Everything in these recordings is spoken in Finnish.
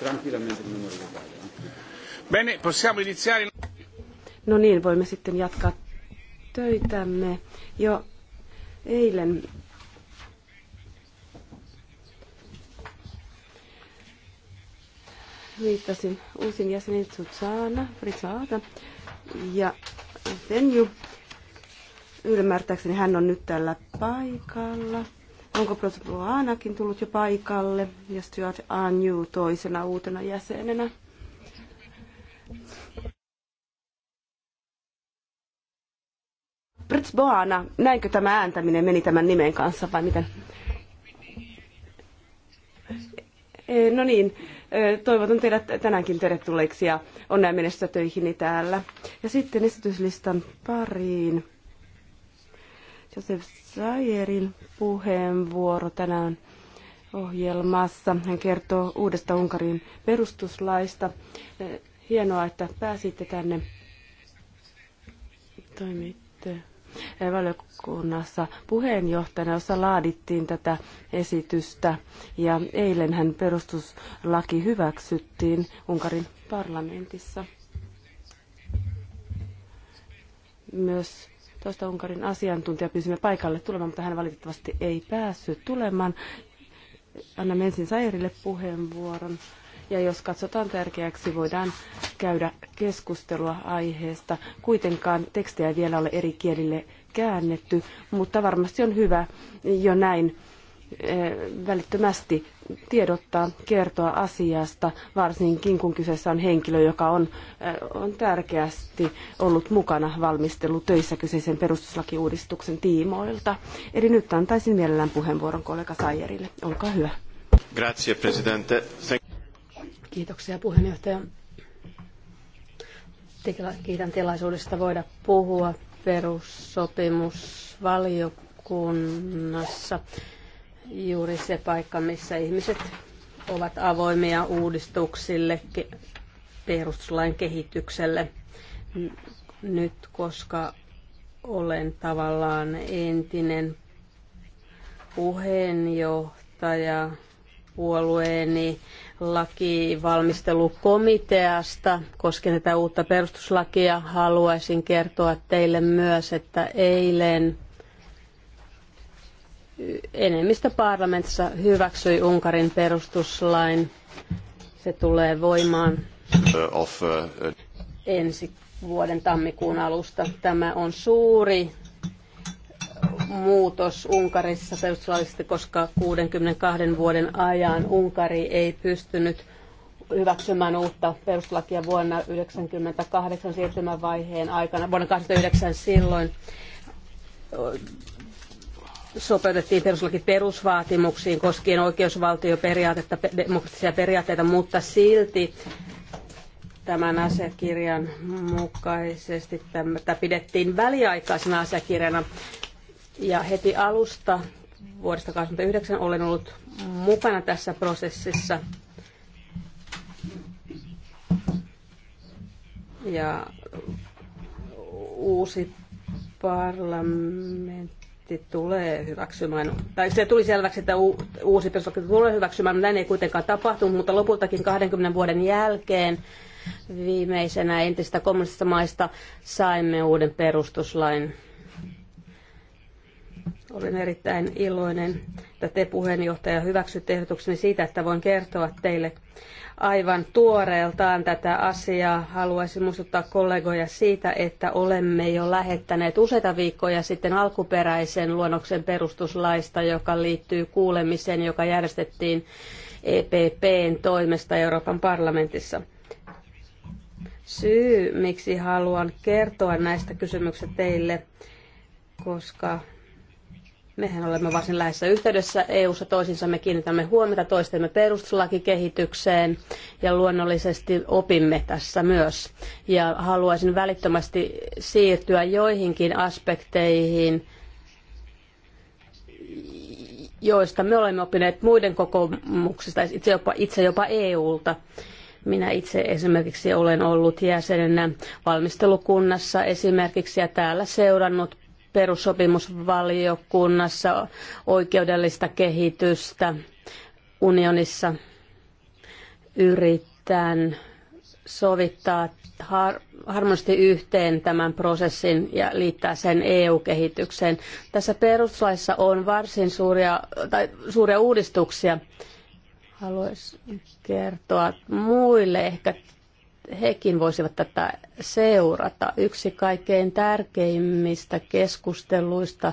tranquillamente il numero Bene, possiamo iniziare. No niin, voimme sitten jatkaa töitämme. Jo eilen viittasin uusin jäsenen Susanna Frisata ja Venju. Ylmärtääkseni hän on nyt tällä paikalla. Onko Protopolo Aanakin tullut jo paikalle ja Stuart Anju toisena uutena jäsenenä? Boana, näinkö tämä ääntäminen meni tämän nimen kanssa vai miten? E, no niin, e, toivotan teidät tänäänkin tervetulleiksi ja onnea menestystä töihini täällä. Ja sitten esityslistan pariin. Josef Sayerin puheenvuoro tänään ohjelmassa. Hän kertoo uudesta Unkarin perustuslaista. Hienoa, että pääsitte tänne. Toimitte valiokunnassa puheenjohtajana, jossa laadittiin tätä esitystä. Ja eilenhän perustuslaki hyväksyttiin Unkarin parlamentissa. Myös toista Unkarin asiantuntijaa pyysimme paikalle tulemaan, mutta hän valitettavasti ei päässyt tulemaan. Annamme ensin Sairille puheenvuoron. Ja jos katsotaan tärkeäksi, voidaan käydä keskustelua aiheesta. Kuitenkaan tekstejä ei vielä ole eri kielille käännetty, mutta varmasti on hyvä jo näin Eh, välittömästi tiedottaa, kertoa asiasta, varsinkin kun kyseessä on henkilö, joka on, eh, on tärkeästi ollut mukana valmistelutöissä kyseisen perustuslakiuudistuksen tiimoilta. Eli nyt antaisin mielellään puheenvuoron kollega Sayerille. Olkaa hyvä. Grazie, presidente. Kiitoksia puheenjohtaja. Kiitän tilaisuudesta voida puhua perussopimusvaliokunnassa juuri se paikka, missä ihmiset ovat avoimia uudistuksille, perustuslain kehitykselle. Nyt, koska olen tavallaan entinen puheenjohtaja puolueeni lakivalmistelukomiteasta koskien tätä uutta perustuslakia, haluaisin kertoa teille myös, että eilen enemmistö parlamentissa hyväksyi Unkarin perustuslain. Se tulee voimaan eh, eh, ensi vuoden tammikuun alusta. Tämä on suuri muutos Unkarissa perustuslaillisesti, koska 62 vuoden ajan Unkari ei pystynyt hyväksymään uutta perustuslakia vuonna 1998 siirtymävaiheen aikana. Vuonna 1989 silloin sopeutettiin peruslaki perusvaatimuksiin koskien oikeusvaltioperiaatetta, demokraattisia periaatteita, mutta silti tämän asiakirjan mukaisesti tätä pidettiin väliaikaisena asiakirjana. Ja heti alusta vuodesta 2009 olen ollut mukana tässä prosessissa. Ja uusi parlamentti parlamentti tulee hyväksymään, tai se tuli selväksi, että uusi perustuslaki tulee hyväksymään, näin ei kuitenkaan tapahtunut, mutta lopultakin 20 vuoden jälkeen viimeisenä entistä kommunistista maista saimme uuden perustuslain. Olen erittäin iloinen, että te puheenjohtaja hyväksytte ehdotukseni siitä, että voin kertoa teille aivan tuoreeltaan tätä asiaa. Haluaisin muistuttaa kollegoja siitä, että olemme jo lähettäneet useita viikkoja sitten alkuperäisen luonnoksen perustuslaista, joka liittyy kuulemiseen, joka järjestettiin EPPn toimesta Euroopan parlamentissa. Syy, miksi haluan kertoa näistä kysymyksistä teille, koska Mehän olemme varsin läheisessä yhteydessä EU-ssa toisinsa, me kiinnitämme huomiota toistemme perustuslakikehitykseen ja luonnollisesti opimme tässä myös. Ja haluaisin välittömästi siirtyä joihinkin aspekteihin, joista me olemme oppineet muiden kokoomuksista, itse jopa, itse jopa EU-lta. Minä itse esimerkiksi olen ollut jäsenenä valmistelukunnassa esimerkiksi ja täällä seurannut perussopimusvaliokunnassa oikeudellista kehitystä unionissa. Yritän sovittaa har- harmonisesti yhteen tämän prosessin ja liittää sen EU-kehitykseen. Tässä perustuslaissa on varsin suuria, tai suuria uudistuksia. Haluaisin kertoa muille ehkä hekin voisivat tätä seurata. Yksi kaikkein tärkeimmistä keskusteluista,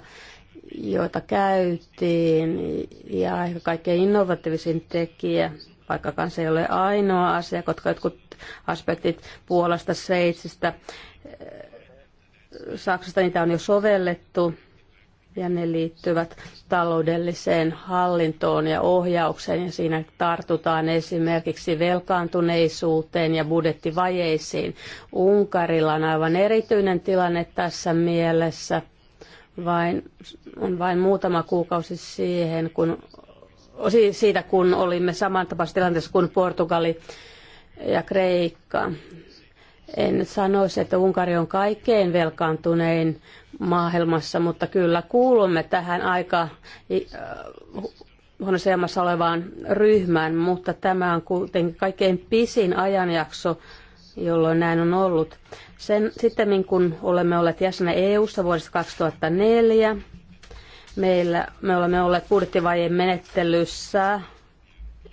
joita käytiin, ja ehkä kaikkein innovatiivisin tekijä, vaikkakaan se ei ole ainoa asia, koska jotkut aspektit Puolasta, Sveitsistä, Saksasta niitä on jo sovellettu, ja ne liittyvät taloudelliseen hallintoon ja ohjaukseen ja siinä tartutaan esimerkiksi velkaantuneisuuteen ja budjettivajeisiin. Unkarilla on aivan erityinen tilanne tässä mielessä. Vain, on vain muutama kuukausi siihen, kun, siitä kun olimme samantapaisessa tilanteessa kuin Portugali ja Kreikka. En sanoisi, että Unkari on kaikkein velkaantunein maailmassa, mutta kyllä kuulumme tähän aika huonossa olevaan ryhmään, mutta tämä on kuitenkin kaikkein pisin ajanjakso, jolloin näin on ollut. Sen, sitten kun olemme olleet jäsenä EU-ssa vuodesta 2004, meillä, me olemme olleet budjettivajien menettelyssä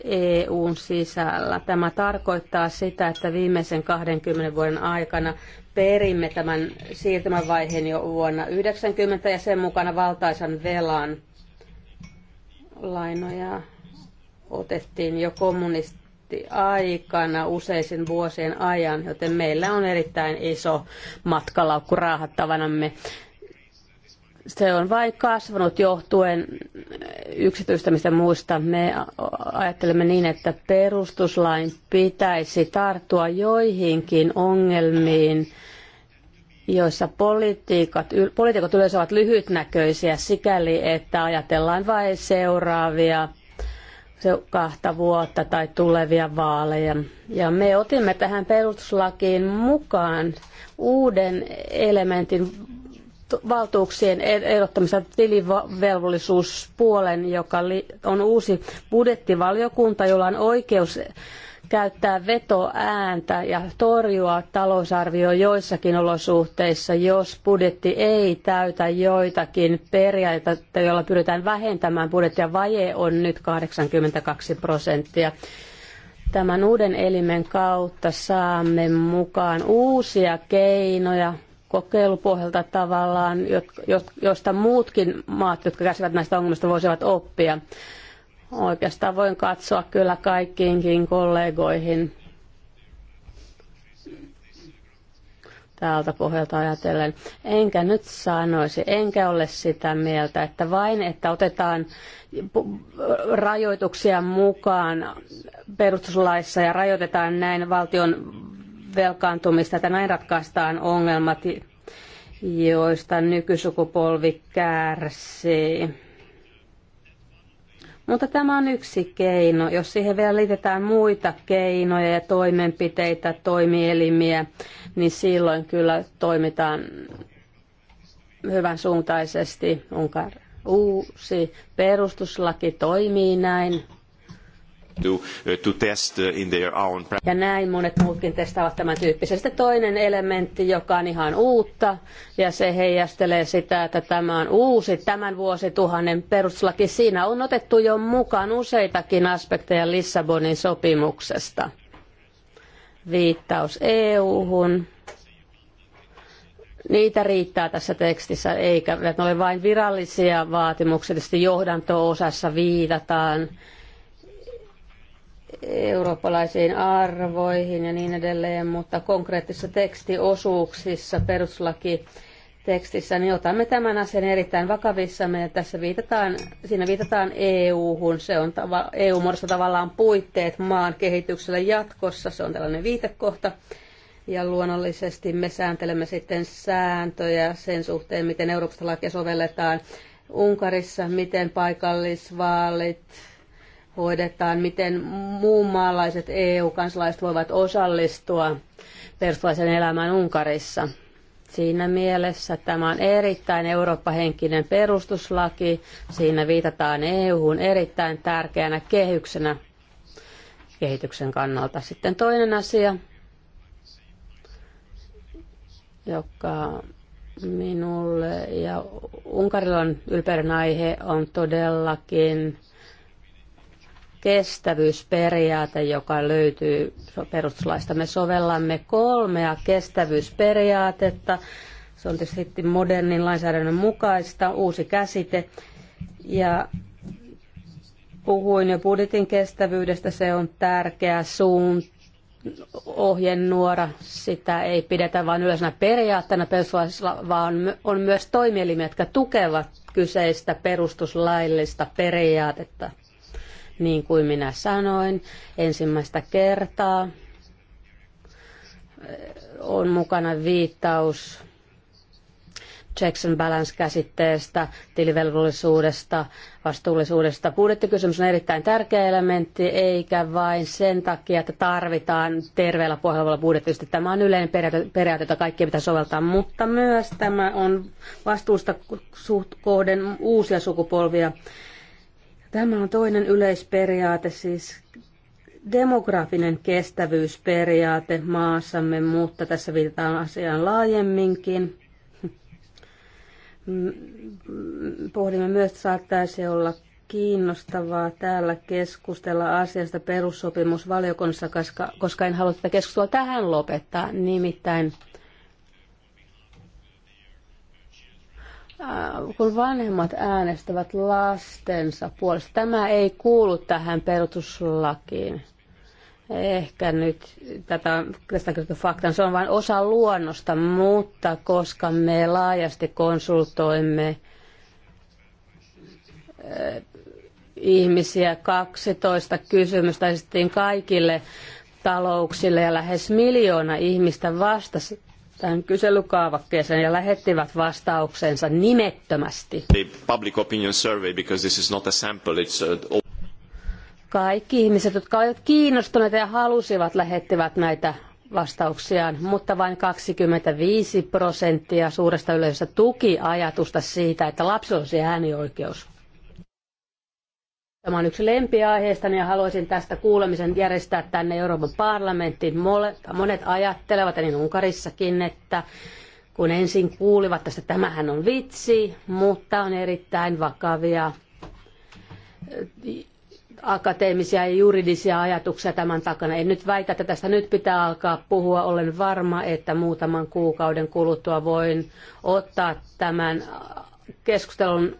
EUn sisällä. Tämä tarkoittaa sitä, että viimeisen 20 vuoden aikana perimme tämän siirtymävaiheen jo vuonna 90 ja sen mukana valtaisan velan lainoja otettiin jo kommunisti-aikana useisen vuosien ajan, joten meillä on erittäin iso matkalaukku raahattavanamme se on vain kasvanut johtuen yksityistämistä muista. Me ajattelemme niin, että perustuslain pitäisi tarttua joihinkin ongelmiin, joissa poliitikot yleensä ovat lyhytnäköisiä sikäli, että ajatellaan vain seuraavia se kahta vuotta tai tulevia vaaleja. Ja me otimme tähän perustuslakiin mukaan uuden elementin valtuuksien erottamista tilivelvollisuuspuolen, joka on uusi budjettivaliokunta, jolla on oikeus käyttää vetoääntä ja torjua talousarvio joissakin olosuhteissa, jos budjetti ei täytä joitakin periaatteita, joilla pyritään vähentämään budjettia. Vaje on nyt 82 prosenttia. Tämän uuden elimen kautta saamme mukaan uusia keinoja kokeilupohjalta tavallaan, josta muutkin maat, jotka kärsivät näistä ongelmista, voisivat oppia. Oikeastaan voin katsoa kyllä kaikkiinkin kollegoihin täältä pohjalta ajatellen. Enkä nyt sanoisi, enkä ole sitä mieltä, että vain, että otetaan rajoituksia mukaan perustuslaissa ja rajoitetaan näin valtion velkaantumista. näin ratkaistaan ongelmat, joista nykysukupolvi kärsii. Mutta tämä on yksi keino. Jos siihen vielä liitetään muita keinoja ja toimenpiteitä, toimielimiä, niin silloin kyllä toimitaan hyvän suuntaisesti. onko uusi perustuslaki toimii näin to, uh, to test uh, in their own Ja näin monet muutkin testaavat tämän tyyppisestä. toinen elementti, joka on ihan uutta, ja se heijastelee sitä, että tämä on uusi tämän vuosituhannen perustuslaki. Siinä on otettu jo mukaan useitakin aspekteja Lissabonin sopimuksesta. Viittaus EU-hun, niitä riittää tässä tekstissä, eikä ne ole vain virallisia vaatimuksia. Tietysti johdanto-osassa viitataan eurooppalaisiin arvoihin ja niin edelleen, mutta konkreettisissa tekstiosuuksissa peruslaki tekstissä, niin otamme tämän asian erittäin vakavissamme. Ja tässä viitataan, siinä viitataan EU-hun. Se on tava, EU muodossa tavallaan puitteet maan kehitykselle jatkossa. Se on tällainen viitekohta. Ja luonnollisesti me sääntelemme sitten sääntöjä sen suhteen, miten Euroopasta lakia sovelletaan Unkarissa, miten paikallisvaalit hoidetaan, miten muun maalaiset EU-kansalaiset voivat osallistua perustuslaisen elämään Unkarissa. Siinä mielessä tämä on erittäin eurooppahenkinen perustuslaki. Siinä viitataan eu erittäin tärkeänä kehyksenä kehityksen kannalta. Sitten toinen asia, joka minulle ja Unkarilla on ylpeyden aihe, on todellakin kestävyysperiaate, joka löytyy perustuslaista. Me sovellamme kolmea kestävyysperiaatetta. Se on tietysti modernin lainsäädännön mukaista, uusi käsite. Ja puhuin jo budjetin kestävyydestä, se on tärkeä suunta ohjenuora, sitä ei pidetä vain yleisenä periaatteena perustuslaissa, vaan on myös toimielimiä, jotka tukevat kyseistä perustuslaillista periaatetta. Niin kuin minä sanoin, ensimmäistä kertaa eh, on mukana viittaus checks and balance-käsitteestä, tilivelvollisuudesta, vastuullisuudesta. Budjettikysymys on erittäin tärkeä elementti, eikä vain sen takia, että tarvitaan terveellä pohjalla budjettista. Tämä on yleinen periaate, periaate, jota kaikkia pitää soveltaa, mutta myös tämä on vastuusta kohden uusia sukupolvia Tämä on toinen yleisperiaate, siis demografinen kestävyysperiaate maassamme, mutta tässä viitataan asiaan laajemminkin. Pohdimme myös, että saattaisi olla kiinnostavaa täällä keskustella asiasta perussopimusvaliokunnassa, koska, en halua tätä keskustelua tähän lopettaa. Nimittäin Äh, kun vanhemmat äänestävät lastensa puolesta. Tämä ei kuulu tähän perustuslakiin. Ehkä nyt tätä, tästä on faktan, se on vain osa luonnosta, mutta koska me laajasti konsultoimme äh, ihmisiä, 12 kysymystä esitettiin kaikille talouksille ja lähes miljoona ihmistä vastasi tähän kyselykaavakkeeseen ja lähettivät vastauksensa nimettömästi. The public opinion survey, because this is not a sample, it's uh, a... Kaikki ihmiset, jotka olivat kiinnostuneita ja halusivat, lähettivät näitä vastauksiaan, mutta vain 25 prosenttia suuresta yleisöstä tuki ajatusta siitä, että lapsilla olisi äänioikeus. Tämä on yksi aiheesta, ja haluaisin tästä kuulemisen järjestää tänne Euroopan parlamenttiin. Monet ajattelevat, ja niin Unkarissakin, että kun ensin kuulivat tästä, tämähän on vitsi, mutta on erittäin vakavia eh, akateemisia ja juridisia ajatuksia tämän takana. En nyt väitä, että tästä nyt pitää alkaa puhua. Olen varma, että muutaman kuukauden kuluttua voin ottaa tämän keskustelun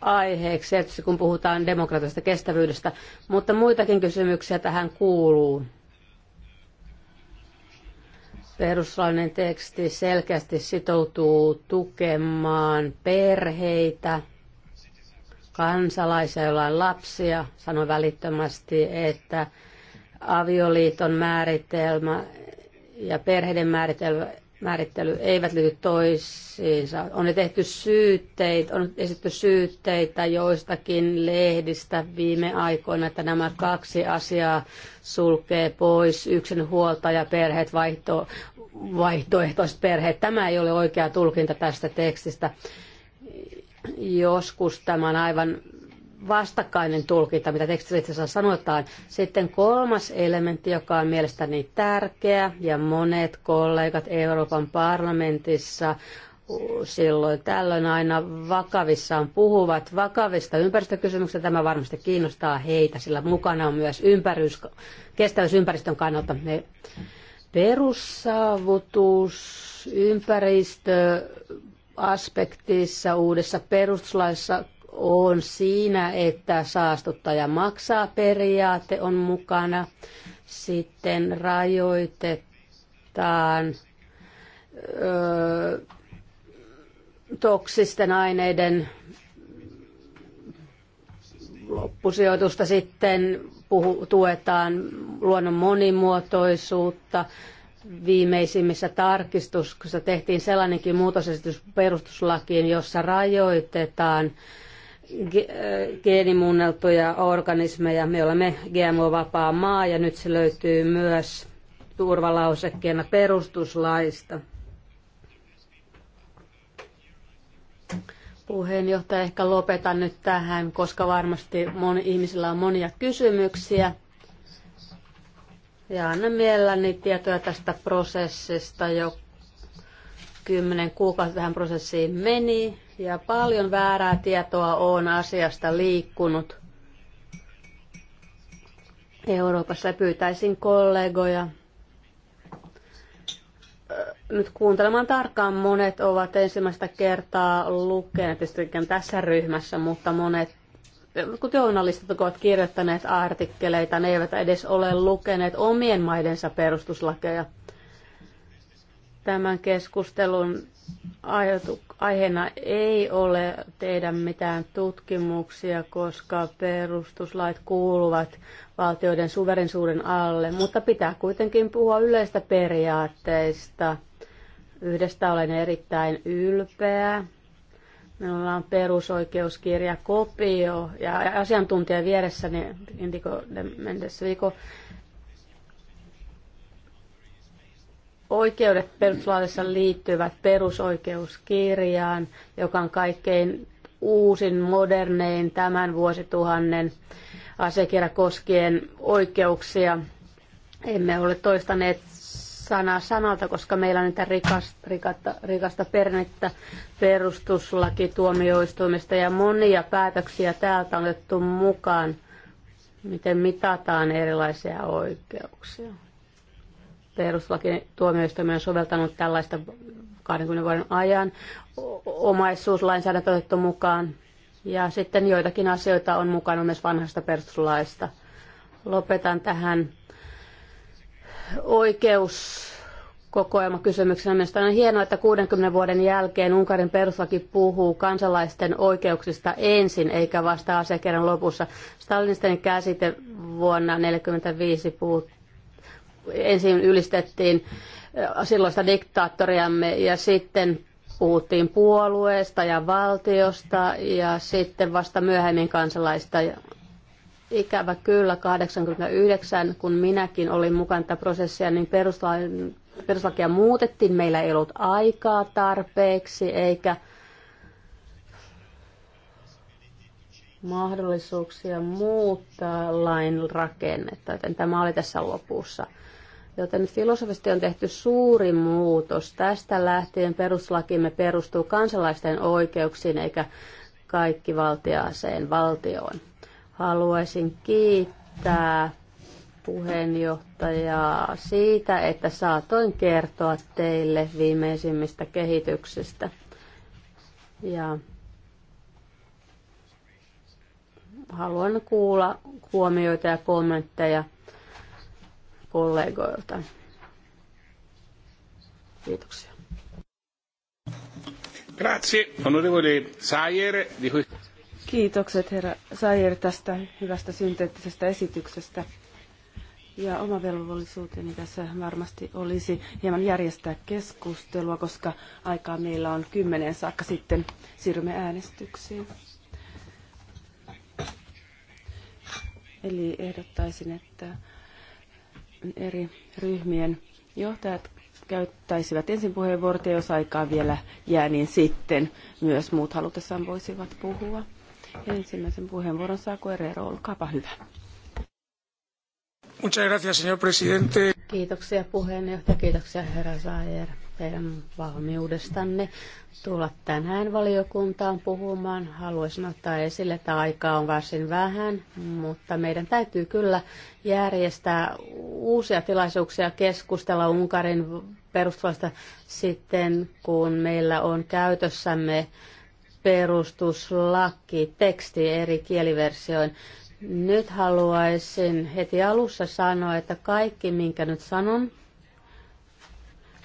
aiheeksi, kun puhutaan demokratiasta kestävyydestä, mutta muitakin kysymyksiä tähän kuuluu. Peruslainen teksti selkeästi sitoutuu tukemaan perheitä, kansalaisia, joilla on lapsia. Sano välittömästi, että avioliiton määritelmä ja perheiden määritelmä määrittely eivät liity toisiinsa. On tehty syytteitä, on esitetty syytteitä joistakin lehdistä viime aikoina, että nämä kaksi asiaa sulkee pois. Yksin ja perheet, vaihto, vaihtoehtoiset perheet. Tämä ei ole oikea tulkinta tästä tekstistä. Joskus tämä on aivan vastakkainen tulkinta, mitä tekstissä sanotaan. Sitten kolmas elementti, joka on mielestäni tärkeä, ja monet kollegat Euroopan parlamentissa silloin tällöin aina vakavissaan puhuvat vakavista ympäristökysymyksistä. Tämä varmasti kiinnostaa heitä, sillä mukana on myös ympärys, kestävyysympäristön ympäristön kannalta. Ne perussaavutus, ympäristö, aspektissa uudessa perustuslaissa on siinä, että saastuttaja maksaa periaate on mukana. Sitten rajoitetaan öö, toksisten aineiden loppusijoitusta sitten puhu, tuetaan luonnon monimuotoisuutta. Viimeisimmissä tarkistuksissa tehtiin sellainenkin muutosesitys perustuslakiin, jossa rajoitetaan Äh, geenimuunneltuja organismeja. Me olemme GMO-vapaa maa ja nyt se löytyy myös turvalausekkeena perustuslaista. Puheenjohtaja, ehkä lopetan nyt tähän, koska varmasti moni, ihmisillä on monia kysymyksiä. Ja annan mielelläni tietoja tästä prosessista. Jo kymmenen kuukautta tähän prosessiin meni ja paljon väärää tietoa on asiasta liikkunut Euroopassa. Pyytäisin kollegoja nyt kuuntelemaan tarkkaan. Monet ovat ensimmäistä kertaa lukeneet, tietysti tässä ryhmässä, mutta monet kun journalistit ovat kirjoittaneet artikkeleita, ne eivät edes ole lukeneet omien maidensa perustuslakeja. Tämän keskustelun aiheena ei ole tehdä mitään tutkimuksia, koska perustuslait kuuluvat valtioiden suverensuuden alle, mutta pitää kuitenkin puhua yleistä periaatteista. Yhdestä olen erittäin ylpeä. Minulla on perusoikeuskirja kopio ja asiantuntija vieressäni Indigo de Mendes Vico oikeudet perustuslaissa liittyvät perusoikeuskirjaan, joka on kaikkein uusin, modernein tämän vuosituhannen asiakirja koskien oikeuksia. Emme ole toistaneet sanaa sanalta, koska meillä on niitä rikasta, rikasta, rikasta perinnettä perustuslakituomioistuimista ja monia päätöksiä täältä on otettu mukaan, miten mitataan erilaisia oikeuksia. Perustuslakituomioistuin on soveltanut tällaista 20 vuoden ajan omaisuuslainsäädäntö otettu mukaan. Ja sitten joitakin asioita on mukana myös vanhasta perustuslaista. Lopetan tähän oikeus kokoelma kysymyksenä. Mielestäni on hienoa, että 60 vuoden jälkeen Unkarin peruslaki puhuu kansalaisten oikeuksista ensin eikä vasta asiakirjan lopussa. Stalinisten käsite vuonna 1945 puhuttiin ensin ylistettiin silloista diktaattoriamme ja sitten puhuttiin puolueesta ja valtiosta ja sitten vasta myöhemmin kansalaista. Ikävä kyllä 89, kun minäkin olin mukana tätä prosessia, niin peruslain, peruslakia muutettiin. Meillä ei ollut aikaa tarpeeksi eikä mahdollisuuksia muuttaa lain rakennetta, joten tämä oli tässä lopussa. Joten filosofisesti on tehty suuri muutos. Tästä lähtien peruslakimme perustuu kansalaisten oikeuksiin eikä kaikki valtiaaseen valtioon. Haluaisin kiittää puheenjohtajaa siitä, että saatoin kertoa teille viimeisimmistä kehityksistä. Ja haluan kuulla huomioita ja kommentteja kollegoilta. Kiitoksia. Grazie, onorevole Sayer. Kiitokset herra Sayer tästä hyvästä synteettisestä esityksestä. Ja oma velvollisuuteni tässä varmasti olisi hieman järjestää keskustelua, koska aikaa meillä on kymmenen saakka sitten siirrymme äänestyksiin. Eli ehdottaisin, että eri ryhmien johtajat käyttäisivät ensin puheenvuorot ja jos aikaa vielä jää, niin sitten myös muut halutessaan voisivat puhua. Ensimmäisen puheenvuoron saa Guerrero, olkaapa hyvä. Muchas gracias, señor presidente. Kiitoksia puheenjohtaja, kiitoksia herra Saajer teidän valmiudestanne tulla tänään valiokuntaan puhumaan. Haluaisin ottaa esille, että aikaa on varsin vähän, mutta meidän täytyy kyllä järjestää uusia tilaisuuksia keskustella Unkarin perustuslaista sitten, kun meillä on käytössämme perustuslaki, teksti eri kieliversioin. Nyt haluaisin heti alussa sanoa, että kaikki, minkä nyt sanon,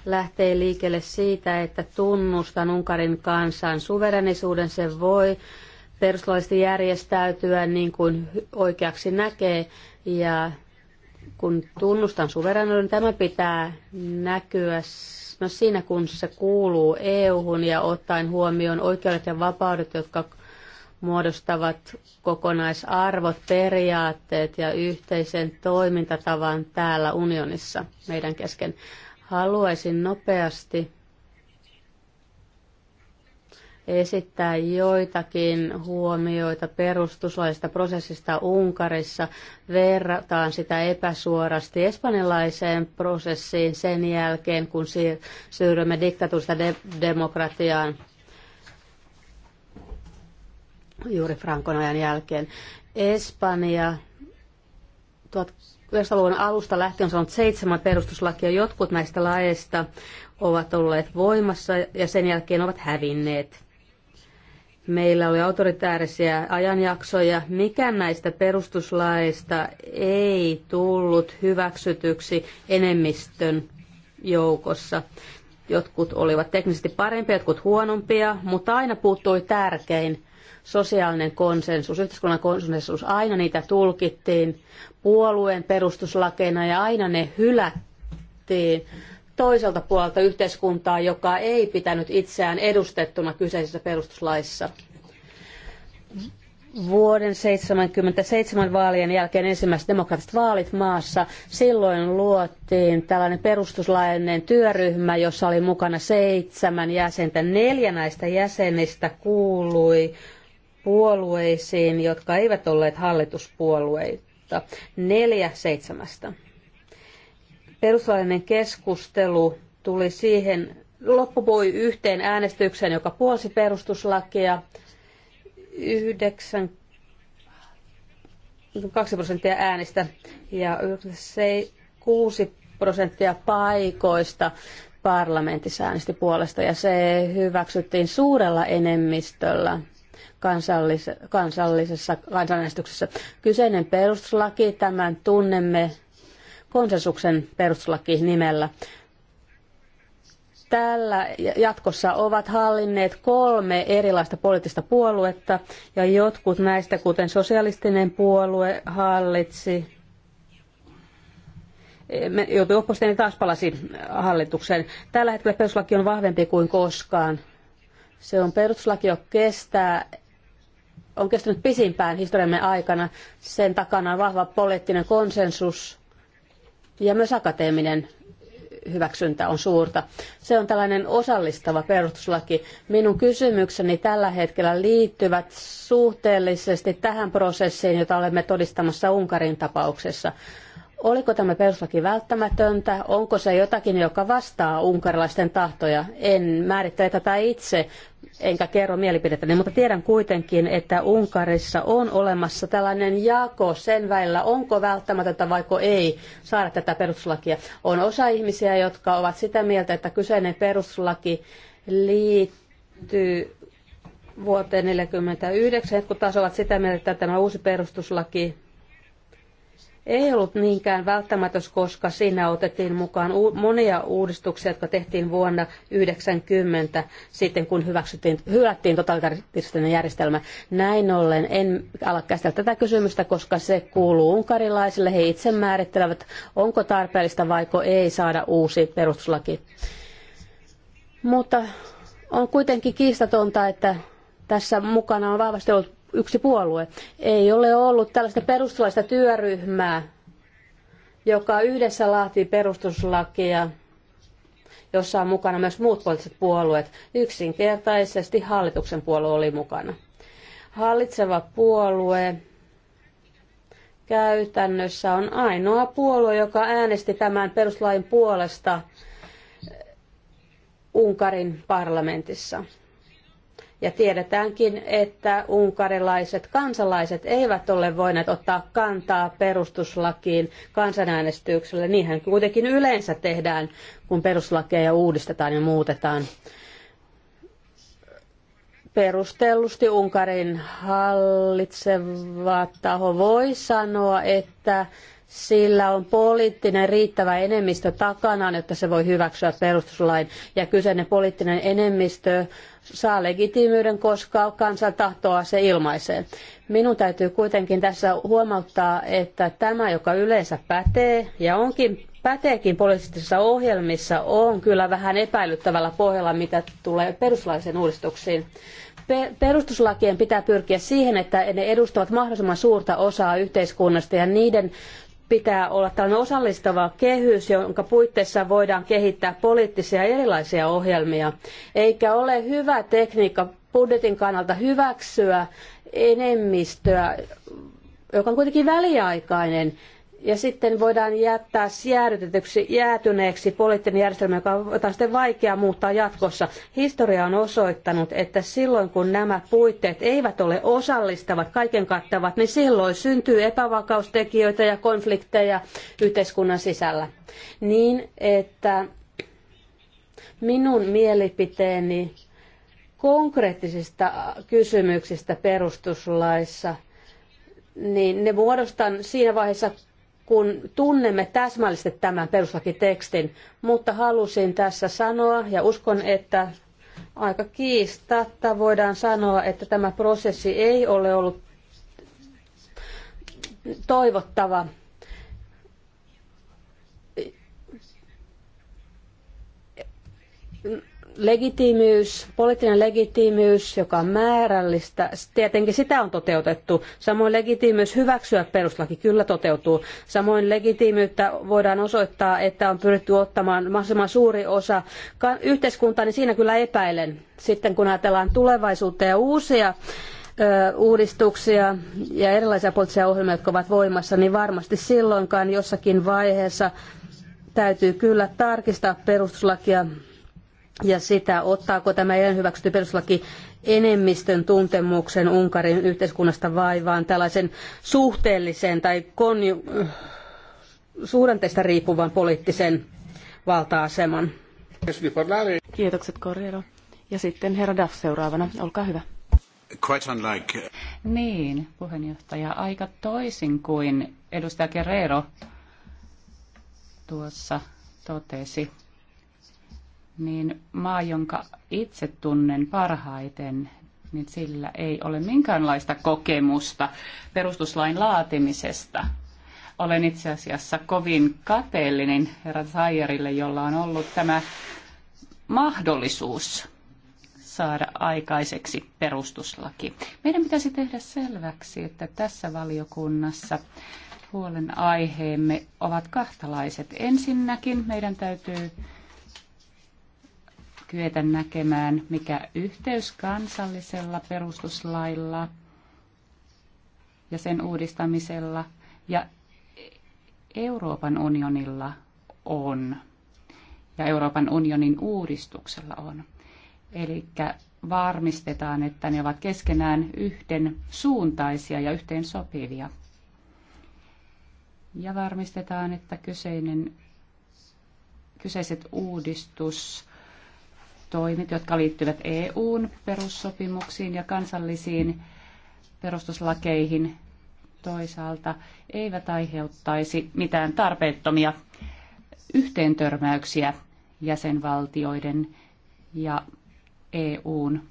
lähtee liikkeelle siitä, että tunnustan Unkarin kansan suverenisuuden. Se voi perustuslaisesti järjestäytyä niin kuin oikeaksi näkee. Ja kun tunnustan suverenisuuden, tämä pitää näkyä myös siinä, kun se kuuluu EU-hun ja ottaen huomioon oikeudet ja vapaudet, jotka muodostavat kokonaisarvot, periaatteet ja yhteisen toimintatavan täällä unionissa meidän kesken. Haluaisin nopeasti esittää joitakin huomioita perustuslaista prosessista Unkarissa. Verrataan sitä epäsuorasti espanjalaiseen prosessiin sen jälkeen, kun siirrymme diktatuurista de- demokratiaan juuri Frankon ajan jälkeen. Espanja 90-luvun alusta lähtien on saanut seitsemän perustuslakia. Jotkut näistä laeista ovat olleet voimassa ja sen jälkeen ovat hävinneet. Meillä oli autoritäärisiä ajanjaksoja. Mikään näistä perustuslaeista ei tullut hyväksytyksi enemmistön joukossa. Jotkut olivat teknisesti parempia, jotkut huonompia, mutta aina puuttui tärkein sosiaalinen konsensus, yhteiskunnan konsensus, aina niitä tulkittiin puolueen perustuslakeina ja aina ne hylättiin toiselta puolelta yhteiskuntaa, joka ei pitänyt itseään edustettuna kyseisessä perustuslaissa. Vuoden 1977 vaalien jälkeen ensimmäiset demokraattiset vaalit maassa. Silloin luotiin tällainen perustuslaillinen työryhmä, jossa oli mukana seitsemän jäsentä. Neljä näistä jäsenistä kuului puolueisiin, jotka eivät olleet hallituspuolueita. Neljä seitsemästä. Perustuslaillinen keskustelu tuli siihen, loppui yhteen äänestykseen, joka puolsi perustuslakia. 9, 2 prosenttia äänistä ja 6 prosenttia paikoista parlamentissa äänesti puolesta ja se hyväksyttiin suurella enemmistöllä kansallis- kansallisessa kansanäänestyksessä. Kyseinen perustuslaki, tämän tunnemme konsensuksen perustuslaki nimellä. Tällä jatkossa ovat hallinneet kolme erilaista poliittista puoluetta ja jotkut näistä, kuten sosialistinen puolue, hallitsi joutui oppositioon taas palasi hallitukseen. Tällä hetkellä peruslaki on vahvempi kuin koskaan. Se on peruslaki joka kestää on kestänyt pisimpään historiamme aikana. Sen takana on vahva poliittinen konsensus ja myös akateeminen hyväksyntä on suurta. Se on tällainen osallistava perustuslaki. Minun kysymykseni tällä hetkellä liittyvät suhteellisesti tähän prosessiin, jota olemme todistamassa Unkarin tapauksessa. Oliko tämä perustuslaki välttämätöntä? Onko se jotakin, joka vastaa unkarilaisten tahtoja? En määrittele tätä itse, enkä kerro mielipidettäni, mutta tiedän kuitenkin, että Unkarissa on olemassa tällainen jako sen välillä, onko välttämätöntä vaiko ei saada tätä perustuslakia. On osa ihmisiä, jotka ovat sitä mieltä, että kyseinen perustuslaki liittyy vuoteen 1949, jotkut taas ovat sitä mieltä, että tämä uusi perustuslaki ei ollut niinkään välttämätön, koska siinä otettiin mukaan monia uudistuksia, jotka tehtiin vuonna 1990, sitten kun hyväksyttiin, hylättiin totalitaristinen järjestelmä. Näin ollen en ala käsitellä tätä kysymystä, koska se kuuluu unkarilaisille. He itse määrittelevät, onko tarpeellista vaiko ei saada uusi perustuslaki. Mutta on kuitenkin kiistatonta, että tässä mukana on vahvasti ollut yksi puolue. Ei ole ollut tällaista perustuslaista työryhmää, joka yhdessä laatii perustuslakia, jossa on mukana myös muut poliittiset puolueet. Yksinkertaisesti hallituksen puolue oli mukana. Hallitseva puolue käytännössä on ainoa puolue, joka äänesti tämän peruslain puolesta Unkarin parlamentissa. Ja tiedetäänkin, että unkarilaiset kansalaiset eivät ole voineet ottaa kantaa perustuslakiin kansanäänestyksellä. Niinhän kuitenkin yleensä tehdään, kun perustuslakeja uudistetaan ja muutetaan. Perustellusti Unkarin hallitseva taho voi sanoa, että sillä on poliittinen riittävä enemmistö takanaan, jotta se voi hyväksyä perustuslain. Ja kyseinen poliittinen enemmistö saa legitiimyyden, koska kansa tahtoa se ilmaisee. Minun täytyy kuitenkin tässä huomauttaa, että tämä, joka yleensä pätee ja onkin päteekin poliittisissa ohjelmissa, on kyllä vähän epäilyttävällä pohjalla, mitä tulee perustuslaillisiin uudistuksiin. Perustuslakien pitää pyrkiä siihen, että ne edustavat mahdollisimman suurta osaa yhteiskunnasta ja niiden pitää olla tällainen osallistava kehys, jonka puitteissa voidaan kehittää poliittisia erilaisia ohjelmia. Eikä ole hyvä tekniikka budjetin kannalta hyväksyä enemmistöä, joka on kuitenkin väliaikainen, ja sitten voidaan jättää jäädytetyksi, jäätyneeksi poliittinen järjestelmä, joka on sitten vaikea muuttaa jatkossa. Historia on osoittanut, että silloin kun nämä puitteet eivät ole osallistavat, kaiken kattavat, niin silloin syntyy epävakaustekijöitä ja konflikteja yhteiskunnan sisällä. Niin, että minun mielipiteeni konkreettisista kysymyksistä perustuslaissa – niin ne muodostan siinä vaiheessa, kun tunnemme täsmällisesti tämän perustuslakitekstin, mutta halusin tässä sanoa ja uskon, että aika kiistatta voidaan sanoa, että tämä prosessi ei ole ollut toivottava legitiimiys, poliittinen legitiimiys, joka on määrällistä, tietenkin sitä on toteutettu. Samoin legitiimiys hyväksyä peruslaki kyllä toteutuu. Samoin legitiimiyttä voidaan osoittaa, että on pyritty ottamaan mahdollisimman suuri osa yhteiskuntaa, niin siinä kyllä epäilen. Sitten kun ajatellaan tulevaisuutta ja uusia uudistuksia ja erilaisia poliittisia ohjelmia, jotka ovat voimassa, niin varmasti silloinkaan jossakin vaiheessa täytyy kyllä tarkistaa perustuslakia ja sitä, ottaako tämä eilen hyväksytty perustuslaki enemmistön tuntemuksen Unkarin yhteiskunnasta vaivaan tällaisen suhteellisen tai konju- suhdanteista riippuvan poliittisen valta-aseman. Kiitokset Corriero. Ja sitten herra Duff seuraavana. Olkaa hyvä. Quite unlike. Niin, puheenjohtaja. Aika toisin kuin edustaja Guerrero tuossa totesi niin maa, jonka itse tunnen parhaiten, niin sillä ei ole minkäänlaista kokemusta perustuslain laatimisesta. Olen itse asiassa kovin kateellinen herra Zayerille, jolla on ollut tämä mahdollisuus saada aikaiseksi perustuslaki. Meidän pitäisi tehdä selväksi, että tässä valiokunnassa huolen aiheemme ovat kahtalaiset. Ensinnäkin meidän täytyy kyetä näkemään, mikä yhteys kansallisella perustuslailla ja sen uudistamisella ja Euroopan unionilla on ja Euroopan unionin uudistuksella on. Eli varmistetaan, että ne ovat keskenään yhden suuntaisia ja yhteen sopivia. Ja varmistetaan, että kyseinen, kyseiset uudistus toimet, jotka liittyvät EUn perussopimuksiin ja kansallisiin perustuslakeihin toisaalta, eivät aiheuttaisi mitään tarpeettomia yhteentörmäyksiä jäsenvaltioiden ja EUn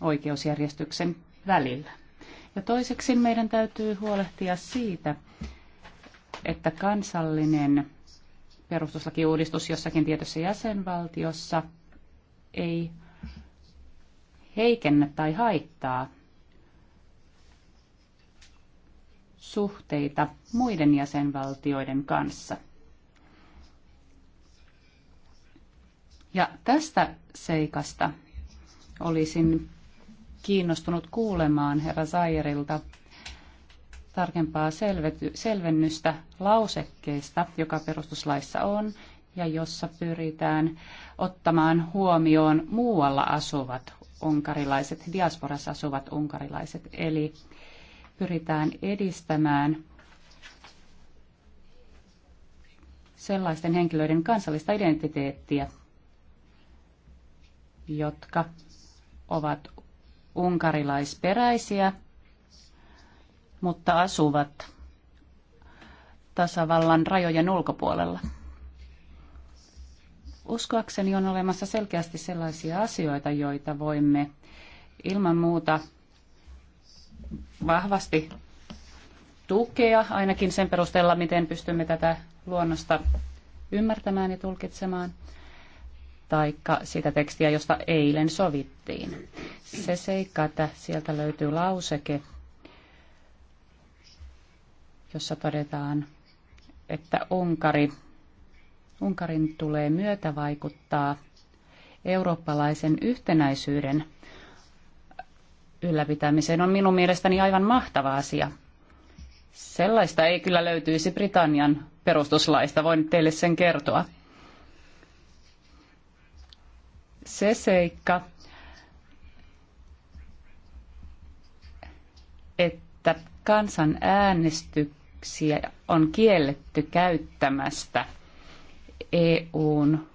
oikeusjärjestyksen välillä. Ja toiseksi meidän täytyy huolehtia siitä, että kansallinen perustuslakiuudistus jossakin tietyssä jäsenvaltiossa ei heikennä tai haittaa suhteita muiden jäsenvaltioiden kanssa. Ja tästä seikasta olisin kiinnostunut kuulemaan herra Zairilta tarkempaa selvennystä lausekkeesta, joka perustuslaissa on, ja jossa pyritään ottamaan huomioon muualla asuvat unkarilaiset, diasporassa asuvat unkarilaiset. Eli pyritään edistämään sellaisten henkilöiden kansallista identiteettiä, jotka ovat unkarilaisperäisiä mutta asuvat tasavallan rajojen ulkopuolella. Uskoakseni on olemassa selkeästi sellaisia asioita, joita voimme ilman muuta vahvasti tukea, ainakin sen perusteella, miten pystymme tätä luonnosta ymmärtämään ja tulkitsemaan, taikka sitä tekstiä, josta eilen sovittiin. Se seikka, että sieltä löytyy lauseke, jossa todetaan, että Unkari, Unkarin tulee vaikuttaa eurooppalaisen yhtenäisyyden ylläpitämiseen on minun mielestäni aivan mahtava asia. Sellaista ei kyllä löytyisi Britannian perustuslaista, voin teille sen kertoa. Se seikka, että kansanäänestyksessä lapsia on kielletty käyttämästä EUn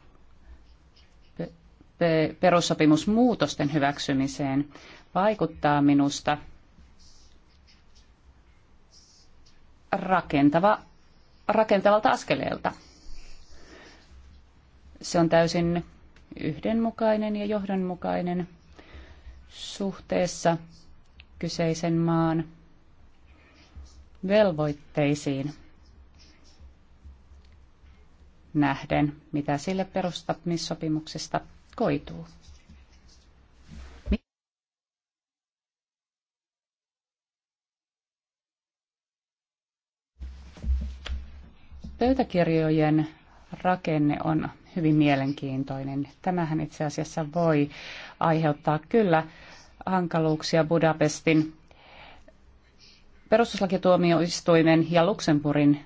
perussopimusmuutosten hyväksymiseen, vaikuttaa minusta rakentava, rakentavalta askeleelta. Se on täysin yhdenmukainen ja johdonmukainen suhteessa kyseisen maan velvoitteisiin nähden, mitä sille perustamissopimuksesta koituu. Pöytäkirjojen rakenne on hyvin mielenkiintoinen. Tämähän itse asiassa voi aiheuttaa kyllä hankaluuksia Budapestin perustuslakituomioistuimen ja Luxemburgin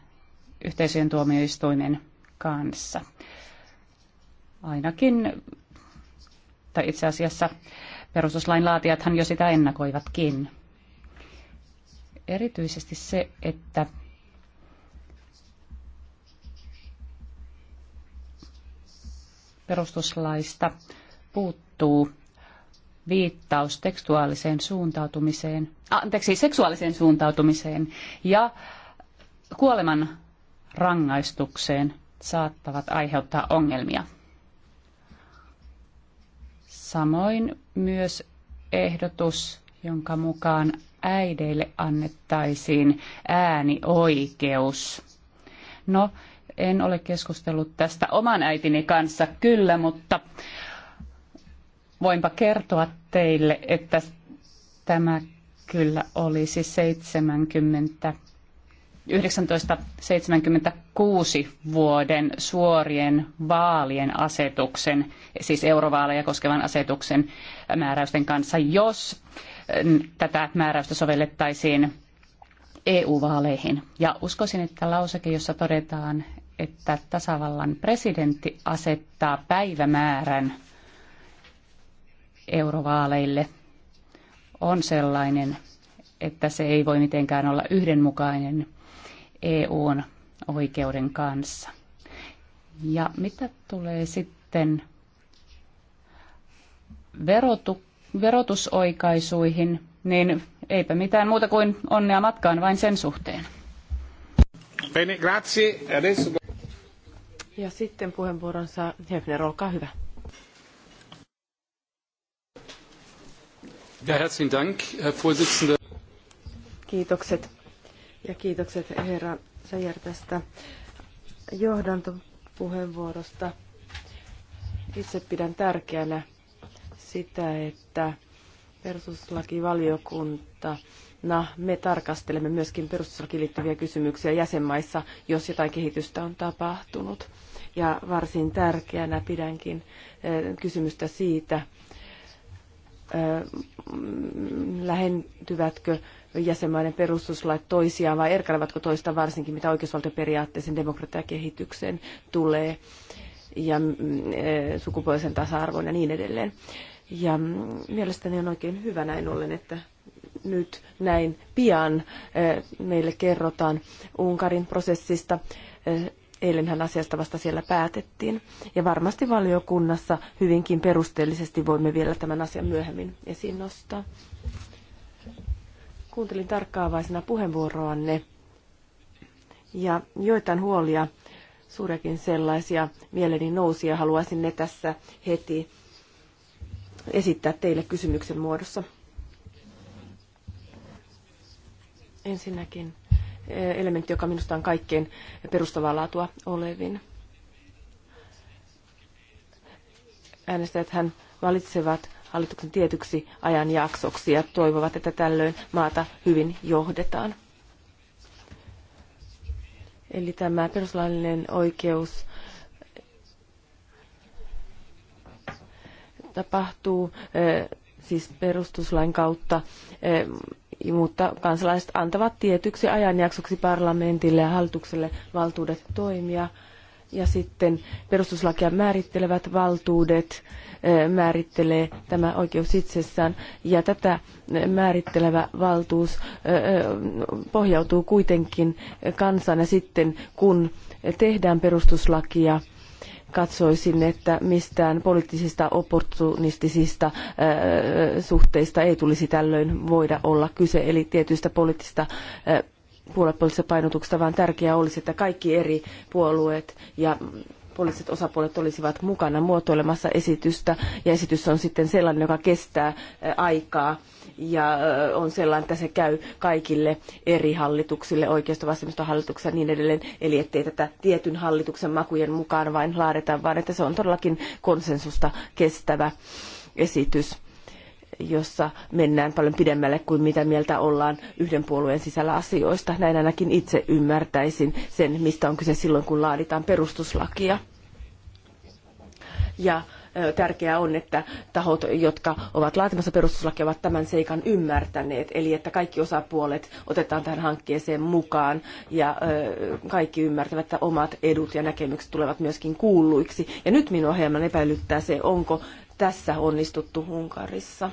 yhteisöjen tuomioistuimen kanssa. Ainakin, tai itse asiassa perustuslain laatijathan jo sitä ennakoivatkin. Erityisesti se, että perustuslaista puuttuu viittaus tekstuaaliseen suuntautumiseen, anteeksi, seksuaaliseen suuntautumiseen ja kuoleman rangaistukseen saattavat aiheuttaa ongelmia. Samoin myös ehdotus, jonka mukaan äideille annettaisiin äänioikeus. No, en ole keskustellut tästä oman äitini kanssa kyllä, mutta voinpa kertoa teille, että tämä kyllä olisi 70, 1976 vuoden suorien vaalien asetuksen, siis eurovaaleja koskevan asetuksen määräysten kanssa, jos mm, tätä määräystä sovellettaisiin EU-vaaleihin. Ja uskoisin, että lauseke, jossa todetaan, että tasavallan presidentti asettaa päivämäärän eurovaaleille on sellainen, että se ei voi mitenkään olla yhdenmukainen EUn oikeuden kanssa. Ja mitä tulee sitten verotu, verotusoikaisuihin, niin eipä mitään muuta kuin onnea matkaan vain sen suhteen. Bene, grazie. Ja sitten puheenvuoron saa Hefner, olkaa hyvä. Kiitokset. Ja kiitokset herra Sajer tästä johdantopuheenvuorosta. Itse pidän tärkeänä sitä, että perustuslakivaliokuntana me tarkastelemme myöskin perustuslakiin liittyviä kysymyksiä jäsenmaissa, jos jotain kehitystä on tapahtunut. Ja varsin tärkeänä pidänkin eh, kysymystä siitä, lähentyvätkö jäsenmaiden perustuslait toisiaan vai erkailevatko toista varsinkin, mitä oikeusvaltioperiaatteeseen demokratiakehitykseen tulee ja mm, sukupuolisen tasa-arvoon ja niin edelleen. Ja mm, mielestäni on oikein hyvä näin ollen, että nyt näin pian meille kerrotaan Unkarin prosessista Eilenhän asiasta vasta siellä päätettiin. Ja varmasti valiokunnassa hyvinkin perusteellisesti voimme vielä tämän asian myöhemmin esiin nostaa. Kuuntelin tarkkaavaisena puheenvuoroanne ja joitain huolia, suurekin sellaisia, mieleni nousi ja haluaisin ne tässä heti esittää teille kysymyksen muodossa. Ensinnäkin elementti, joka minusta on kaikkein perustavaa laatua olevin. Äänestäjät hän valitsevat hallituksen tietyksi ajanjaksoksi ja toivovat, että tällöin maata hyvin johdetaan. Eli tämä peruslaillinen oikeus tapahtuu eh, siis perustuslain kautta eh, mutta kansalaiset antavat tietyksi ajanjaksoksi parlamentille ja hallitukselle valtuudet toimia. Ja sitten perustuslakia määrittelevät valtuudet eh, määrittelee tämä oikeus itsessään. Ja tätä eh, määrittelevä valtuus eh, pohjautuu kuitenkin kansan ja sitten kun tehdään perustuslakia, katsoisin, että mistään poliittisista opportunistisista äh, suhteista ei tulisi tällöin voida olla kyse, eli tietyistä poliittisista äh, puoluepoliittisista painotuksista, vaan tärkeää olisi, että kaikki eri puolueet ja poliittiset osapuolet olisivat mukana muotoilemassa esitystä ja esitys on sitten sellainen, joka kestää aikaa ja on sellainen, että se käy kaikille eri hallituksille, oikeisto vasemmistohallituksessa ja niin edelleen. Eli ettei tätä tietyn hallituksen makujen mukaan vain laadita, vaan että se on todellakin konsensusta kestävä esitys jossa mennään paljon pidemmälle kuin mitä mieltä ollaan yhden puolueen sisällä asioista. Näin ainakin itse ymmärtäisin sen, mistä on kyse silloin, kun laaditaan perustuslakia. Ja tärkeää on, että tahot, jotka ovat laatimassa perustuslakia, ovat tämän seikan ymmärtäneet, eli että kaikki osapuolet otetaan tähän hankkeeseen mukaan ja kaikki ymmärtävät, että omat edut ja näkemykset tulevat myöskin kuulluiksi. Ja nyt minua hieman epäilyttää se, onko tässä onnistuttu Unkarissa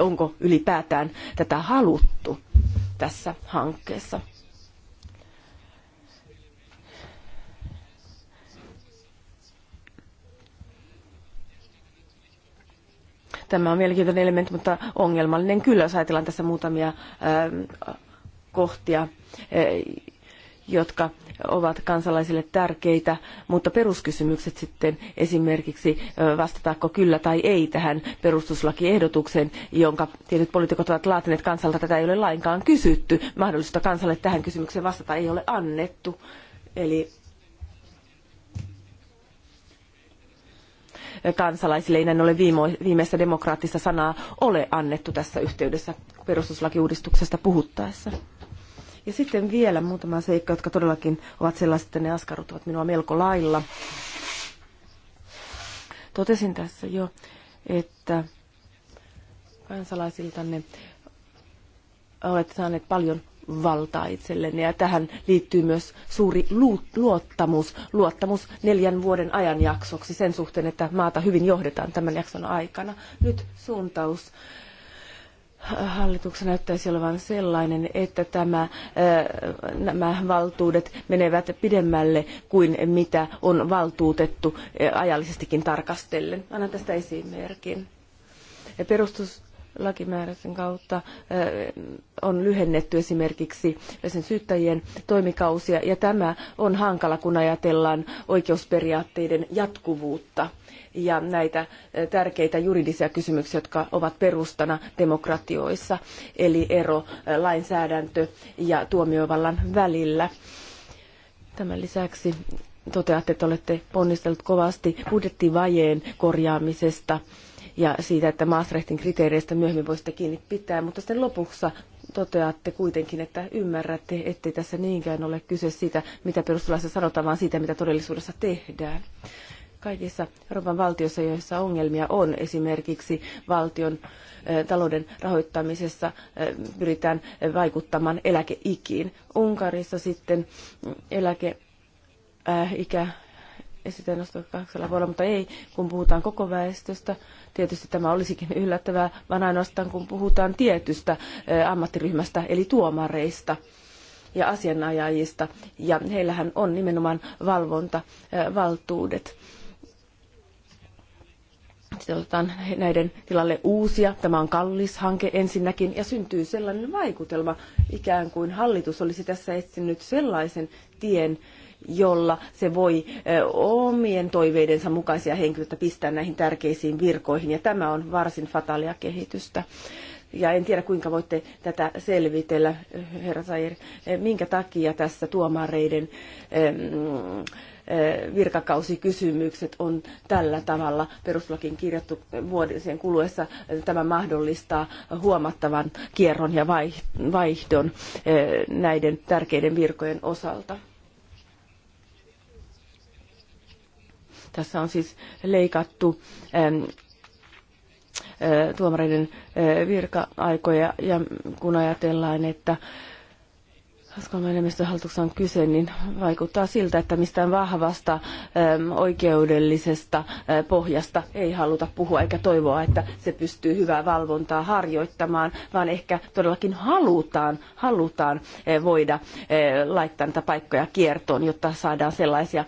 onko ylipäätään tätä haluttu tässä hankkeessa. Tämä on mielenkiintoinen elementti, mutta ongelmallinen kyllä, jos ajatellaan tässä muutamia ähm, kohtia, äh, jotka ovat kansalaisille tärkeitä, mutta peruskysymykset sitten esimerkiksi vastataanko kyllä tai ei tähän perustuslakiehdotukseen, jonka tietyt poliitikot ovat laatineet kansalta, tätä ei ole lainkaan kysytty. Mahdollisuutta kansalle tähän kysymykseen vastata ei ole annettu. Eli kansalaisille ei näin ole viimeistä demokraattista sanaa ole annettu tässä yhteydessä perustuslakiuudistuksesta puhuttaessa. Ja sitten vielä muutama seikka, jotka todellakin ovat sellaiset, että ne askarruttavat minua melko lailla. Totesin tässä jo, että kansalaisiltanne olette saaneet paljon valtaa itsellenne ja tähän liittyy myös suuri luottamus, luottamus neljän vuoden ajanjaksoksi sen suhteen, että maata hyvin johdetaan tämän jakson aikana. Nyt suuntaus hallituksen näyttäisi olevan sellainen, että tämä, nämä valtuudet menevät pidemmälle kuin mitä on valtuutettu ajallisestikin tarkastellen. Annan tästä esimerkin. Perustus lakimääräisen kautta on lyhennetty esimerkiksi sen syyttäjien toimikausia, ja tämä on hankala, kun ajatellaan oikeusperiaatteiden jatkuvuutta ja näitä eh, tärkeitä juridisia kysymyksiä, jotka ovat perustana demokratioissa, eli ero eh, lainsäädäntö ja tuomiovallan välillä. Tämän lisäksi toteatte, että olette ponnistellut kovasti budjettivajeen korjaamisesta ja siitä, että Maastrehtin kriteereistä myöhemmin voisitte kiinni pitää, mutta sitten lopussa toteatte kuitenkin, että ymmärrätte, ettei tässä niinkään ole kyse siitä, mitä perustuslaissa sanotaan, vaan siitä, mitä todellisuudessa tehdään kaikissa Euroopan valtioissa, joissa ongelmia on, esimerkiksi valtion talouden rahoittamisessa pyritään vaikuttamaan eläkeikiin. Unkarissa sitten eläkeikä äh, esitän nostaa kahdeksalla vuodella, mutta ei, kun puhutaan koko väestöstä. Tietysti tämä olisikin yllättävää, vaan ainoastaan kun puhutaan tietystä ammattiryhmästä, eli tuomareista ja asianajajista. Ja heillähän on nimenomaan valvontavaltuudet sitten otetaan näiden tilalle uusia. Tämä on kallis hanke ensinnäkin ja syntyy sellainen vaikutelma, ikään kuin hallitus olisi tässä etsinyt sellaisen tien, jolla se voi omien toiveidensa mukaisia henkilöitä pistää näihin tärkeisiin virkoihin. Ja tämä on varsin fataalia kehitystä. Ja en tiedä, kuinka voitte tätä selvitellä, herra Sair, minkä takia tässä tuomareiden Eh, virkakausikysymykset on tällä tavalla peruslakin kirjattu vuodisen kuluessa. Eh, tämä mahdollistaa huomattavan kierron ja vaihdon eh, näiden tärkeiden virkojen osalta. Tässä on siis leikattu tuomareiden virka-aikoja ja kun ajatellaan, että Ranskan enemmistöhallituksessa on kyse, niin vaikuttaa siltä, että mistään vahvasta ähm, oikeudellisesta äh, pohjasta ei haluta puhua eikä toivoa, että se pystyy hyvää valvontaa harjoittamaan, vaan ehkä todellakin halutaan, halutaan äh, voida äh, laittaa näitä paikkoja kiertoon, jotta saadaan sellaisia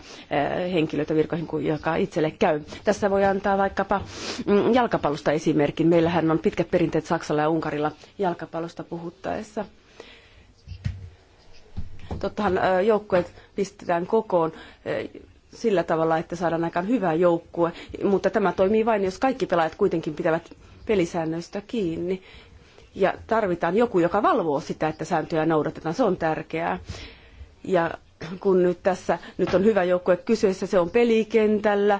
henkilöitä virkoihin, joka itselle käy. Tässä voi antaa vaikkapa mm, jalkapallosta esimerkin. Meillähän on pitkät perinteet Saksalla ja Unkarilla jalkapallosta puhuttaessa. Tottahan joukkueet pistetään kokoon sillä tavalla, että saadaan aikaan hyvä joukkue, mutta tämä toimii vain, jos kaikki pelaajat kuitenkin pitävät pelisäännöistä kiinni. Ja tarvitaan joku, joka valvoo sitä, että sääntöjä noudatetaan. Se on tärkeää. Ja kun nyt tässä nyt on hyvä joukkue kyseessä, se on pelikentällä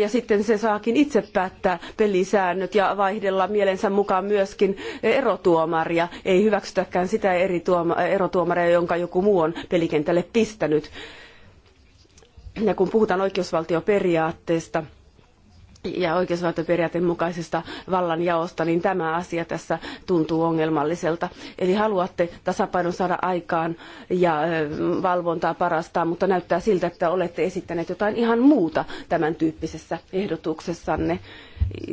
ja sitten se saakin itse päättää pelisäännöt ja vaihdella mielensä mukaan myöskin erotuomaria. Ei hyväksytäkään sitä eri tuoma, erotuomaria, jonka joku muu on pelikentälle pistänyt. Ja kun puhutaan oikeusvaltioperiaatteesta, ja oikeusvaltioperiaatteen mukaisesta vallanjaosta, niin tämä asia tässä tuntuu ongelmalliselta. Eli haluatte tasapainon saada aikaan ja valvontaa parastaa, mutta näyttää siltä, että olette esittäneet jotain ihan muuta tämän tyyppisessä ehdotuksessanne.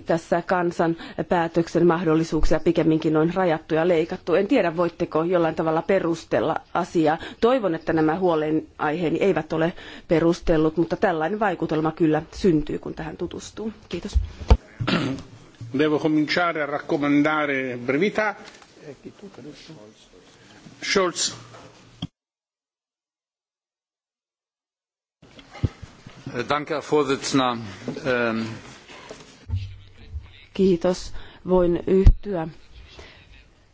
Tässä kansan päätöksen mahdollisuuksia pikemminkin on rajattu ja leikattu. En tiedä, voitteko jollain tavalla perustella asiaa. Toivon, että nämä huolenaiheeni eivät ole perustellut, mutta tällainen vaikutelma kyllä syntyy, kun tähän tutustuu. Kiitos. Devo cominciare a raccomandare brevità. Scholz. Danke, Herr Vorsitzender. Ähm, Kiitos. Voin yhtyä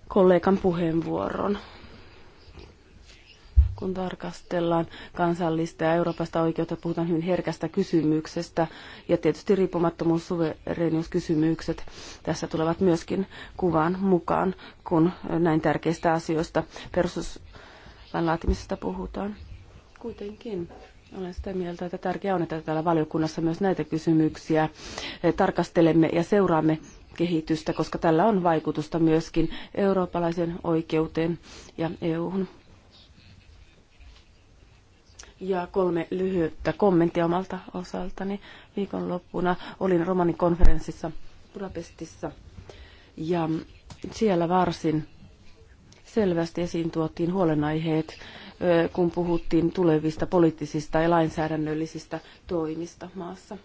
kollegan puheenvuoroon kun tarkastellaan kansallista ja Euroopasta oikeutta, puhutaan hyvin herkästä kysymyksestä. Ja tietysti riippumattomuus, suvereniuskysymykset tässä tulevat myöskin kuvaan mukaan, kun näin tärkeistä asioista perustuslain laatimisesta puhutaan. Kuitenkin. Olen sitä mieltä, että tärkeää on, että täällä valiokunnassa myös näitä kysymyksiä tarkastelemme ja seuraamme kehitystä, koska tällä on vaikutusta myöskin eurooppalaisen oikeuteen ja EU-hun. Ja kolme lyhyttä kommenttia omalta osaltani. Viikonloppuna olin romanikonferenssissa Budapestissa ja siellä varsin selvästi esiin tuottiin huolenaiheet, kun puhuttiin tulevista poliittisista ja lainsäädännöllisistä toimista maassa.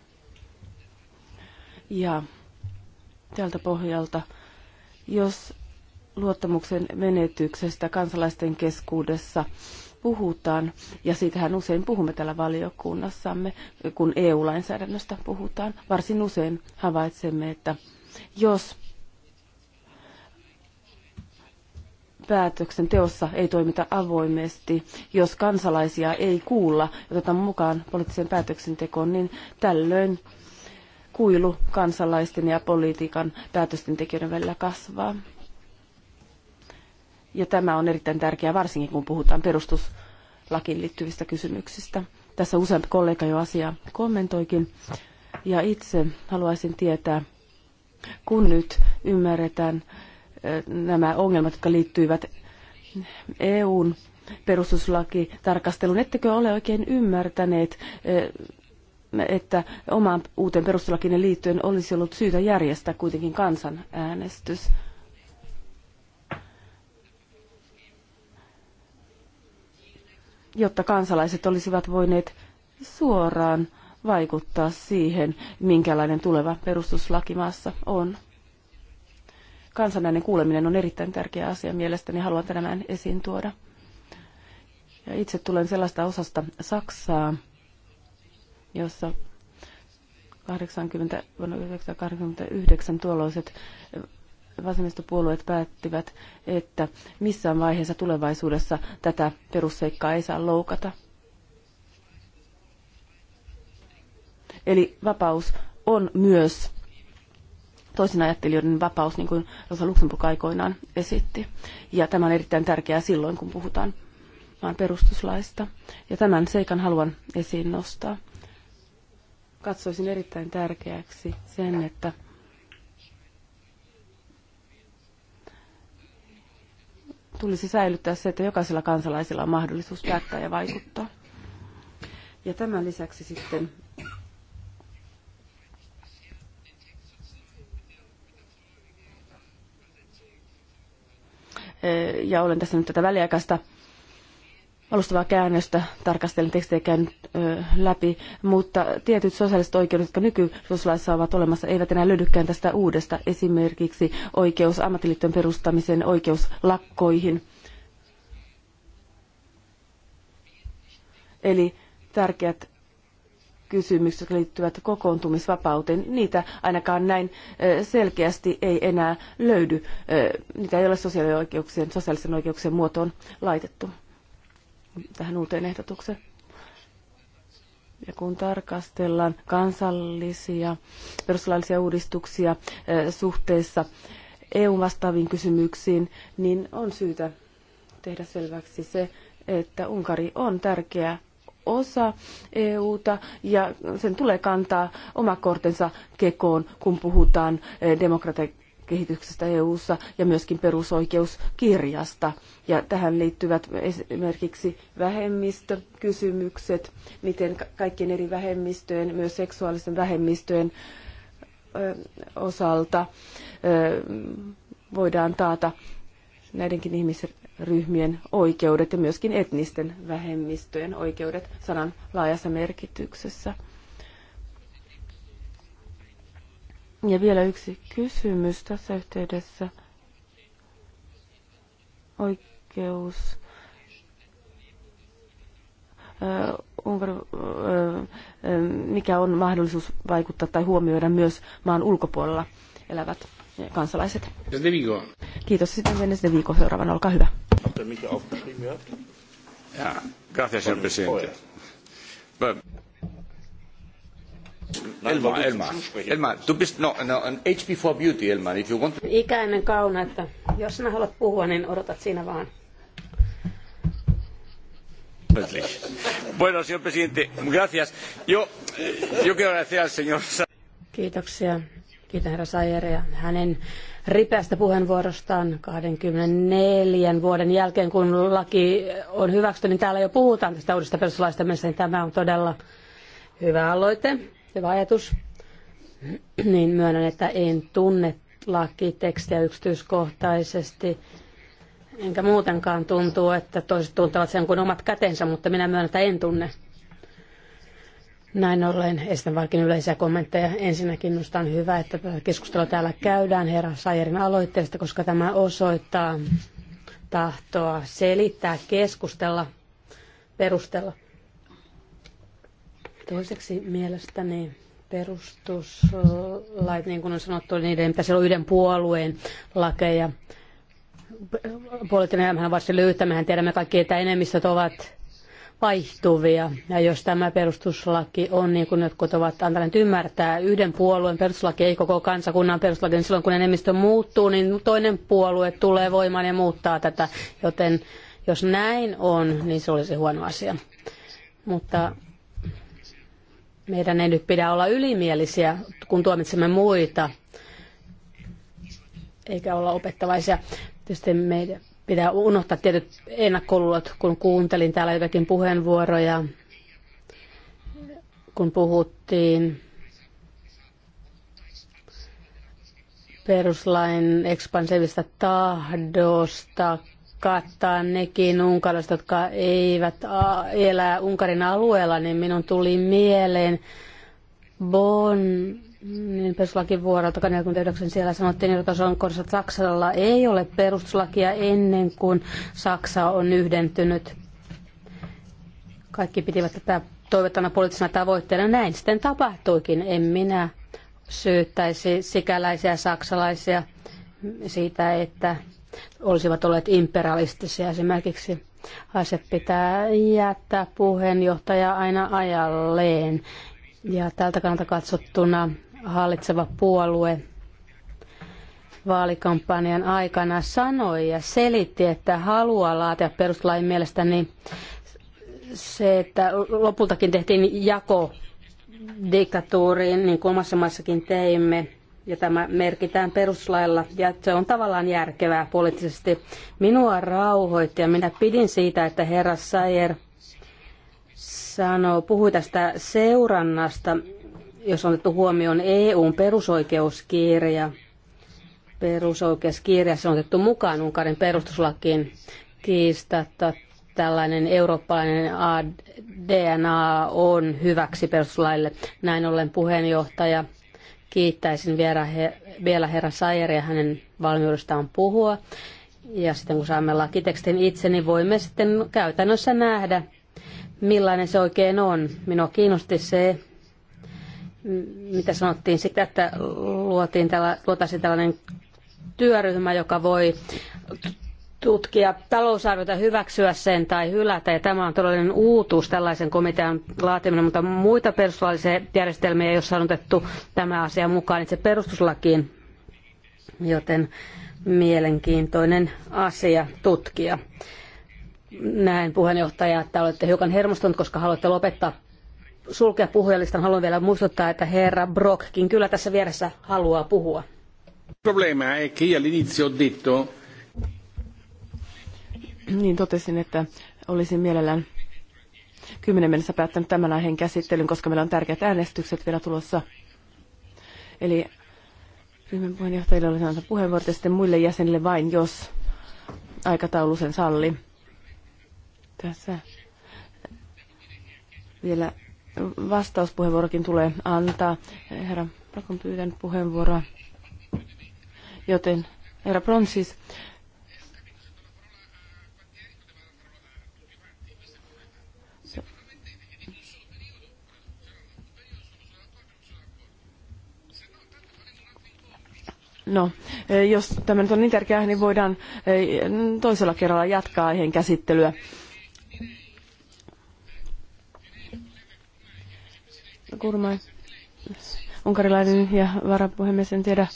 Ja tältä pohjalta, jos luottamuksen menetyksestä kansalaisten keskuudessa puhutaan, ja siitähän usein puhumme täällä valiokunnassamme, kun EU-lainsäädännöstä puhutaan. Varsin usein havaitsemme, että jos päätöksenteossa ei toimita avoimesti, jos kansalaisia ei kuulla ja oteta mukaan poliittiseen päätöksentekoon, niin tällöin kuilu kansalaisten ja politiikan päätösten välillä kasvaa. Ja tämä on erittäin tärkeää, varsinkin kun puhutaan perustuslakiin liittyvistä kysymyksistä. Tässä useampi kollega jo asiaa kommentoikin. Ja itse haluaisin tietää, kun nyt ymmärretään nämä ongelmat, jotka liittyivät EUn perustuslakitarkasteluun, Ettekö ole oikein ymmärtäneet, että omaan uuteen perustuslakiin liittyen olisi ollut syytä järjestää kuitenkin kansanäänestys? jotta kansalaiset olisivat voineet suoraan vaikuttaa siihen, minkälainen tuleva perustuslaki maassa on. Kansanäinen kuuleminen on erittäin tärkeä asia mielestäni, haluan tänään esiin tuoda. Ja itse tulen sellaista osasta Saksaa, jossa 80, vuonna 1989 tuolloiset vasemmistopuolueet päättivät, että missään vaiheessa tulevaisuudessa tätä perusseikkaa ei saa loukata. Eli vapaus on myös ajattelijoiden vapaus, niin kuin Rosa Luxemburg aikoinaan esitti. Ja tämä on erittäin tärkeää silloin, kun puhutaan maan perustuslaista. Ja tämän seikan haluan esiin nostaa. Katsoisin erittäin tärkeäksi sen, että tulisi säilyttää se, että jokaisella kansalaisella on mahdollisuus päättää ja vaikuttaa. Ja tämän lisäksi sitten eh, ja olen tässä nyt tätä väliaikaista alustavaa käännöstä tarkastelin tekstejä käynyt ö, läpi, mutta tietyt sosiaaliset oikeudet, jotka nykysoslaissa ovat olemassa, eivät enää löydykään tästä uudesta. Esimerkiksi oikeus ammattiliittojen perustamiseen oikeus lakkoihin. Eli tärkeät kysymykset, jotka liittyvät kokoontumisvapauteen, niitä ainakaan näin selkeästi ei enää löydy. Niitä ei ole sosiaalioikeuksien, sosiaalisen oikeuksien muotoon laitettu tähän uuteen ehdotukseen. Ja kun tarkastellaan kansallisia perustuslaillisia uudistuksia suhteessa EU-vastaaviin kysymyksiin, niin on syytä tehdä selväksi se, että Unkari on tärkeä osa EUta ja sen tulee kantaa oma kortensa kekoon, kun puhutaan demokratian kehityksestä EU:ssa ja myöskin perusoikeuskirjasta. Ja tähän liittyvät esimerkiksi vähemmistökysymykset, miten kaikkien eri vähemmistöjen, myös seksuaalisten vähemmistöjen osalta voidaan taata näidenkin ihmisryhmien oikeudet ja myöskin etnisten vähemmistöjen oikeudet sanan laajassa merkityksessä. Ja vielä yksi kysymys tässä yhteydessä. Oikeus. äh, mikä on mahdollisuus vaikuttaa tai huomioida myös maan ulkopuolella elävät kansalaiset. Kiitos. Sitten Venes sinne viikon seuraavan. Olkaa hyvä. Ja, gracias, señor presidente. Elma, Elma, Elma, du bist no, no, an age before beauty, If you want to... Ikäinen kauna, että jos sinä haluat puhua, niin odotat siinä vaan. Bueno, señor presidente, gracias. Yo, yo quiero agradecer al señor... Kiitoksia. Kiitän herra ja hänen ripeästä puheenvuorostaan 24 vuoden jälkeen, kun laki on hyväksytty, niin täällä jo puhutaan tästä uudesta perustuslaista, niin tämä on todella hyvä aloite hyvä ajatus, niin myönnän, että en tunne lakitekstiä yksityiskohtaisesti. Enkä muutenkaan tuntuu, että toiset tuntevat sen kuin omat kätensä, mutta minä myönnän, että en tunne. Näin ollen estän varkin yleisiä kommentteja. Ensinnäkin minusta on hyvä, että keskustelua täällä käydään herra Sajerin aloitteesta, koska tämä osoittaa tahtoa selittää, keskustella, perustella – Toiseksi mielestäni perustuslait, niin kuin on sanottu, niin niiden pitäisi olla yhden puolueen lakeja. Poliittinen elämähän on varsin lyhyttä. Mehän tiedämme kaikki, että enemmistöt ovat vaihtuvia. Ja jos tämä perustuslaki on, niin kuin jotkut ovat antaneet ymmärtää, yhden puolueen perustuslaki ei koko kansakunnan perustuslaki, niin silloin kun enemmistö muuttuu, niin toinen puolue tulee voimaan ja muuttaa tätä. Joten jos näin on, niin se olisi huono asia. Mutta meidän ei nyt pidä olla ylimielisiä, kun tuomitsemme muita, eikä olla opettavaisia. Tietysti meidän pitää unohtaa tietyt ennakkoluulot, kun kuuntelin täällä jotakin puheenvuoroja, kun puhuttiin peruslain ekspansiivista tahdosta, kattaa nekin unkarilaiset, jotka eivät elä Unkarin alueella, niin minun tuli mieleen Bon niin perustuslakivuorolta 49 siellä sanottiin, että on että Saksalla ei ole perustuslakia ennen kuin Saksa on yhdentynyt. Kaikki pitivät tätä toivottana poliittisena tavoitteena. Näin sitten tapahtuikin. En minä syyttäisi sikäläisiä saksalaisia siitä, että olisivat olleet imperialistisia. Esimerkiksi ase pitää jättää puheenjohtaja aina ajalleen. Ja tältä kannalta katsottuna hallitseva puolue vaalikampanjan aikana sanoi ja selitti, että haluaa laatia perustuslain mielestäni niin se, että lopultakin tehtiin jako diktatuuriin, niin kuin omassa maassakin teimme ja tämä merkitään peruslailla ja se on tavallaan järkevää poliittisesti. Minua rauhoitti ja minä pidin siitä, että herra Sayer sanoo, puhui tästä seurannasta, jos on otettu huomioon EUn perusoikeuskirja. Perusoikeuskirja se on otettu mukaan Unkarin perustuslakiin kiistatta tällainen eurooppalainen DNA on hyväksi perustuslaille. Näin ollen puheenjohtaja Kiittäisin vielä, vielä herra Sayeria hänen valmiudestaan puhua. Ja sitten kun saamme lakitekstin itse, niin voimme sitten käytännössä nähdä, millainen se oikein on. Minua kiinnosti se, mitä sanottiin sitä, että luotiin tällä, luotaisiin tällainen työryhmä, joka voi tutkia talousarviota, hyväksyä sen tai hylätä. Ja tämä on todellinen uutuus tällaisen komitean laatiminen, mutta muita perustuslaillisia järjestelmiä ei ole otettu tämä asia mukaan itse perustuslakiin, joten mielenkiintoinen asia tutkia. Näin puheenjohtaja, että olette hiukan hermostunut, koska haluatte lopettaa sulkea puhujalistan. Haluan vielä muistuttaa, että herra Brockkin kyllä tässä vieressä haluaa puhua. Problema è che all'inizio ho detto niin totesin, että olisin mielellään kymmenen mennessä päättänyt tämän aiheen käsittelyn, koska meillä on tärkeät äänestykset vielä tulossa. Eli ryhmän puheenjohtajille olisi antaa puheenvuorot ja sitten muille jäsenille vain, jos aikataulu sen salli. Tässä vielä vastauspuheenvuorokin tulee antaa. Herra on pyytänyt puheenvuoroa. Joten herra Pronsis, No, eh, jos tämä nyt on niin tärkeää, niin voidaan eh, toisella kerralla jatkaa aiheen käsittelyä. Kurmai, unkarilainen ja varapuhemies, en tiedä.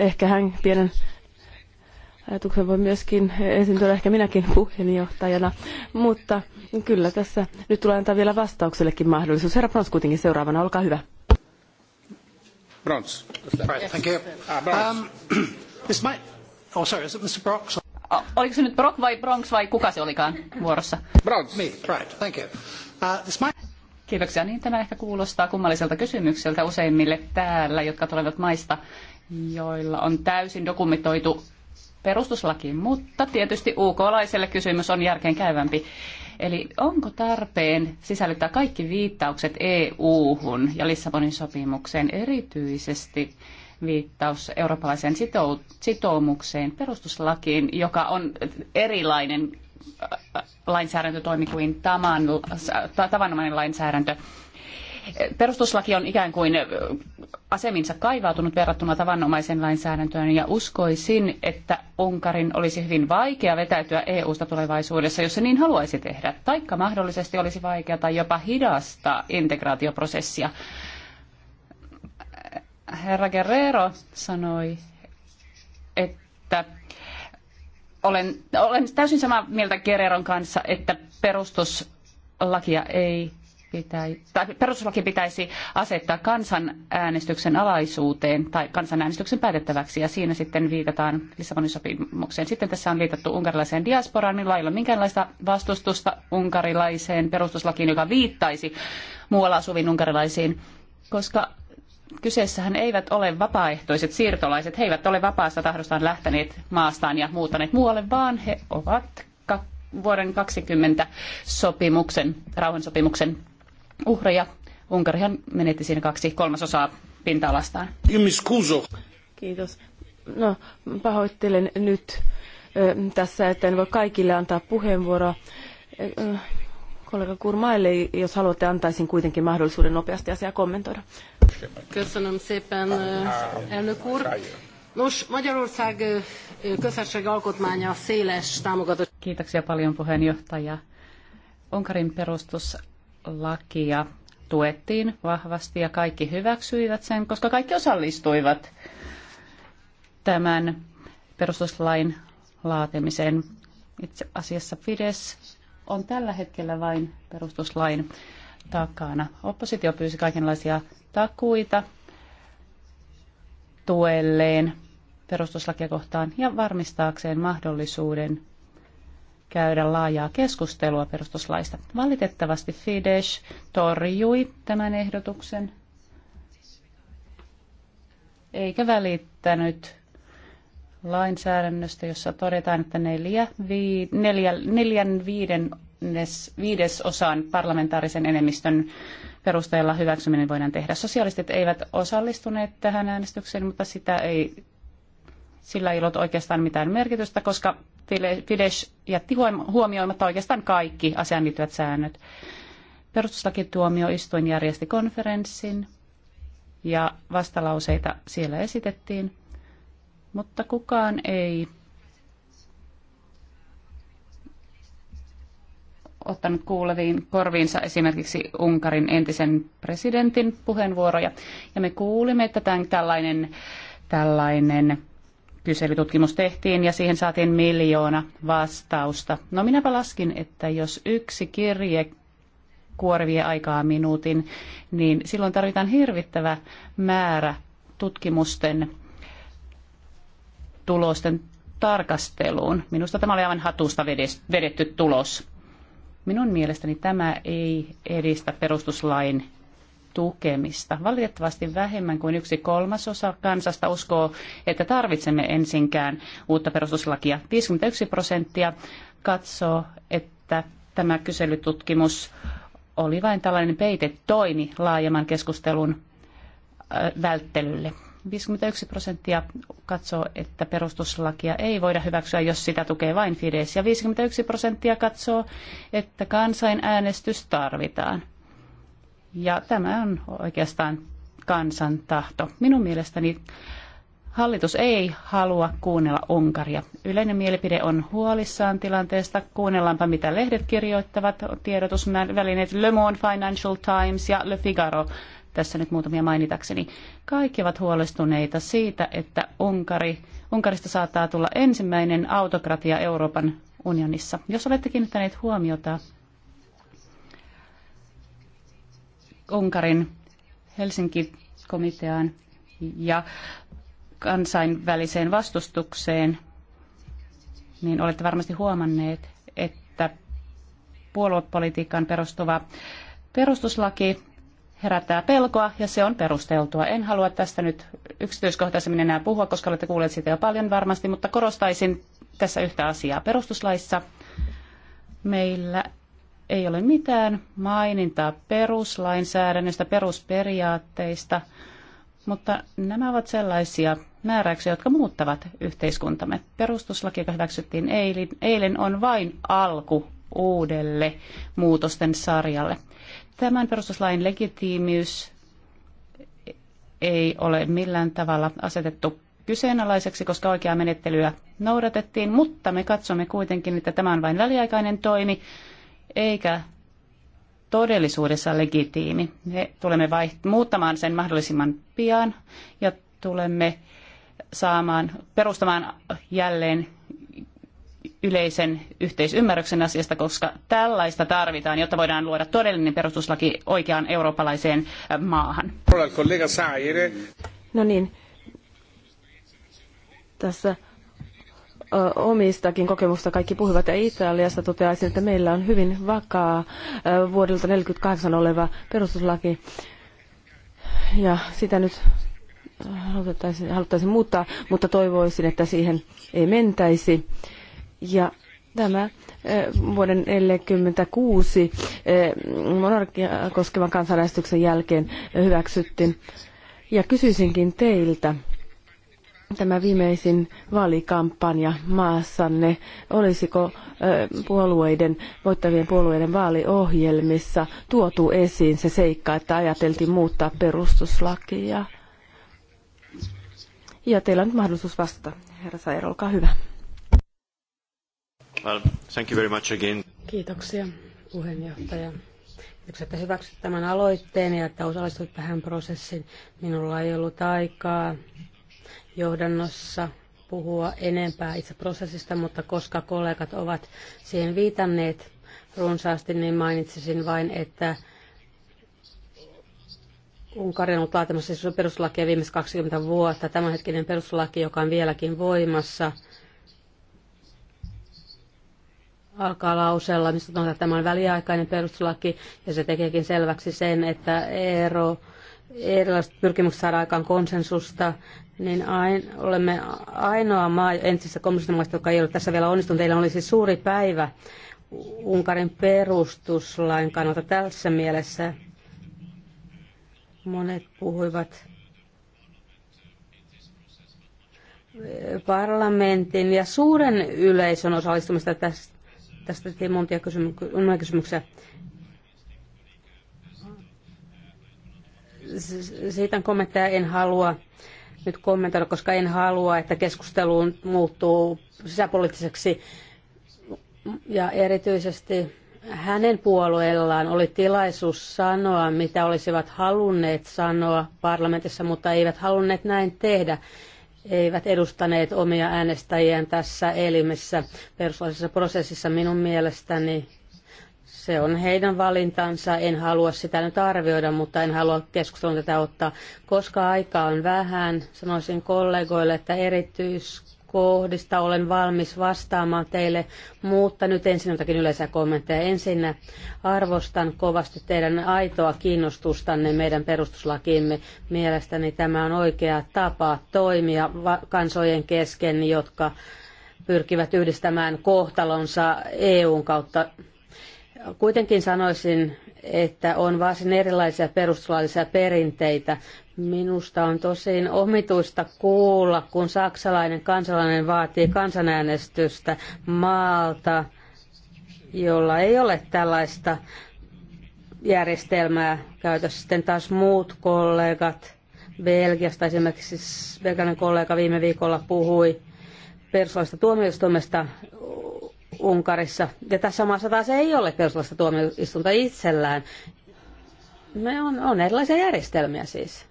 Ehkä hän pienen ajatuksen voi myöskin esiintyä, ehkä minäkin puheenjohtajana. Mutta kyllä tässä nyt tulee antaa vielä vastauksellekin mahdollisuus. Herra Frans kuitenkin seuraavana, olkaa hyvä. Brons. Right, thank you. Ah, Brons. Um, this might... Oh, sorry, is it Mr. Brock? Oh, oliko se nyt Brock vai Bronx vai kuka se olikaan vuorossa? Bronx. Me, right, thank you. Uh, this might... Kiitoksia. Niin tämä ehkä kuulostaa kummalliselta kysymykseltä useimmille täällä, jotka tulevat maista, joilla on täysin dokumentoitu perustuslaki, mutta tietysti UK-laiselle kysymys on järkeen käyvämpi. Eli onko tarpeen sisällyttää kaikki viittaukset EU-hun ja Lissabonin sopimukseen, erityisesti viittaus eurooppalaiseen sitoumukseen, perustuslakiin, joka on erilainen äh, äh, lainsäädäntötoimi kuin äh, tavanomainen lainsäädäntö perustuslaki on ikään kuin aseminsa kaivautunut verrattuna tavanomaiseen lainsäädäntöön ja uskoisin, että Unkarin olisi hyvin vaikea vetäytyä EU-sta tulevaisuudessa, jos se niin haluaisi tehdä, taikka mahdollisesti olisi vaikea tai jopa hidasta integraatioprosessia. Herra Guerrero sanoi, että olen, olen täysin samaa mieltä Guerreron kanssa, että perustuslakia ei pitäisi, tai perustuslaki pitäisi asettaa kansanäänestyksen alaisuuteen tai kansanäänestyksen päätettäväksi ja siinä sitten viitataan Lissabonin sopimukseen. Sitten tässä on viitattu unkarilaiseen diasporaan, niin lailla minkäänlaista vastustusta unkarilaiseen perustuslakiin, joka viittaisi muualla asuviin unkarilaisiin, koska kyseessähän eivät ole vapaaehtoiset siirtolaiset, he eivät ole vapaasta tahdostaan lähteneet maastaan ja muuttaneet muualle, vaan he ovat vuoden kaksikymmentä sopimuksen, rauhansopimuksen uhreja. Unkarihan menetti siinä kaksi kolmasosaa pinta-alastaan. Kiitos. No, pahoittelen nyt tässä, että en voi kaikille antaa puheenvuoroa. Kollega Kurmaille, jos haluatte, antaisin kuitenkin mahdollisuuden nopeasti asiaa kommentoida. Köszönöm szépen, Nos, Magyarország alkotmánya széles támogatott. Kiitoksia paljon puheenjohtaja. Unkarin perustus lakia tuettiin vahvasti ja kaikki hyväksyivät sen, koska kaikki osallistuivat tämän perustuslain laatimiseen. Itse asiassa Fides on tällä hetkellä vain perustuslain takana. Oppositio pyysi kaikenlaisia takuita tuelleen perustuslakia kohtaan ja varmistaakseen mahdollisuuden käydä laajaa keskustelua perustuslaista. Valitettavasti Fidesz torjui tämän ehdotuksen eikä välittänyt lainsäädännöstä, jossa todetaan, että neljä, vii, neljä, neljän viiden osan parlamentaarisen enemmistön perusteella hyväksyminen voidaan tehdä. Sosialistit eivät osallistuneet tähän äänestykseen, mutta sitä ei, sillä ei ollut oikeastaan mitään merkitystä, koska Fides jätti huomioimatta oikeastaan kaikki asiaan liittyvät säännöt. Perustuslakituomioistuin järjesti konferenssin ja vastalauseita siellä esitettiin, mutta kukaan ei ottanut kuuleviin korviinsa esimerkiksi Unkarin entisen presidentin puheenvuoroja. Ja me kuulimme, että tämän, tällainen, tällainen kyselytutkimus tehtiin ja siihen saatiin miljoona vastausta. No minäpä laskin, että jos yksi kirje kuorvie aikaa minuutin, niin silloin tarvitaan hirvittävä määrä tutkimusten tulosten tarkasteluun. Minusta tämä oli aivan hatusta vedetty tulos. Minun mielestäni tämä ei edistä perustuslain tukemista. Valitettavasti vähemmän kuin yksi kolmasosa kansasta uskoo, että tarvitsemme ensinkään uutta perustuslakia. 51 prosenttia katsoo, että tämä kyselytutkimus oli vain tällainen peitetoimi laajemman keskustelun välttelylle. 51 prosenttia katsoo, että perustuslakia ei voida hyväksyä, jos sitä tukee vain Fides, ja 51 prosenttia katsoo, että kansanäänestys tarvitaan. Ja tämä on oikeastaan kansan tahto. Minun mielestäni Hallitus ei halua kuunnella Unkaria. Yleinen mielipide on huolissaan tilanteesta. Kuunnellaanpa, mitä lehdet kirjoittavat, tiedotusvälineet Le Monde, Financial Times ja Le Figaro. Tässä nyt muutamia mainitakseni. Kaikki ovat huolestuneita siitä, että Unkari, Unkarista saattaa tulla ensimmäinen autokratia Euroopan unionissa. Jos olette kiinnittäneet huomiota Unkarin Helsinki-komiteaan ja kansainväliseen vastustukseen, niin olette varmasti huomanneet, että puoluepolitiikkaan perustuva perustuslaki herättää pelkoa ja se on perusteltua. En halua tästä nyt yksityiskohtaisemmin enää puhua, koska olette kuulleet siitä jo paljon varmasti, mutta korostaisin tässä yhtä asiaa. Perustuslaissa meillä ei ole mitään mainintaa peruslainsäädännöstä, perusperiaatteista, mutta nämä ovat sellaisia määräyksiä, jotka muuttavat yhteiskuntamme. Perustuslaki, joka hyväksyttiin eilen, eilen on vain alku uudelle muutosten sarjalle. Tämän perustuslain legitiimiys ei ole millään tavalla asetettu kyseenalaiseksi, koska oikeaa menettelyä noudatettiin, mutta me katsomme kuitenkin, että tämä on vain väliaikainen toimi, eikä todellisuudessa legitiimi. Me tulemme vaiht- muuttamaan sen mahdollisimman pian ja tulemme saamaan, perustamaan jälleen yleisen yhteisymmärryksen asiasta, koska tällaista tarvitaan, jotta voidaan luoda todellinen perustuslaki oikeaan eurooppalaiseen maahan. No niin, tässä omistakin kokemusta kaikki puhuvat ja Italiasta toteaisin, että meillä on hyvin vakaa vuodelta 1948 oleva perustuslaki ja sitä nyt haluttaisiin, haluttaisiin muuttaa, mutta toivoisin, että siihen ei mentäisi. Ja tämä vuoden 1946 monarkia koskevan kansanäänestyksen jälkeen hyväksyttiin. Ja kysyisinkin teiltä, Tämä viimeisin vaalikampanja maassanne, olisiko puolueiden, voittavien puolueiden vaaliohjelmissa tuotu esiin se seikka, että ajateltiin muuttaa perustuslakia? Ja teillä on nyt mahdollisuus vastata. Herra Sair, olkaa hyvä. Well, thank you very much again. Kiitoksia puheenjohtaja. Kiitoksia, että hyväksyt tämän aloitteen ja että osallistuit tähän prosessiin. Minulla ei ollut aikaa johdannossa puhua enempää itse prosessista, mutta koska kollegat ovat siihen viitanneet runsaasti, niin mainitsisin vain, että Unkari on ollut laatimassa siis perustuslakia viimeiset 20 vuotta. Tämänhetkinen perustuslaki, joka on vieläkin voimassa, alkaa lausella, mistä tuntuu, että tämä on väliaikainen perustuslaki, ja se tekeekin selväksi sen, että ero erilaiset pyrkimykset saada aikaan konsensusta niin ain, olemme ainoa maa entisessä kommunistimaista, joka ei ole tässä vielä onnistunut. Teillä oli siis suuri päivä Unkarin perustuslain kannalta tässä mielessä. Monet puhuivat parlamentin ja suuren yleisön osallistumista tästä, tästä teimme monia kysymyksiä. Siitä kommentteja en halua nyt kommentoida, koska en halua, että keskusteluun muuttuu sisäpoliittiseksi. Ja erityisesti hänen puolueellaan oli tilaisuus sanoa, mitä olisivat halunneet sanoa parlamentissa, mutta eivät halunneet näin tehdä. Eivät edustaneet omia äänestäjiään tässä elimessä perustuslaillisessa prosessissa minun mielestäni se on heidän valintansa, en halua sitä nyt arvioida, mutta en halua keskustelun tätä ottaa. Koska aikaa on vähän, sanoisin kollegoille, että erityiskohdista olen valmis vastaamaan teille, mutta nyt ensin jotakin yleisiä kommentteja. Ensin arvostan kovasti teidän aitoa kiinnostustanne meidän perustuslakiimme. Mielestäni tämä on oikea tapa toimia kansojen kesken, jotka pyrkivät yhdistämään kohtalonsa EUn kautta Kuitenkin sanoisin, että on varsin erilaisia perustuslaillisia perinteitä. Minusta on tosin omituista kuulla, kun saksalainen kansalainen vaatii kansanäänestystä maalta, jolla ei ole tällaista järjestelmää käytössä. Sitten taas muut kollegat, Belgiasta esimerkiksi belgialainen kollega viime viikolla puhui perustuslaista tuomioistuimesta Unkarissa. Ja tässä maassa taas ei ole perustuslaista tuomioistuinta itsellään. Me on, on erilaisia järjestelmiä siis.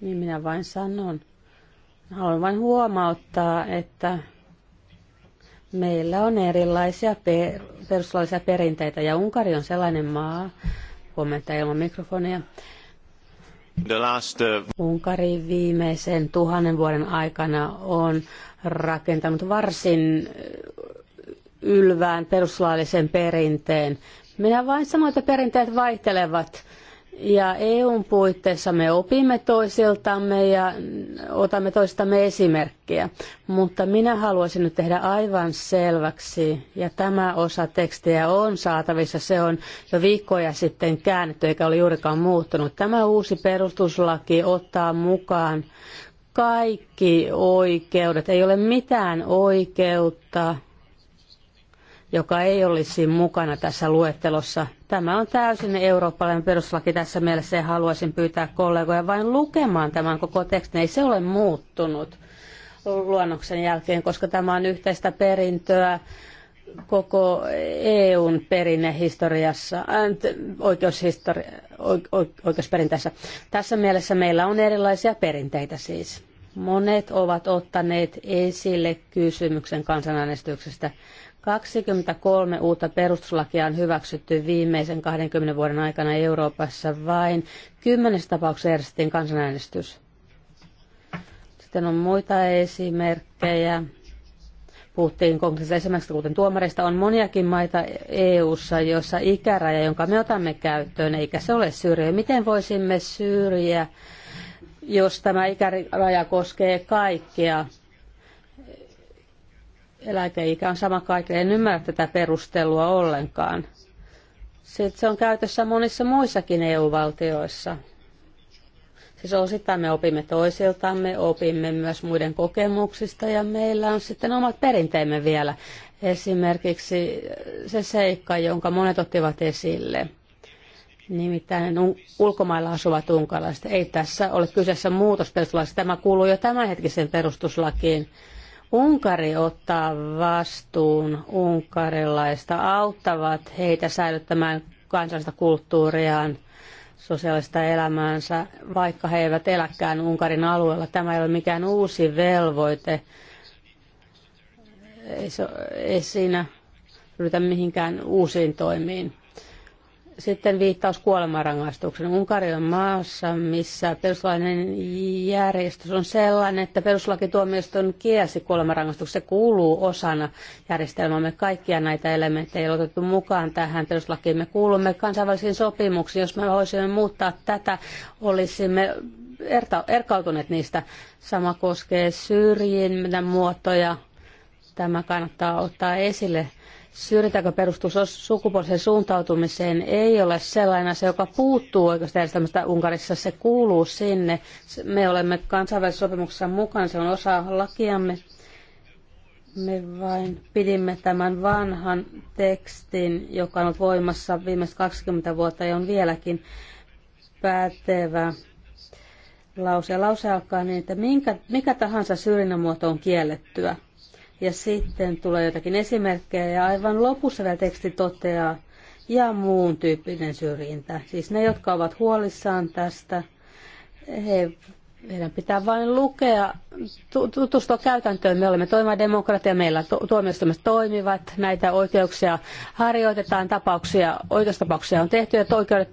Niin minä vain sanon. Haluan vain huomauttaa, että meillä on erilaisia per, perustuslaillisia perinteitä ja Unkari on sellainen maa, huomenta ilman mikrofonia, Last, uh... Unkari viimeisen tuhannen vuoden aikana on rakentanut varsin uh, ylvään perustuslaillisen perinteen. Minä vain sanoin, että perinteet vaihtelevat ja EUn puitteissa me opimme toisiltamme ja otamme toistamme esimerkkiä. Mutta minä haluaisin nyt tehdä aivan selväksi, ja tämä osa tekstiä on saatavissa, se on jo viikkoja sitten käännetty eikä ole juurikaan muuttunut. Tämä uusi perustuslaki ottaa mukaan kaikki oikeudet. Ei ole mitään oikeutta, joka ei olisi mukana tässä luettelossa Tämä on täysin eurooppalainen peruslaki tässä mielessä ja haluaisin pyytää kollegoja vain lukemaan tämän koko tekstin. Ei se ole muuttunut luonnoksen jälkeen, koska tämä on yhteistä perintöä koko EUn perinnehistoriassa, äh, oikeushistori, oikeusperinteessä. Tässä mielessä meillä on erilaisia perinteitä siis. Monet ovat ottaneet esille kysymyksen kansanäänestyksestä. 23 uutta perustuslakia on hyväksytty viimeisen 20 vuoden aikana Euroopassa. Vain kymmenessä tapauksessa järjestettiin kansanäänestys. Sitten on muita esimerkkejä. Puhuttiin konkreettisesti esimerkiksi kuten tuomareista. On moniakin maita EU-ssa, joissa ikäraja, jonka me otamme käyttöön, eikä se ole syrjä. Miten voisimme syrjiä jos tämä ikäraja koskee kaikkea. Eläkeikä on sama kaikille. En ymmärrä tätä perustelua ollenkaan. Sitten se on käytössä monissa muissakin EU-valtioissa. Siis osittain me opimme toisiltamme, opimme myös muiden kokemuksista ja meillä on sitten omat perinteemme vielä. Esimerkiksi se seikka, jonka monet ottivat esille – Nimittäin ulkomailla asuvat unkalaiset. Ei tässä ole kyseessä muutos perustuslaista. Tämä kuuluu jo tämänhetkisen perustuslakiin. Unkari ottaa vastuun unkarilaista, auttavat heitä säilyttämään kansallista kulttuuriaan, sosiaalista elämäänsä, vaikka he eivät eläkään Unkarin alueella. Tämä ei ole mikään uusi velvoite. Ei, se, ei siinä ryhdytä mihinkään uusiin toimiin sitten viittaus kuolemanrangaistuksen. Unkari on maassa, missä perustuslainen järjestys on sellainen, että perustuslakituomioistuin kiesi kuolemanrangaistuksen. Se kuuluu osana järjestelmämme. Kaikkia näitä elementtejä ei ole otettu mukaan tähän perustuslakiin. Me kuulumme kansainvälisiin sopimuksiin. Jos me voisimme muuttaa tätä, olisimme erkautuneet niistä. Sama koskee syrjinnän muotoja. Tämä kannattaa ottaa esille syrjintäkö perustuu sukupuoliseen suuntautumiseen, ei ole sellainen asia, joka puuttuu oikeusjärjestelmästä Unkarissa. Se kuuluu sinne. Me olemme kansainvälisessä sopimuksessa mukana, se on osa lakiamme. Me vain pidimme tämän vanhan tekstin, joka on ollut voimassa viimeiset 20 vuotta ja on vieläkin pätevä lause. Lause alkaa niin, että minkä, mikä tahansa syrjinnän muoto on kiellettyä. Ja sitten tulee jotakin esimerkkejä ja aivan lopussa vielä teksti toteaa ja muun tyyppinen syrjintä. Siis ne, jotka ovat huolissaan tästä, he meidän pitää vain lukea, tutustua käytäntöön. Me olemme toimiva demokratia, meillä tuomioistuimet toimivat, näitä oikeuksia harjoitetaan, tapauksia, oikeustapauksia on tehty ja oikeudet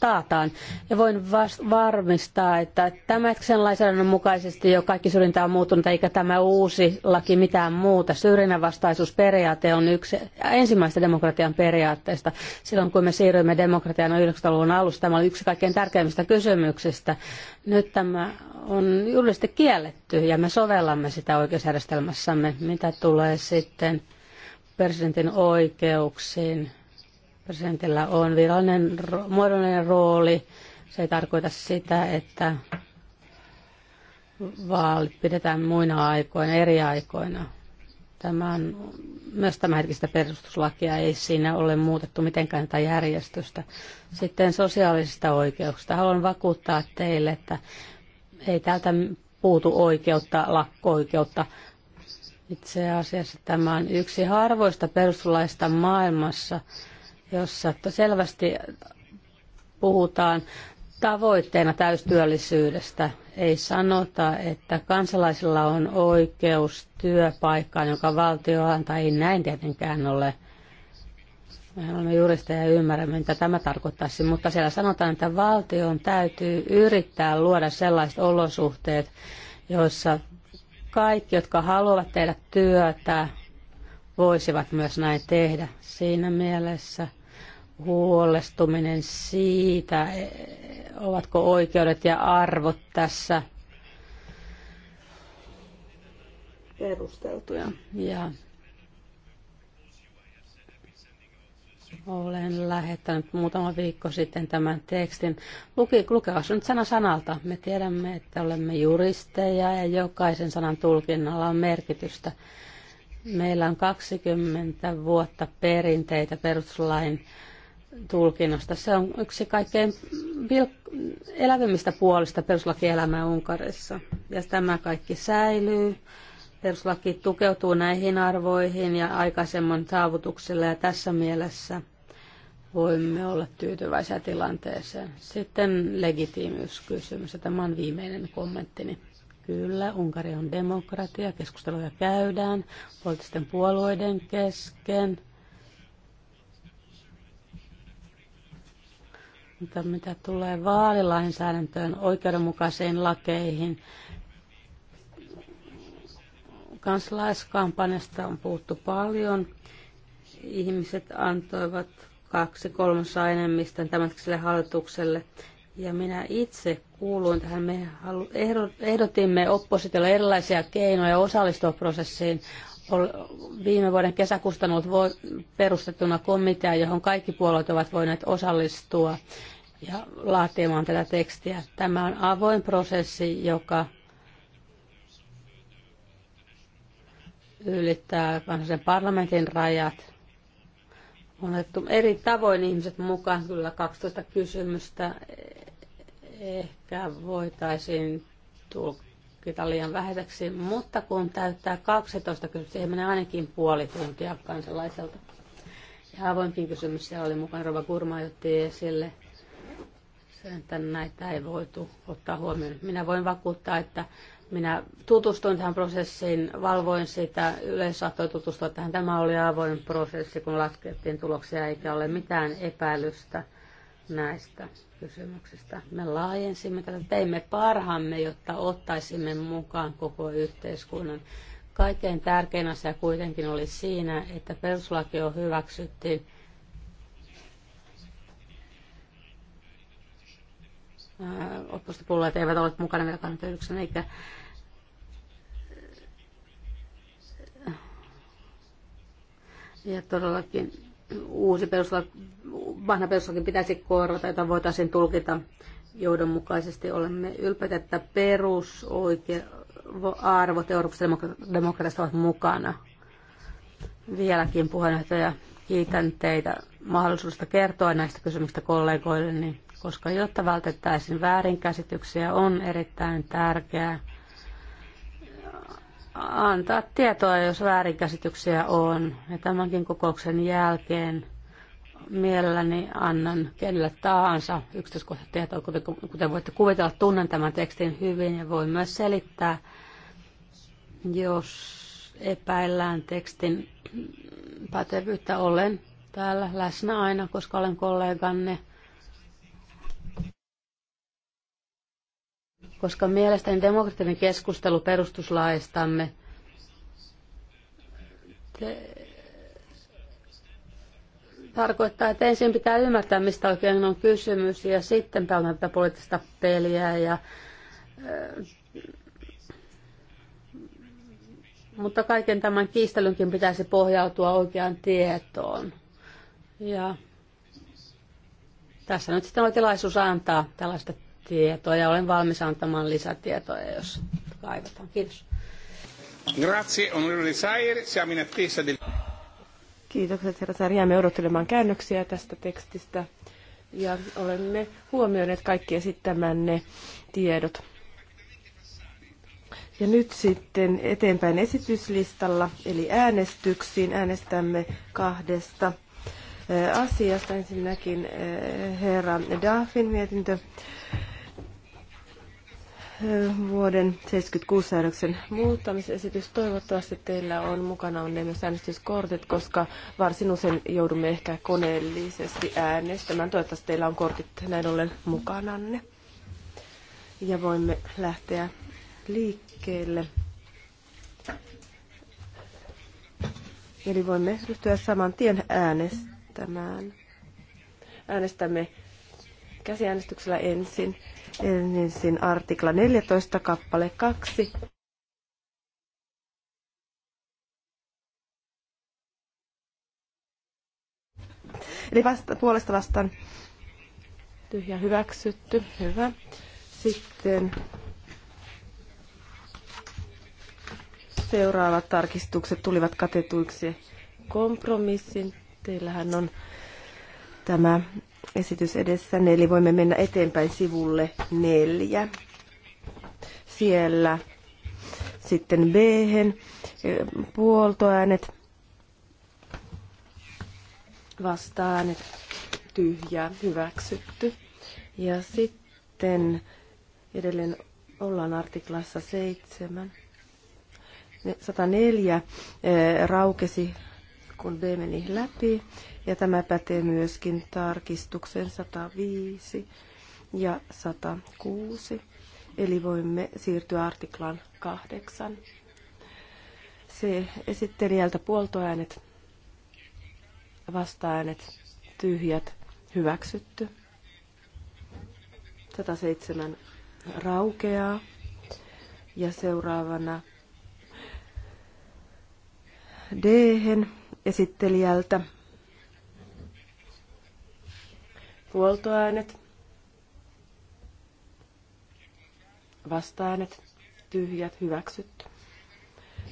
taataan. Ja voin vas- varmistaa, että sen lainsäädännön mukaisesti jo kaikki syrjintä on muuttunut, eikä tämä uusi laki mitään muuta. Syrjinnänvastaisuusperiaate on yksi ensimmäistä demokratian periaatteista. Silloin kun me siirryimme demokratiaan 90-luvun alussa, tämä oli yksi kaikkein tärkeimmistä kysymyksistä. Nyt tämä on julkisesti kielletty ja me sovellamme sitä oikeusjärjestelmässämme, mitä tulee sitten presidentin oikeuksiin Presidentillä on virallinen muodollinen rooli. Se ei tarkoita sitä, että vaalit pidetään muina aikoina, eri aikoina. Tämä on myös tämänhetkistä perustuslakia ei siinä ole muutettu mitenkään tätä järjestystä. Sitten sosiaalisista oikeuksista. Haluan vakuuttaa teille, että ei täältä puutu oikeutta, lakko-oikeutta. Itse asiassa tämä on yksi harvoista perustuslaista maailmassa, jossa selvästi puhutaan tavoitteena täystyöllisyydestä. Ei sanota, että kansalaisilla on oikeus työpaikkaan, jonka valtio antaa. Ei näin tietenkään ole. Me olemme juristeja ja ymmärrämme, mitä tämä tarkoittaisi, mutta siellä sanotaan, että valtion täytyy yrittää luoda sellaiset olosuhteet, joissa kaikki, jotka haluavat tehdä työtä, voisivat myös näin tehdä. Siinä mielessä – huolestuminen siitä, ovatko oikeudet ja arvot tässä perusteltuja. Ja olen lähettänyt muutama viikko sitten tämän tekstin. Luki, lukekaa se nyt sana sanalta. Me tiedämme, että olemme juristeja ja jokaisen sanan tulkinnalla on merkitystä. Meillä on 20 vuotta perinteitä perustuslain tulkinnasta. Se on yksi kaikkein elävimmistä puolista peruslakielämää Unkarissa. Ja tämä kaikki säilyy. Peruslaki tukeutuu näihin arvoihin ja aikaisemman saavutuksille ja tässä mielessä voimme olla tyytyväisiä tilanteeseen. Sitten legitiimiyskysymys. Tämä on viimeinen kommenttini. Kyllä, Unkari on demokratia, keskusteluja käydään poliittisten puolueiden kesken – Mutta mitä tulee vaalilainsäädäntöön, oikeudenmukaisiin lakeihin, kansalaiskampanjasta on puhuttu paljon. Ihmiset antoivat kaksi kolmasosaa enemmistön tämmöiselle hallitukselle. Ja minä itse kuuluin tähän. Me ehdotimme oppositiolle erilaisia keinoja osallistua prosessiin viime vuoden kesäkuusta ollut perustettuna komitea, johon kaikki puolueet ovat voineet osallistua ja laatimaan tätä tekstiä. Tämä on avoin prosessi, joka ylittää kansallisen parlamentin rajat. On otettu eri tavoin ihmiset mukaan, kyllä 12 kysymystä e- ehkä voitaisiin tulkita tulkita liian vähäiseksi, mutta kun täyttää 12 kysymystä, siihen menee ainakin puoli tuntia kansalaiselta. Ja avoimpiin kysymys siellä oli mukaan Rova Kurma otti esille sen, että näitä ei voitu ottaa huomioon. Minä voin vakuuttaa, että minä tutustuin tähän prosessiin, valvoin sitä, yleensä saattoi tutustua tähän. Tämä oli avoin prosessi, kun laskettiin tuloksia, eikä ole mitään epäilystä näistä kysymyksistä. Me laajensimme tätä, teimme parhaamme, jotta ottaisimme mukaan koko yhteiskunnan. Kaikkein tärkein asia kuitenkin oli siinä, että peruslaki on hyväksytty. oppositiopuolueet eivät ole mukana vielä kannatuksen, eikä ja todellakin uusi peruslaki, vanha peruslaki, pitäisi korvata, jota voitaisiin tulkita johdonmukaisesti. Olemme ylpeitä, että perusarvot Euroopassa demokratiasta ovat mukana. Vieläkin puheenjohtaja, kiitän teitä mahdollisuudesta kertoa näistä kysymyksistä kollegoille, niin koska jotta vältettäisiin väärinkäsityksiä, on erittäin tärkeää, antaa tietoa, jos väärinkäsityksiä on. Ja tämänkin kokouksen jälkeen mielelläni annan kenelle tahansa yksityiskohtatietoa, kuten, kuten voitte kuvitella, tunnen tämän tekstin hyvin ja voin myös selittää, jos epäillään tekstin pätevyyttä. Olen täällä läsnä aina, koska olen kolleganne – koska mielestäni demokraattinen keskustelu perustuslaistamme tarkoittaa, että ensin pitää ymmärtää, mistä oikein on kysymys, ja sitten pelataan tätä poliittista peliä. Ja, mutta kaiken tämän kiistelynkin pitäisi pohjautua oikeaan tietoon. Ja tässä nyt sitten on tilaisuus antaa tällaista tietoa ja olen valmis antamaan lisätietoja, jos kaivataan. Kiitos. Grazie, onorevole Sair. Siamo in attesa del... Kiitokset, herra Sair. Jäämme odottelemaan käännöksiä tästä tekstistä ja olemme huomioineet kaikki esittämänne tiedot. Ja nyt sitten eteenpäin esityslistalla, eli äänestyksiin. Äänestämme kahdesta asiasta. Ensinnäkin herra Daffin mietintö vuoden 76 säädöksen muuttamisesitys. Toivottavasti teillä on mukana on ne myös äänestyskortit, koska varsin usein joudumme ehkä koneellisesti äänestämään. Toivottavasti teillä on kortit näin ollen mukananne. Ja voimme lähteä liikkeelle. Eli voimme ryhtyä saman tien äänestämään. Äänestämme käsiäänestyksellä ensin ensin artikla 14 kappale 2. Eli vasta, puolesta vastaan tyhjä hyväksytty. Hyvä. Sitten seuraavat tarkistukset tulivat katetuiksi kompromissin. Teillähän on tämä esitys edessäni, niin, eli voimme mennä eteenpäin sivulle neljä. Siellä sitten b e, puoltoäänet, vastaäänet, tyhjä hyväksytty. Ja sitten edelleen ollaan artiklassa 7. 104 e, raukesi, kun B meni läpi ja tämä pätee myöskin tarkistuksen 105 ja 106. Eli voimme siirtyä artiklaan 8. Se esittelijältä puoltoäänet, vastaäänet, tyhjät, hyväksytty. 107 raukeaa. Ja seuraavana d hen esittelijältä puoltoäänet, vastaäänet, tyhjät, hyväksytty.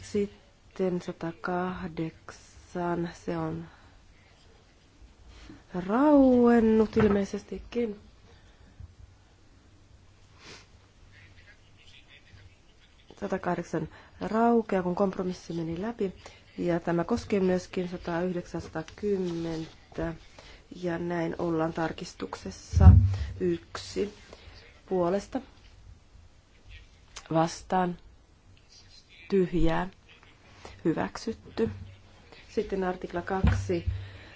Sitten 108, se on rauennut ilmeisestikin. kahdeksan raukea, kun kompromissi meni läpi. Ja tämä koskee myöskin 1910 ja näin ollaan tarkistuksessa yksi puolesta vastaan tyhjää hyväksytty. Sitten artikla 2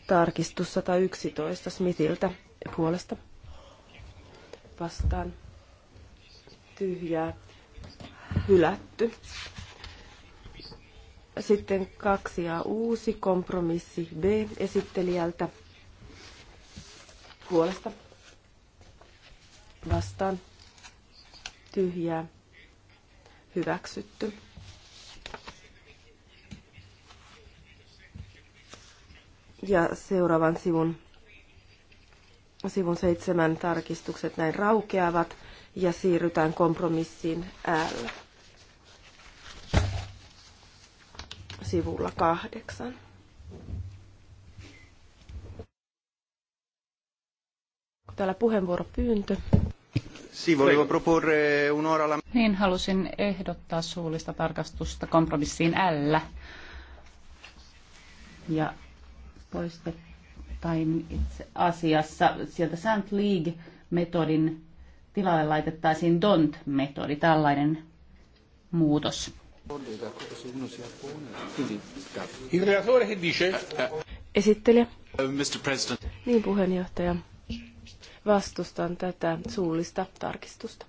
tarkistus 111 Smithiltä puolesta vastaan tyhjää hylätty. Sitten 2 ja uusi kompromissi B esittelijältä puolesta vastaan tyhjää hyväksytty. Ja seuraavan sivun, sivun seitsemän tarkistukset näin raukeavat ja siirrytään kompromissiin L sivulla kahdeksan. täällä puheenvuoropyyntö. Niin, halusin ehdottaa suullista tarkastusta kompromissiin L. Ja poistettaisiin itse asiassa sieltä St. League-metodin tilalle laitettaisiin DONT-metodi, tällainen muutos. Esittelijä. Mr. President. Niin, puheenjohtaja vastustan tätä suullista tarkistusta.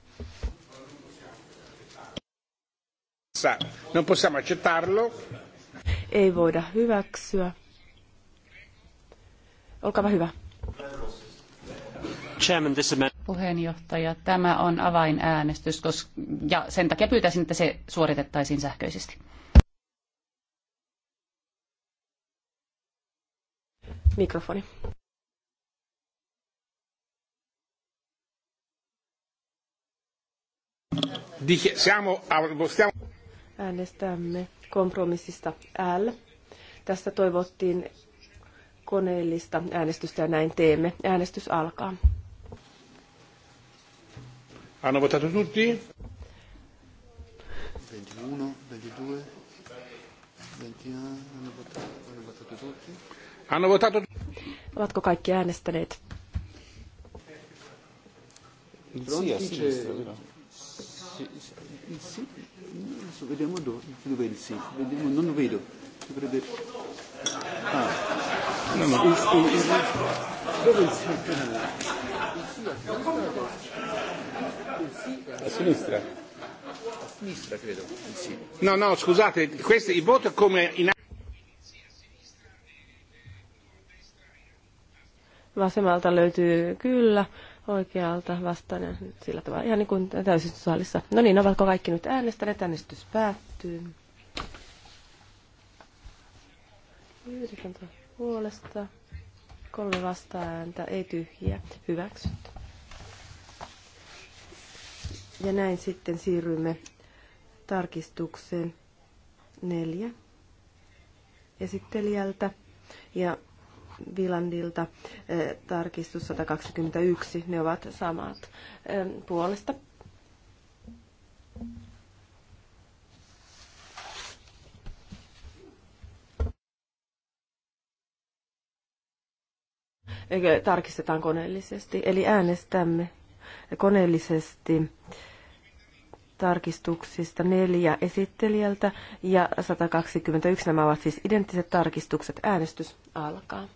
Non possiamo accettarlo. Ei voida hyväksyä. Olkaa hyvä. Puheenjohtaja, tämä on avainäänestys, koska, ja sen takia pyytäisin, että se suoritettaisiin sähköisesti. Mikrofoni. Äänestämme kompromissista L. Tästä toivottiin koneellista äänestystä ja näin teemme. Äänestys alkaa. Hanno votato tutti? 21, 22, 21, hanno votato, tutti? Hanno votato Ovatko kaikki äänestäneet? Sì, a sinistra, però. Sì, adesso vediamo dove, dove sì, vediamo, non vedo. Dovrebbe... Ah. No, no. Il, il, il, dove a sinistra. Il sì a sinistra. A sinistra credo. Il sì. No, no, scusate, questo, il voto è come in... Vasemmalta löytyy kyllä, oikealta vastaan ja sillä tavalla, ihan niin kuin täysistysaalissa. No niin, ovatko kaikki nyt äänestäneet? Äänestys päättyy. Yhdeksän puolesta, kolme vastaääntä, ei tyhjiä, hyväksytty. Ja näin sitten siirrymme tarkistukseen neljä esittelijältä. Ja Vilandilta eh, tarkistus 121, ne ovat samat eh, puolesta. Tarkistetaan koneellisesti, eli äänestämme koneellisesti tarkistuksista neljä esittelijältä ja 121 nämä ovat siis identtiset tarkistukset. Äänestys alkaa.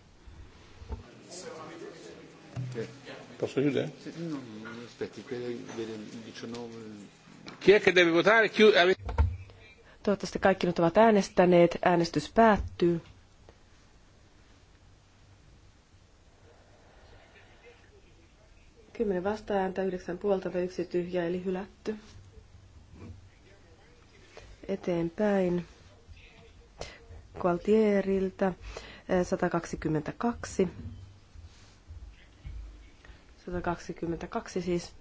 Posso chiudere? No, no, no, aspetti, quella vede 19... Chi è che deve votare? Chiud- Toivottavasti kaikki nyt ovat äänestäneet. Äänestys päättyy. Kymmenen vastaääntä, yhdeksän puolta ja yksi tyhjä, eli hylätty. Eteenpäin. Gualtieriltä 122 eh, 122 siis.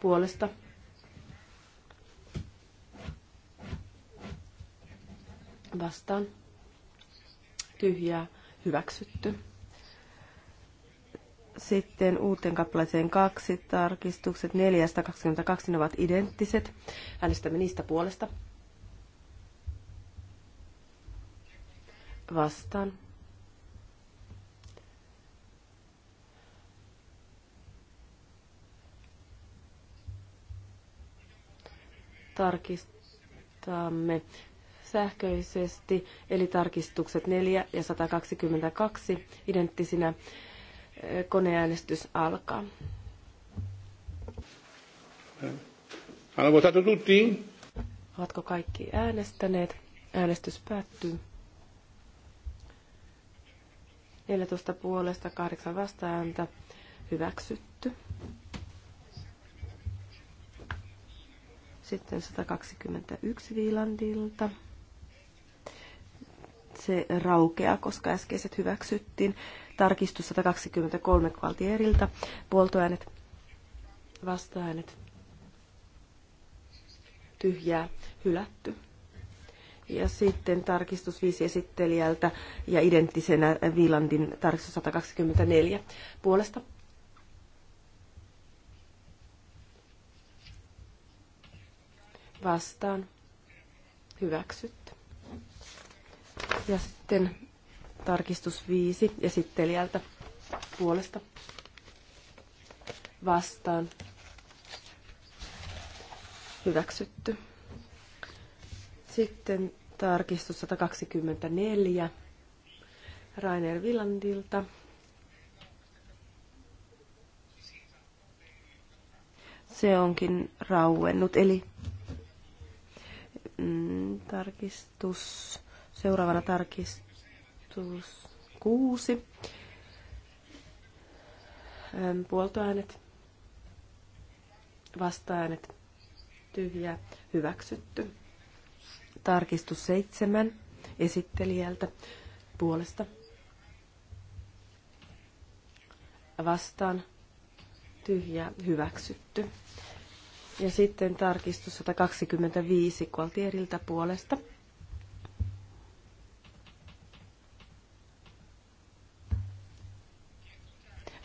Puolesta. Vastaan. Tyhjää. Hyväksytty. Sitten uuteen kappaleeseen kaksi tarkistukset 422 ne ovat identtiset. Äänestämme niistä puolesta vastaan. Tarkistamme sähköisesti, eli tarkistukset 4 ja 122 identtisinä. Koneäänestys alkaa. Ovatko kaikki äänestäneet? Äänestys päättyy. 14 puolesta, 8 vastaääntä. Hyväksytty. Sitten 121 Viilandilta. Se raukeaa, koska äskeiset hyväksyttiin. Tarkistus 123 Kvaltierilta. Puoltoäänet, vastaäänet, tyhjää, hylätty. Ja sitten tarkistus viisi esittelijältä ja identtisenä Viilandin tarkistus 124 puolesta. Vastaan. Hyväksytty. Ja sitten tarkistus viisi esittelijältä puolesta. Vastaan. Hyväksytty. Sitten tarkistus 124 Rainer Villandilta. Se onkin rauennut, eli mm, tarkistus, seuraavana tarkistus kuusi. Puoltoäänet, vastaäänet, tyhjä, hyväksytty. Tarkistus seitsemän esittelijältä puolesta. Vastaan tyhjä, hyväksytty. Ja sitten tarkistus 125 Kualtieriltä puolesta.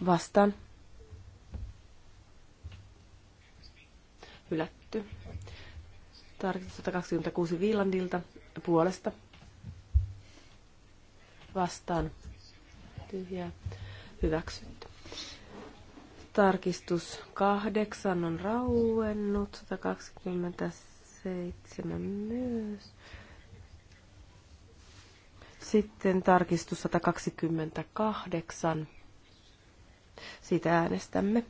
Vastaan. Hylätty. Tarkistus 126 Viilandilta puolesta. Vastaan. Tyhjää. Hyväksytty. Tarkistus 8 on rauennut. 127 myös. Sitten tarkistus 128. Siitä äänestämme.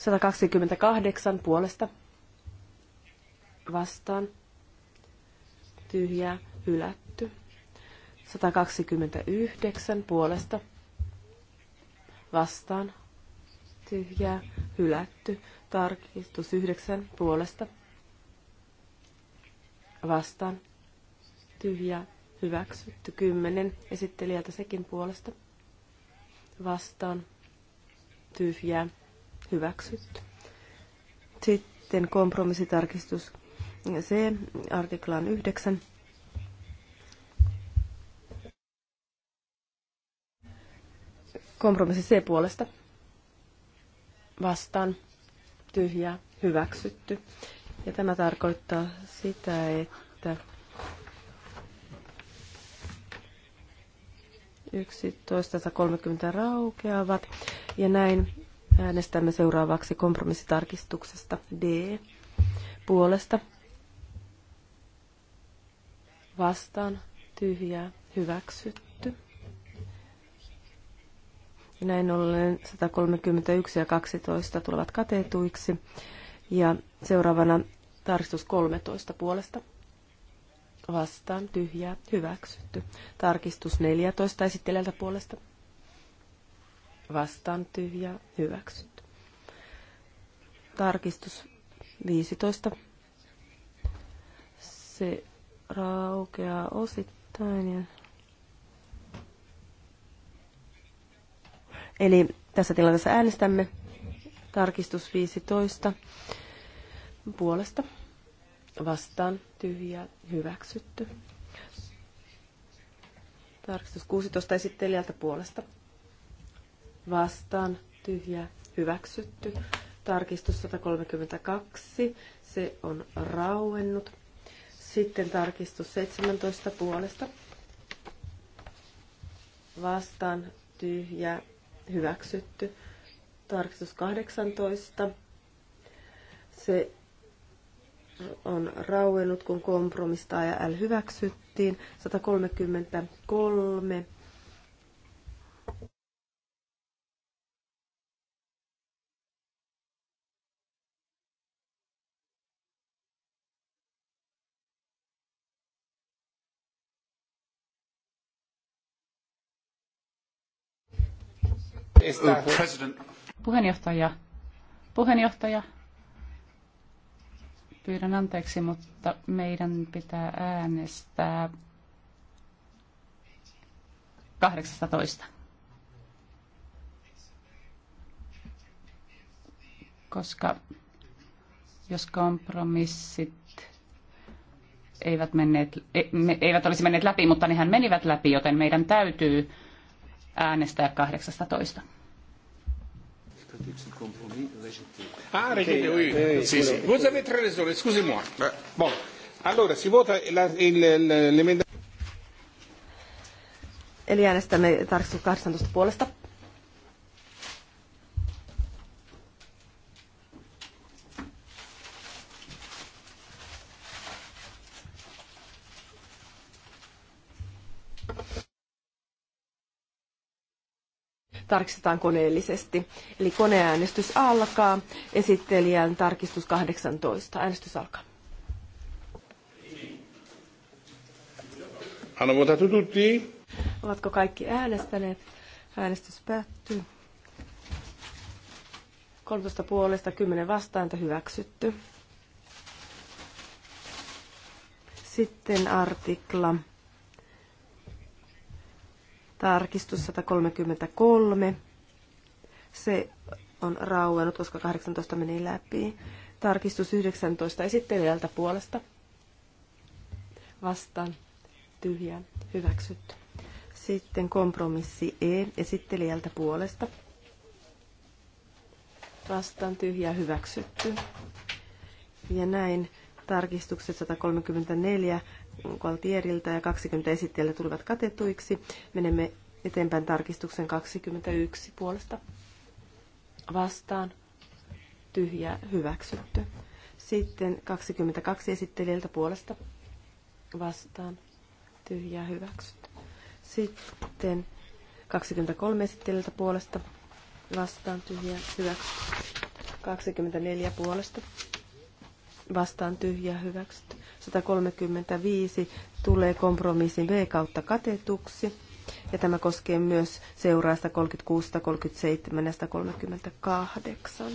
128 puolesta vastaan. Tyhjää hylätty. 129 puolesta vastaan. Tyhjää hylätty. Tarkistus 9 puolesta vastaan. Tyhjää hyväksytty. 10 esittelijältä sekin puolesta vastaan. Tyhjää hyväksytty. Sitten kompromissitarkistus C, artiklaan 9. Kompromissi C puolesta. Vastaan. Tyhjää. Hyväksytty. Ja tämä tarkoittaa sitä, että 11.30 raukeavat. Ja näin Äänestämme seuraavaksi kompromissitarkistuksesta D puolesta. Vastaan tyhjää hyväksytty. Ja näin ollen 131 ja 12 tulevat katetuiksi. Ja seuraavana tarkistus 13 puolesta. Vastaan tyhjää hyväksytty. Tarkistus 14 esittelijältä puolesta vastaan tyhjä hyväksyt. Tarkistus 15. Se raukeaa osittain. Ja... Eli tässä tilanteessa äänestämme tarkistus 15 puolesta vastaan tyhjä hyväksytty. Tarkistus 16 esittelijältä puolesta vastaan tyhjä hyväksytty. Tarkistus 132, se on rauennut. Sitten tarkistus 17 puolesta vastaan tyhjä hyväksytty. Tarkistus 18, se on rauennut, kun kompromista ja L hyväksyttiin. 133 Puheenjohtaja. Puheenjohtaja. Pyydän anteeksi, mutta meidän pitää äänestää 18. Koska jos kompromissit eivät, menneet, e, eivät olisi menneet läpi, mutta nehän menivät läpi, joten meidän täytyy äänestää 18. Ah, rejette, oui. Eh, eh, eh, sì, sì. Vous avez très raison, excusez-moi. Bon. Allora, si vota l'emendamento. Eli äänestämme tarkistus 18 puolesta tarkistetaan koneellisesti. Eli koneäänestys alkaa. Esittelijän tarkistus 18. Äänestys alkaa. Hanno votato tutti? Ovatko kaikki äänestäneet? Äänestys päättyy. 13 puolesta 10 vastaanta hyväksytty. Sitten artikla Tarkistus 133. Se on rauennut, koska 18 meni läpi. Tarkistus 19 esittelijältä puolesta. Vastaan. Tyhjä. Hyväksytty. Sitten kompromissi E esittelijältä puolesta. Vastaan tyhjä hyväksytty. Ja näin tarkistukset 134, Gualtierilta ja 20 esittäjällä tulivat katetuiksi. Menemme eteenpäin tarkistuksen 21 puolesta. Vastaan. Tyhjä hyväksytty. Sitten 22 esittelijältä puolesta. Vastaan. Tyhjä hyväksytty. Sitten 23 esittelijältä puolesta. Vastaan tyhjä hyväksytty. 24 puolesta vastaan tyhjä hyväksytty. 135 tulee kompromissin v kautta katetuksi. Ja tämä koskee myös seuraa 36 37 ja 138.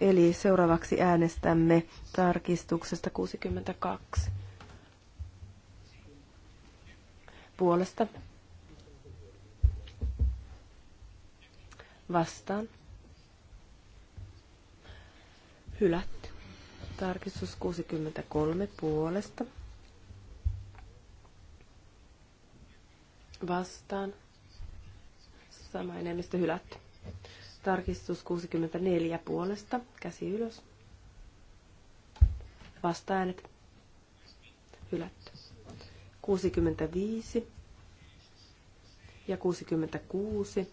Eli seuraavaksi äänestämme tarkistuksesta 62. Puolesta. Vastaan. Hylätty. Tarkistus 63 puolesta. Vastaan. Sama enemmistö hylätty. Tarkistus 64 puolesta. Käsi ylös. Vastaanet. Hylätty. 65 ja 66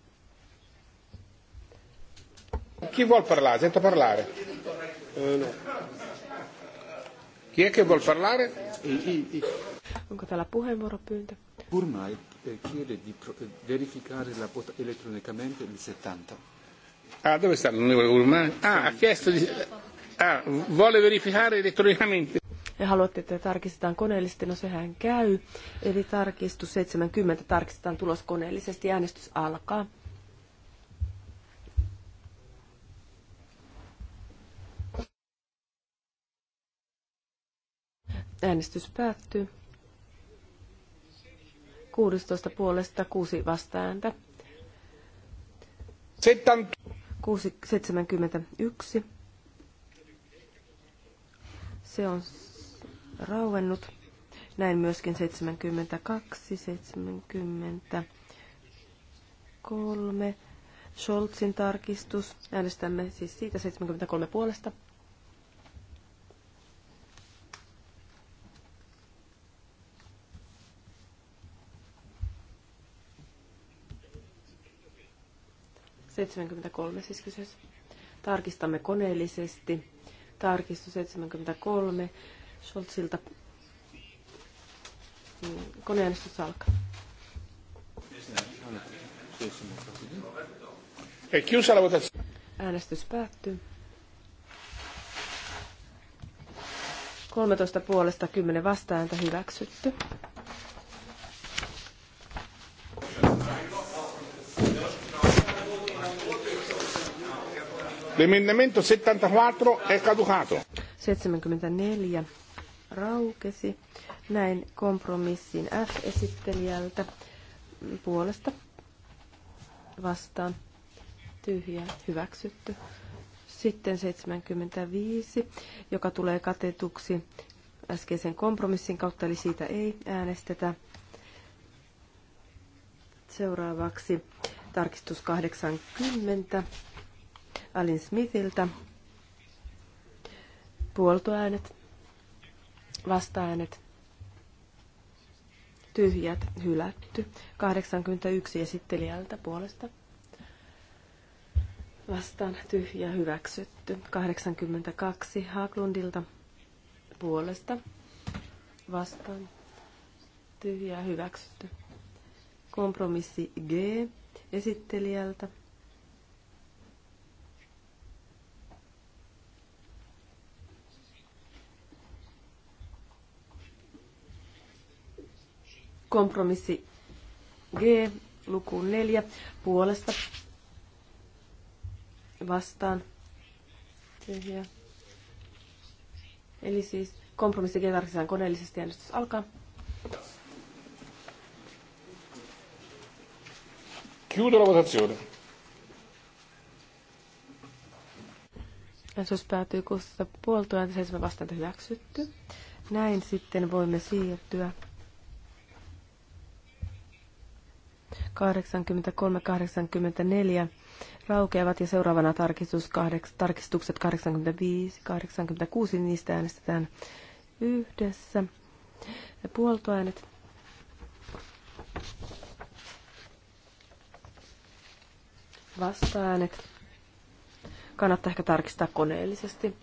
Chi vuol parlare? Sento parlare. Eh, no. Chi è che vuol parlare? I, i, i. Onko täällä puheenvuoropyyntö? Gurmai eh, chiede di eh, verificare la vota elettronicamente il 70. Ah, dove sta l'onorevole Gurmai? Ah, ha chiesto di... Ah, vuole verificare elettronicamente. Ja haluatte, että tarkistetaan koneellisesti, no sehän käy. Eli tarkistus 70, tarkistetaan tulos koneellisesti, äänestys alkaa. Äänestys päättyy. 16 puolesta 6 vastaääntä. 71. Se on rauennut. Näin myöskin 72, 73. Scholzin tarkistus. Äänestämme siis siitä 73 puolesta 73 siis kyseessä. Tarkistamme koneellisesti. Tarkistus 73. Scholzilta mm, koneäänestys alkaa. Äänestys päättyy. 13 puolesta 10 vastaääntä hyväksytty. L'emendamento 74 è caducato. 74 raukesi. Näin kompromissin F-esittelijältä puolesta vastaan tyhjä hyväksytty. Sitten 75, joka tulee katetuksi äskeisen kompromissin kautta, eli siitä ei äänestetä. Seuraavaksi tarkistus 80 Alin Smithiltä. Puoltoäänet, vastaäänet, tyhjät, hylätty. 81 esittelijältä puolesta. Vastaan tyhjä, hyväksytty. 82 Haglundilta puolesta. Vastaan tyhjä, hyväksytty. Kompromissi G esittelijältä Kompromissi G, luku 4, puolesta vastaan. Tyhjä. Eli siis kompromissi G tarkistetaan koneellisesti äänestys alkaa. Chiudo la votazione. Äänestys päätyy 6,5 ja 7 vastaan hyväksytty. Näin sitten voimme siirtyä 83-84 raukeavat ja seuraavana tarkistus, tarkistukset 85-86, niistä äänestetään yhdessä. Ja puoltoäänet. Vastaäänet. Kannattaa ehkä tarkistaa koneellisesti.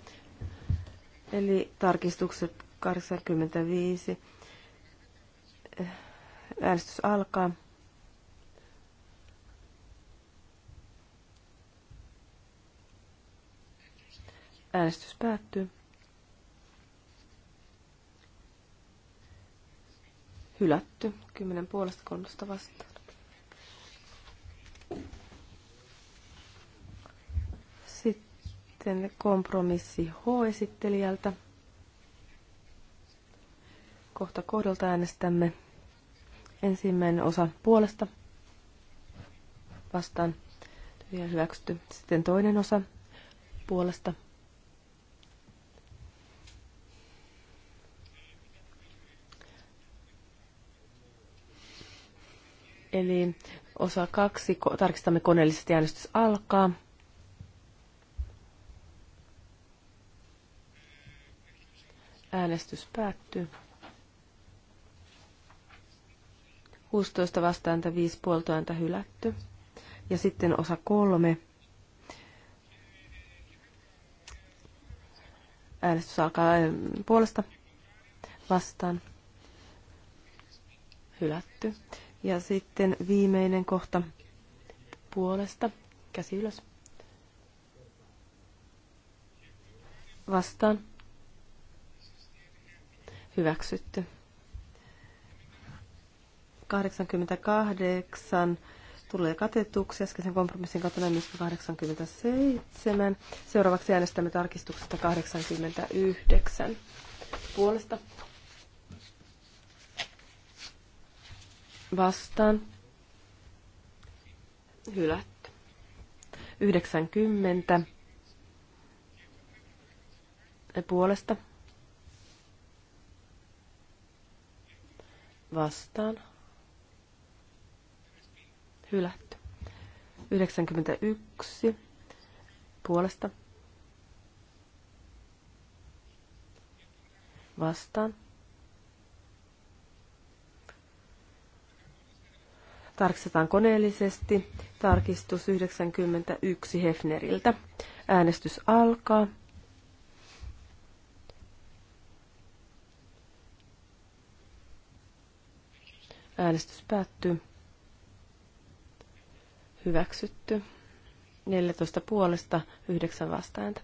Eli tarkistukset 85. Äänestys alkaa. Äänestys päättyy. Hylätty. 10 puolesta 13 vastaan. Sitten kompromissi H-esittelijältä. Kohta kohdalta äänestämme ensimmäinen osa puolesta vastaan. Ja hyväksytty. Sitten toinen osa puolesta Eli osa kaksi, tarkistamme koneellisesti äänestys alkaa. Äänestys päättyy. 16 vastaanta 5 puoltoääntä hylätty. Ja sitten osa kolme. Äänestys alkaa ähm, puolesta vastaan. Hylätty. Ja sitten viimeinen kohta puolesta. Käsi ylös. Vastaan. Hyväksytty. 88 tulee katetuksi äskeisen kompromissin kautta näin 87. Seuraavaksi äänestämme tarkistuksesta 89 puolesta vastaan. Hylätty. 90 puolesta vastaan. Hylätty. 91 puolesta vastaan. Tarkistetaan koneellisesti. Tarkistus 91 Hefneriltä. Äänestys alkaa. Äänestys päättyy. Hyväksytty. 14 puolesta, 9 vastaääntä.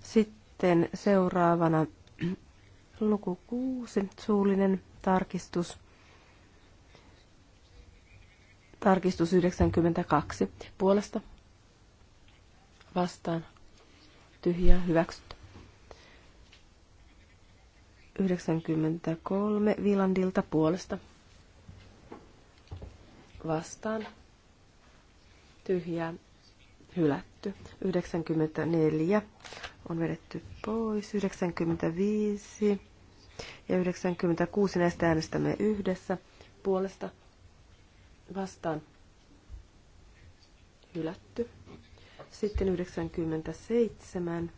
Sitten seuraavana luku 6, suullinen tarkistus. Tarkistus 92. Puolesta. Vastaan. Tyhjää. Hyväksytty. 93. Vilandilta puolesta. Vastaan. Tyhjää. Hylätty. 94 on vedetty pois. 95 ja 96 näistä äänestämme yhdessä puolesta vastaan hylätty. Sitten 97.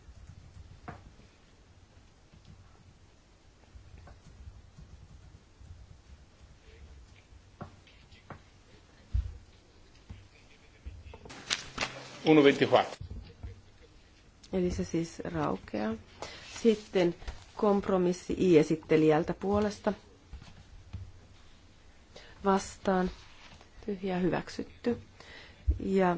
Eli se siis raukeaa. Sitten kompromissi I-esittelijältä puolesta vastaan ja hyväksytty. Ja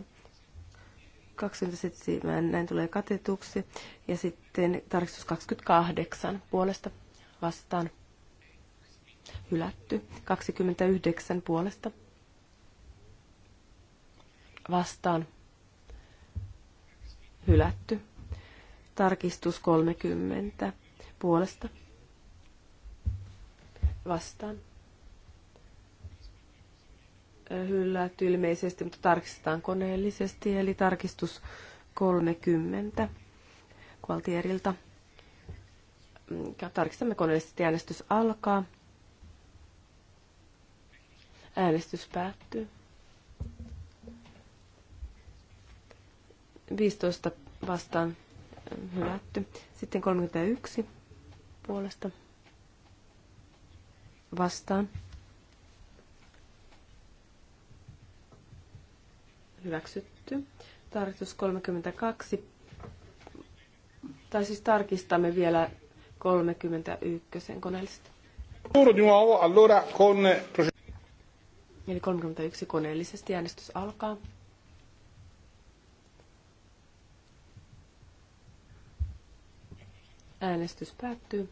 27 näin tulee katetuksi. Ja sitten tarkistus 28 puolesta vastaan hylätty. 29 puolesta vastaan hylätty. Tarkistus 30 puolesta vastaan Hyllätty ilmeisesti, mutta tarkistetaan koneellisesti, eli tarkistus 30 Kualtierilta. Tarkistamme koneellisesti, äänestys alkaa. Äänestys päättyy. 15 vastaan äh, hylätty. Sitten 31 puolesta vastaan hyväksytty. Tarkistus 32. Tai siis tarkistamme vielä 31 koneellisesti. allora con... Eli 31 koneellisesti äänestys alkaa. Äänestys päättyy.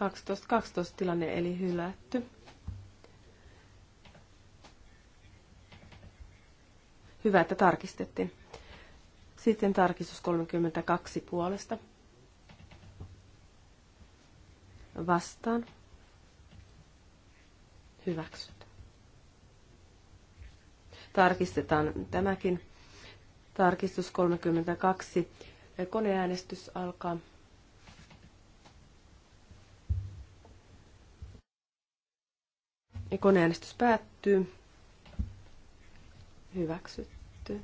12.12 tilanne eli hylätty. Hyvä, että tarkistettiin. Sitten tarkistus 32 puolesta. Vastaan. Hyväksyt. Tarkistetaan tämäkin. Tarkistus 32. Koneäänestys alkaa. Koneäänestys päättyy. Hyväksytty.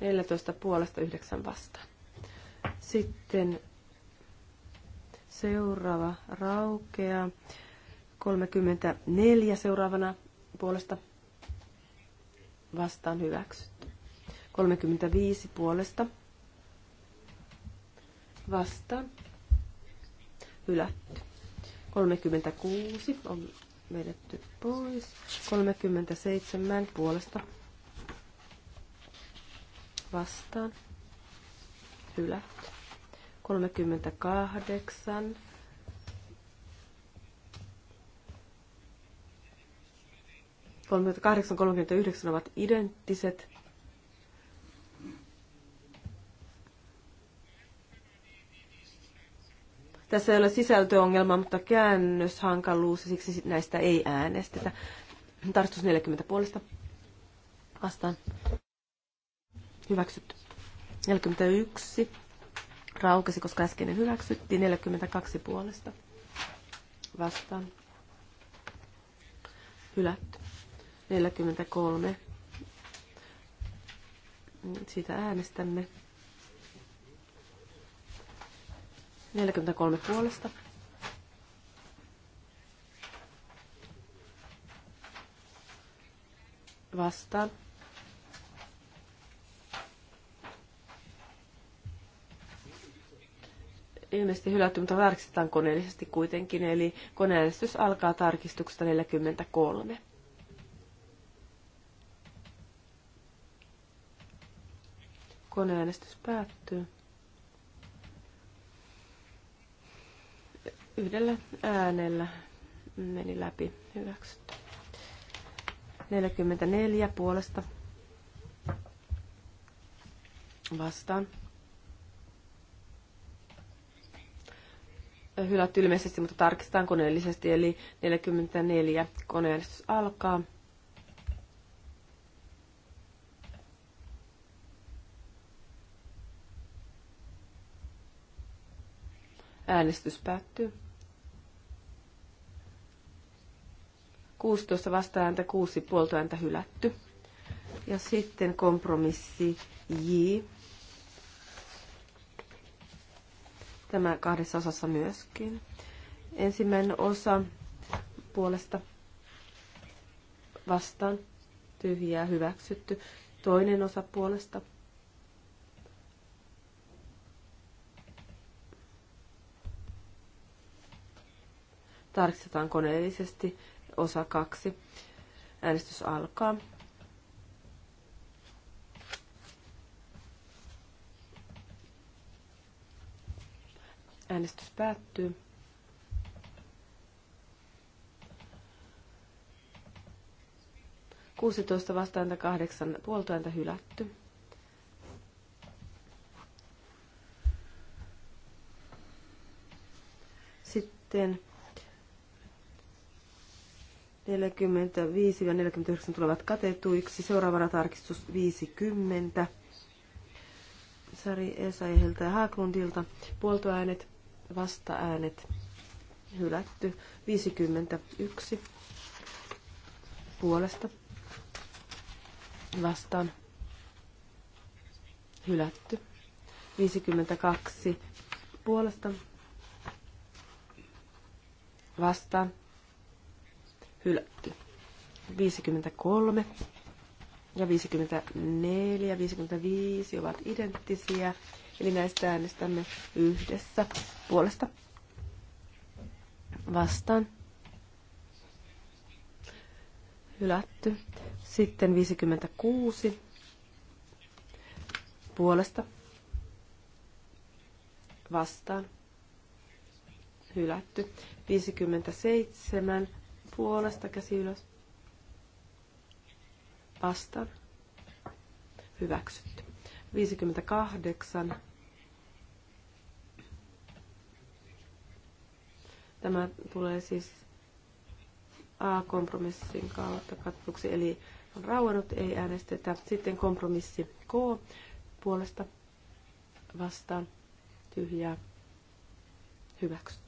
14 puolesta 9 vastaan. Sitten seuraava raukea. 34 seuraavana puolesta vastaan hyväksytty. 35 puolesta vastaan hylätty. 36 on vedetty pois. 37 puolesta vastaan hylätty. 38 kolmekymmentäkahdeksan kolmekymmentäyhdeksän ovat identtiset Tässä ei ole sisältöongelma, mutta käännös ja siksi näistä ei äänestetä. Tarkistus 40 puolesta. Vastaan. Hyväksytty. 41 raukesi, koska äskeinen hyväksyttiin. 42 puolesta. Vastaan. Hylätty. 43. Siitä äänestämme. 43 puolesta. Vastaan. Ilmeisesti hylätty, mutta tarkistetaan koneellisesti kuitenkin, eli koneäänestys alkaa tarkistuksesta 43. Koneäänestys päättyy. yhdellä äänellä meni läpi hyväksytty. 44 puolesta vastaan. Hylät ilmeisesti, mutta tarkistetaan koneellisesti, eli 44 koneellisuus alkaa. Äänestys päättyy. 16 vastaääntä, 6 puoltoääntä hylätty. Ja sitten kompromissi J. Tämä kahdessa osassa myöskin. Ensimmäinen osa puolesta vastaan tyhjää hyväksytty. Toinen osa puolesta tarkistetaan koneellisesti osa kaksi. Äänestys alkaa. Äänestys päättyy. Kuusitoista vastaanta kahdeksan puoltoääntä hylätty. Sitten 45 ja 49 tulevat katetuiksi. Seuraavana tarkistus 50. Sari Esaiheltä ja Haaklundilta. Puoltoäänet, vastaäänet, hylätty. 51 puolesta vastaan hylätty. 52 puolesta vastaan hylätty. 53 ja 54 ja 55 ovat identtisiä, eli näistä äänestämme yhdessä puolesta vastaan. Hylätty. Sitten 56 puolesta vastaan. Hylätty. 57 puolesta käsi ylös. Vastaan. Hyväksytty. 58. Tämä tulee siis A-kompromissin kautta katsotuksi, eli on rauennut, ei äänestetä. Sitten kompromissi K puolesta vastaan tyhjää hyväksytty.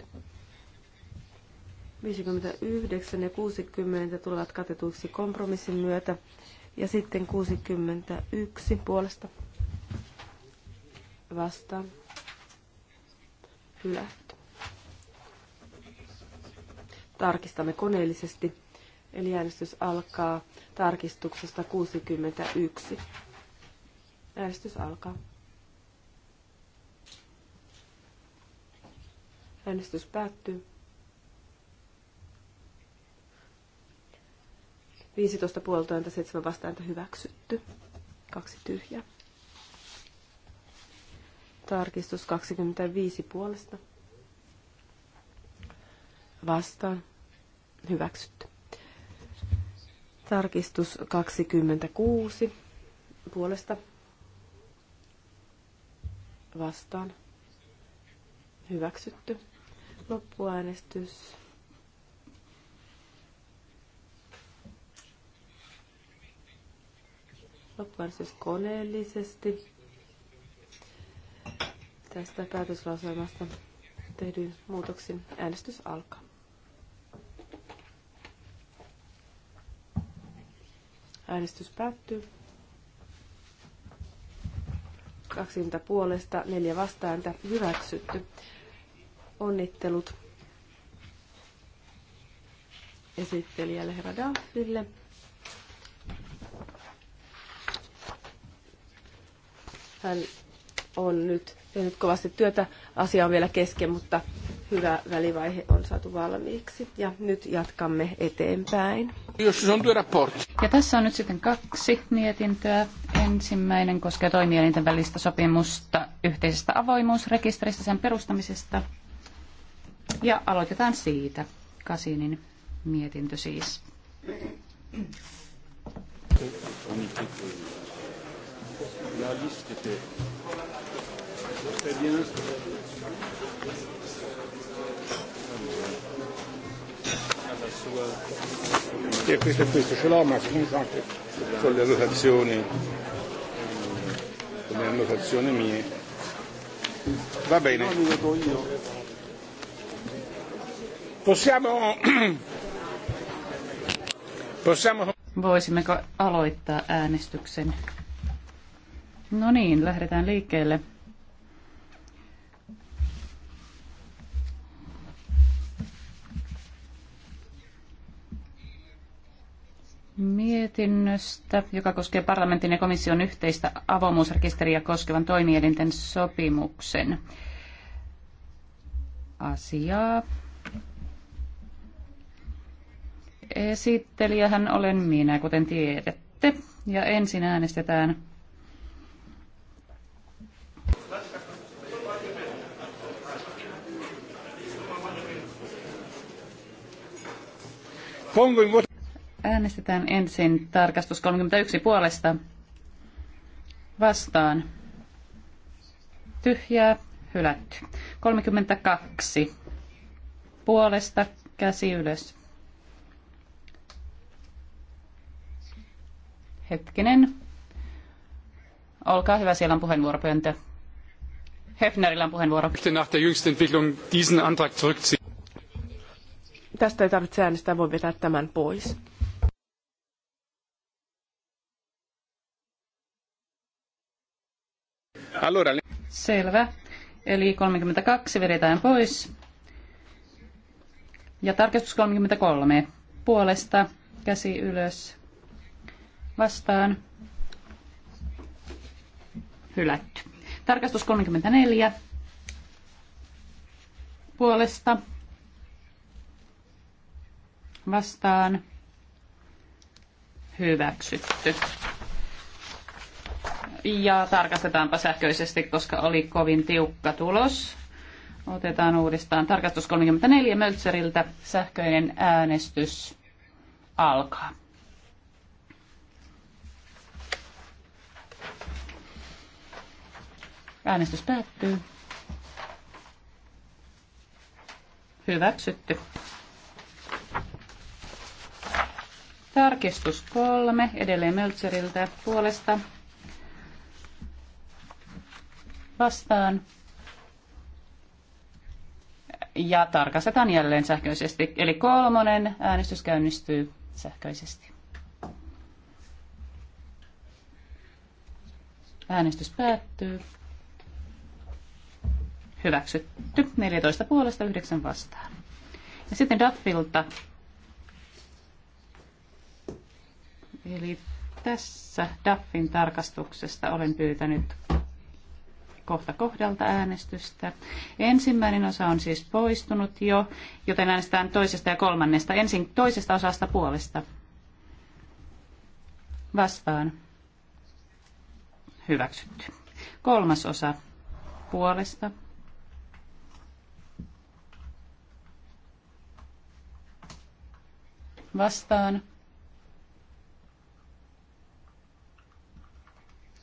59 ja 60 tulevat katetuiksi kompromissin myötä ja sitten 61 puolesta vastaan hylätty. Tarkistamme koneellisesti, eli äänestys alkaa tarkistuksesta 61. Äänestys alkaa. Äänestys päättyy. 15 puolta 7 vastaääntä hyväksytty. Kaksi tyhjää. Tarkistus 25 puolesta. Vastaan. Hyväksytty. Tarkistus 26 puolesta. Vastaan. Hyväksytty. Loppuäänestys. Loppuäänestys siis koneellisesti tästä päätöslauselmasta tehdyin muutoksin. Äänestys alkaa. Äänestys päättyy. 20 puolesta, 4 vastaääntä hyväksytty. Onnittelut esittelijälle herra Daffille. Hän on nyt tehnyt kovasti työtä. Asia on vielä kesken, mutta hyvä välivaihe on saatu valmiiksi. Ja nyt jatkamme eteenpäin. Ja tässä on nyt sitten kaksi mietintöä. Ensimmäinen koskee toimielinten välistä sopimusta yhteisestä avoimuusrekisteristä, sen perustamisesta. Ja aloitetaan siitä. Kasinin mietintö siis. Thank you la liste était très bien. Sì, questo è questo, ce l'ho ma anche con le annotazioni, con le annotazioni mie. Va bene. Possiamo... Possiamo... Voisimmeko aloittaa äänestyksen? No niin, lähdetään liikkeelle. Mietinnöstä, joka koskee parlamentin ja komission yhteistä avoimuusrekisteriä koskevan toimielinten sopimuksen asiaa. Esittelijähän olen minä, kuten tiedätte. Ja ensin äänestetään Äänestetään ensin tarkastus 31 puolesta. Vastaan. Tyhjää. Hylätty. 32 puolesta. Käsi ylös. Hetkinen. Olkaa hyvä, siellä on puheenvuoropöyntö. Hefnerillä on puheenvuoro. nach der jüngsten Entwicklung diesen Antrag zurückziehen. Tästä ei tarvitse äänestää, voi vetää tämän pois. Selvä. Eli 32 vedetään pois. Ja tarkistus 33. Puolesta käsi ylös vastaan. Hylätty. Tarkastus 34. Puolesta vastaan hyväksytty. Ja tarkastetaanpa sähköisesti, koska oli kovin tiukka tulos. Otetaan uudestaan tarkastus 34 Möltseriltä. Sähköinen äänestys alkaa. Äänestys päättyy. Hyväksytty. Tarkistus kolme, edelleen Meltzeriltä puolesta. Vastaan. Ja tarkastetaan jälleen sähköisesti. Eli kolmonen äänestys käynnistyy sähköisesti. Äänestys päättyy. Hyväksytty. 14 puolesta 9 vastaan. Ja sitten Duffilta Eli tässä DAFin tarkastuksesta olen pyytänyt kohta kohdalta äänestystä. Ensimmäinen osa on siis poistunut jo, joten äänestetään toisesta ja kolmannesta. Ensin toisesta osasta puolesta. Vastaan. Hyväksytty. Kolmas osa puolesta. Vastaan.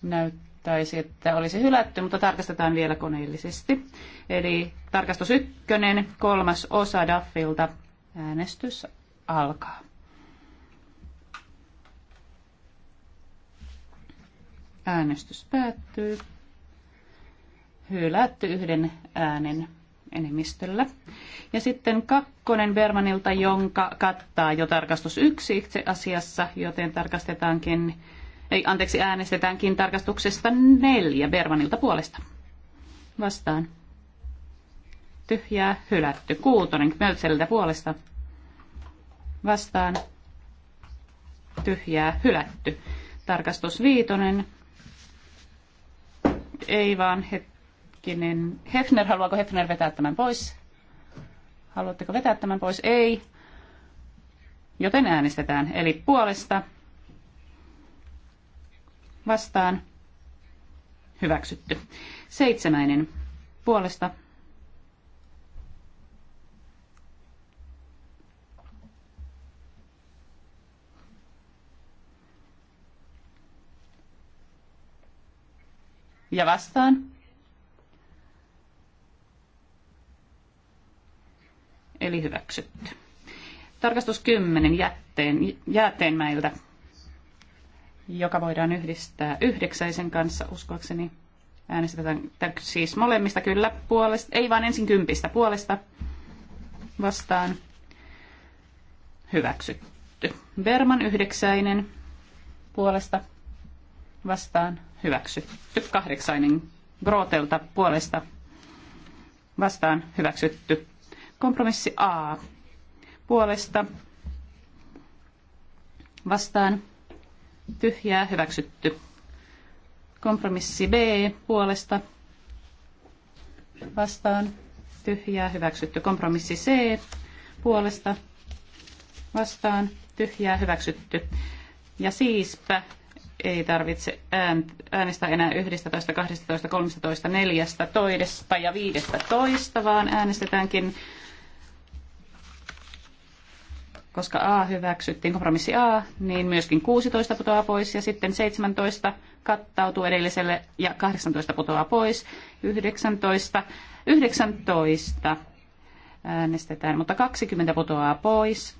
näyttäisi, että olisi hylätty, mutta tarkastetaan vielä koneellisesti. Eli tarkastus ykkönen, kolmas osa Daffilta. Äänestys alkaa. Äänestys päättyy. Hylätty yhden äänen enemmistöllä. Ja sitten kakkonen Bermanilta, jonka kattaa jo tarkastus yksi itse asiassa, joten tarkastetaankin ei anteeksi, äänestetäänkin tarkastuksesta neljä Bermanilta puolesta. Vastaan. Tyhjää, hylätty. Kuutonen Möltseliltä puolesta. Vastaan. Tyhjää, hylätty. Tarkastus viitonen. Ei vaan hetkinen. Hefner, haluaako Hefner vetää tämän pois? Haluatteko vetää tämän pois? Ei. Joten äänestetään. Eli puolesta vastaan hyväksytty. Seitsemäinen puolesta ja vastaan. Eli hyväksytty. Tarkastus 10 jätteen, jääteenmäiltä joka voidaan yhdistää yhdeksäisen kanssa, uskoakseni. Äänestetään siis molemmista kyllä puolesta, ei vaan ensin kympistä puolesta vastaan hyväksytty. Berman yhdeksäinen puolesta vastaan hyväksytty. Kahdeksainen Grotelta puolesta vastaan hyväksytty. Kompromissi A puolesta vastaan tyhjää hyväksytty. Kompromissi B puolesta vastaan tyhjää hyväksytty. Kompromissi C puolesta vastaan tyhjää hyväksytty. Ja siispä ei tarvitse äänestää enää 11, 12, 13, 14, 14 ja 15, vaan äänestetäänkin koska A hyväksyttiin, kompromissi A, niin myöskin 16 putoaa pois ja sitten 17 kattautuu edelliselle ja 18 putoaa pois. 19, 19 äänestetään, mutta 20 putoaa pois.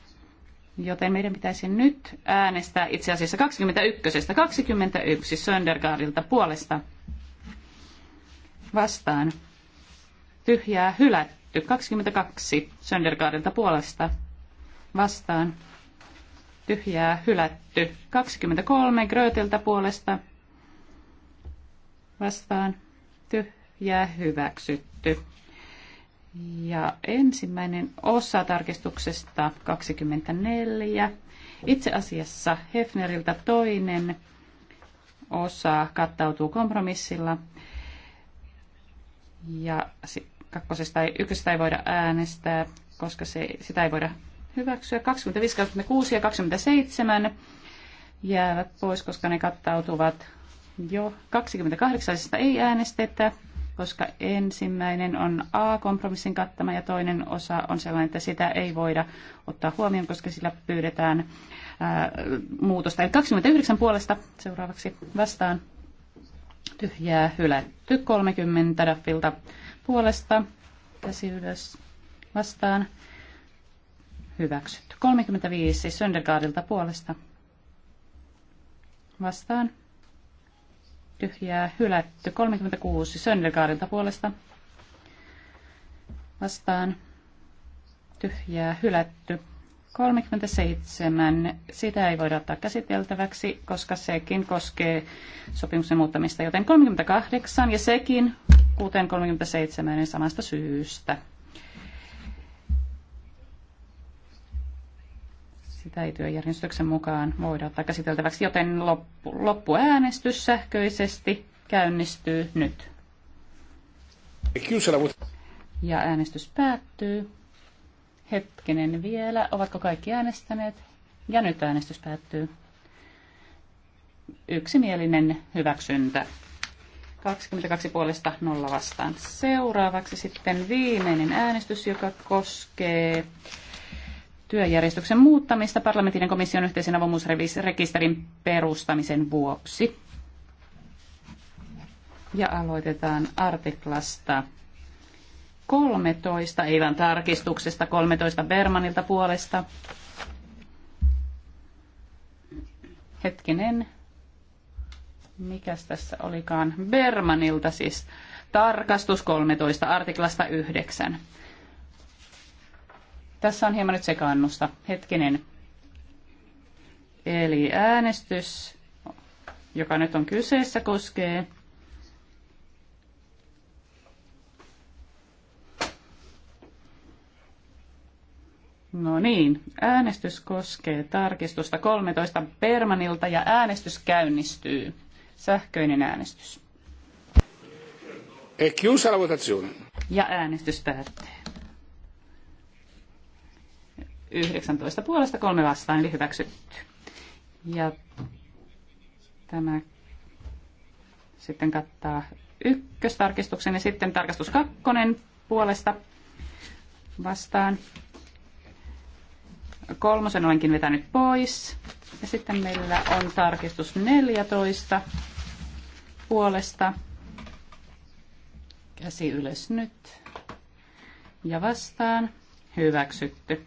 Joten meidän pitäisi nyt äänestää itse asiassa 21. 21 Söndergaardilta puolesta vastaan. Tyhjää hylätty. 22 Söndergaardilta puolesta vastaan tyhjää hylätty. 23 Grötiltä puolesta vastaan tyhjää hyväksytty. Ja ensimmäinen osa tarkistuksesta 24. Itse asiassa Hefneriltä toinen osa kattautuu kompromissilla. Ja kakkosesta ei, ykkösestä ei voida äänestää, koska se, sitä ei voida hyväksyä. 25, 26 ja 27 jäävät pois, koska ne kattautuvat jo 28 ei äänestetä, koska ensimmäinen on A-kompromissin kattama ja toinen osa on sellainen, että sitä ei voida ottaa huomioon, koska sillä pyydetään ää, muutosta. Eli 29 puolesta seuraavaksi vastaan tyhjää hylätty 30 Daffilta puolesta käsi ylös vastaan hyväksytty. 35 Söndergaardilta puolesta vastaan tyhjää hylätty. 36 Söndergaardilta puolesta vastaan tyhjää hylätty. 37. Sitä ei voida ottaa käsiteltäväksi, koska sekin koskee sopimuksen muuttamista, joten 38 ja sekin, kuten 37, niin samasta syystä. Sitä ei työjärjestyksen mukaan voida ottaa käsiteltäväksi, joten loppu, loppuäänestys sähköisesti käynnistyy nyt. Ja äänestys päättyy. Hetkinen vielä. Ovatko kaikki äänestäneet? Ja nyt äänestys päättyy. Yksimielinen hyväksyntä. 22 puolesta nolla vastaan. Seuraavaksi sitten viimeinen äänestys, joka koskee työjärjestyksen muuttamista parlamentin ja komission yhteisen avoimuusrekisterin perustamisen vuoksi. Ja aloitetaan artiklasta 13, Eivan tarkistuksesta 13 Bermanilta puolesta. Hetkinen, mikäs tässä olikaan? Bermanilta siis tarkastus 13 artiklasta 9 tässä on hieman nyt sekaannusta. Hetkinen. Eli äänestys, joka nyt on kyseessä, koskee No niin, äänestys koskee tarkistusta 13 Permanilta ja äänestys käynnistyy. Sähköinen äänestys. E chiusa la votazione. Ja äänestys päättyy. 19 puolesta kolme vastaan, eli hyväksytty. Ja tämä sitten kattaa ykköstarkistuksen ja sitten tarkastus kakkonen puolesta vastaan. Kolmosen olenkin vetänyt pois. Ja sitten meillä on tarkistus 14 puolesta. Käsi ylös nyt. Ja vastaan. Hyväksytty.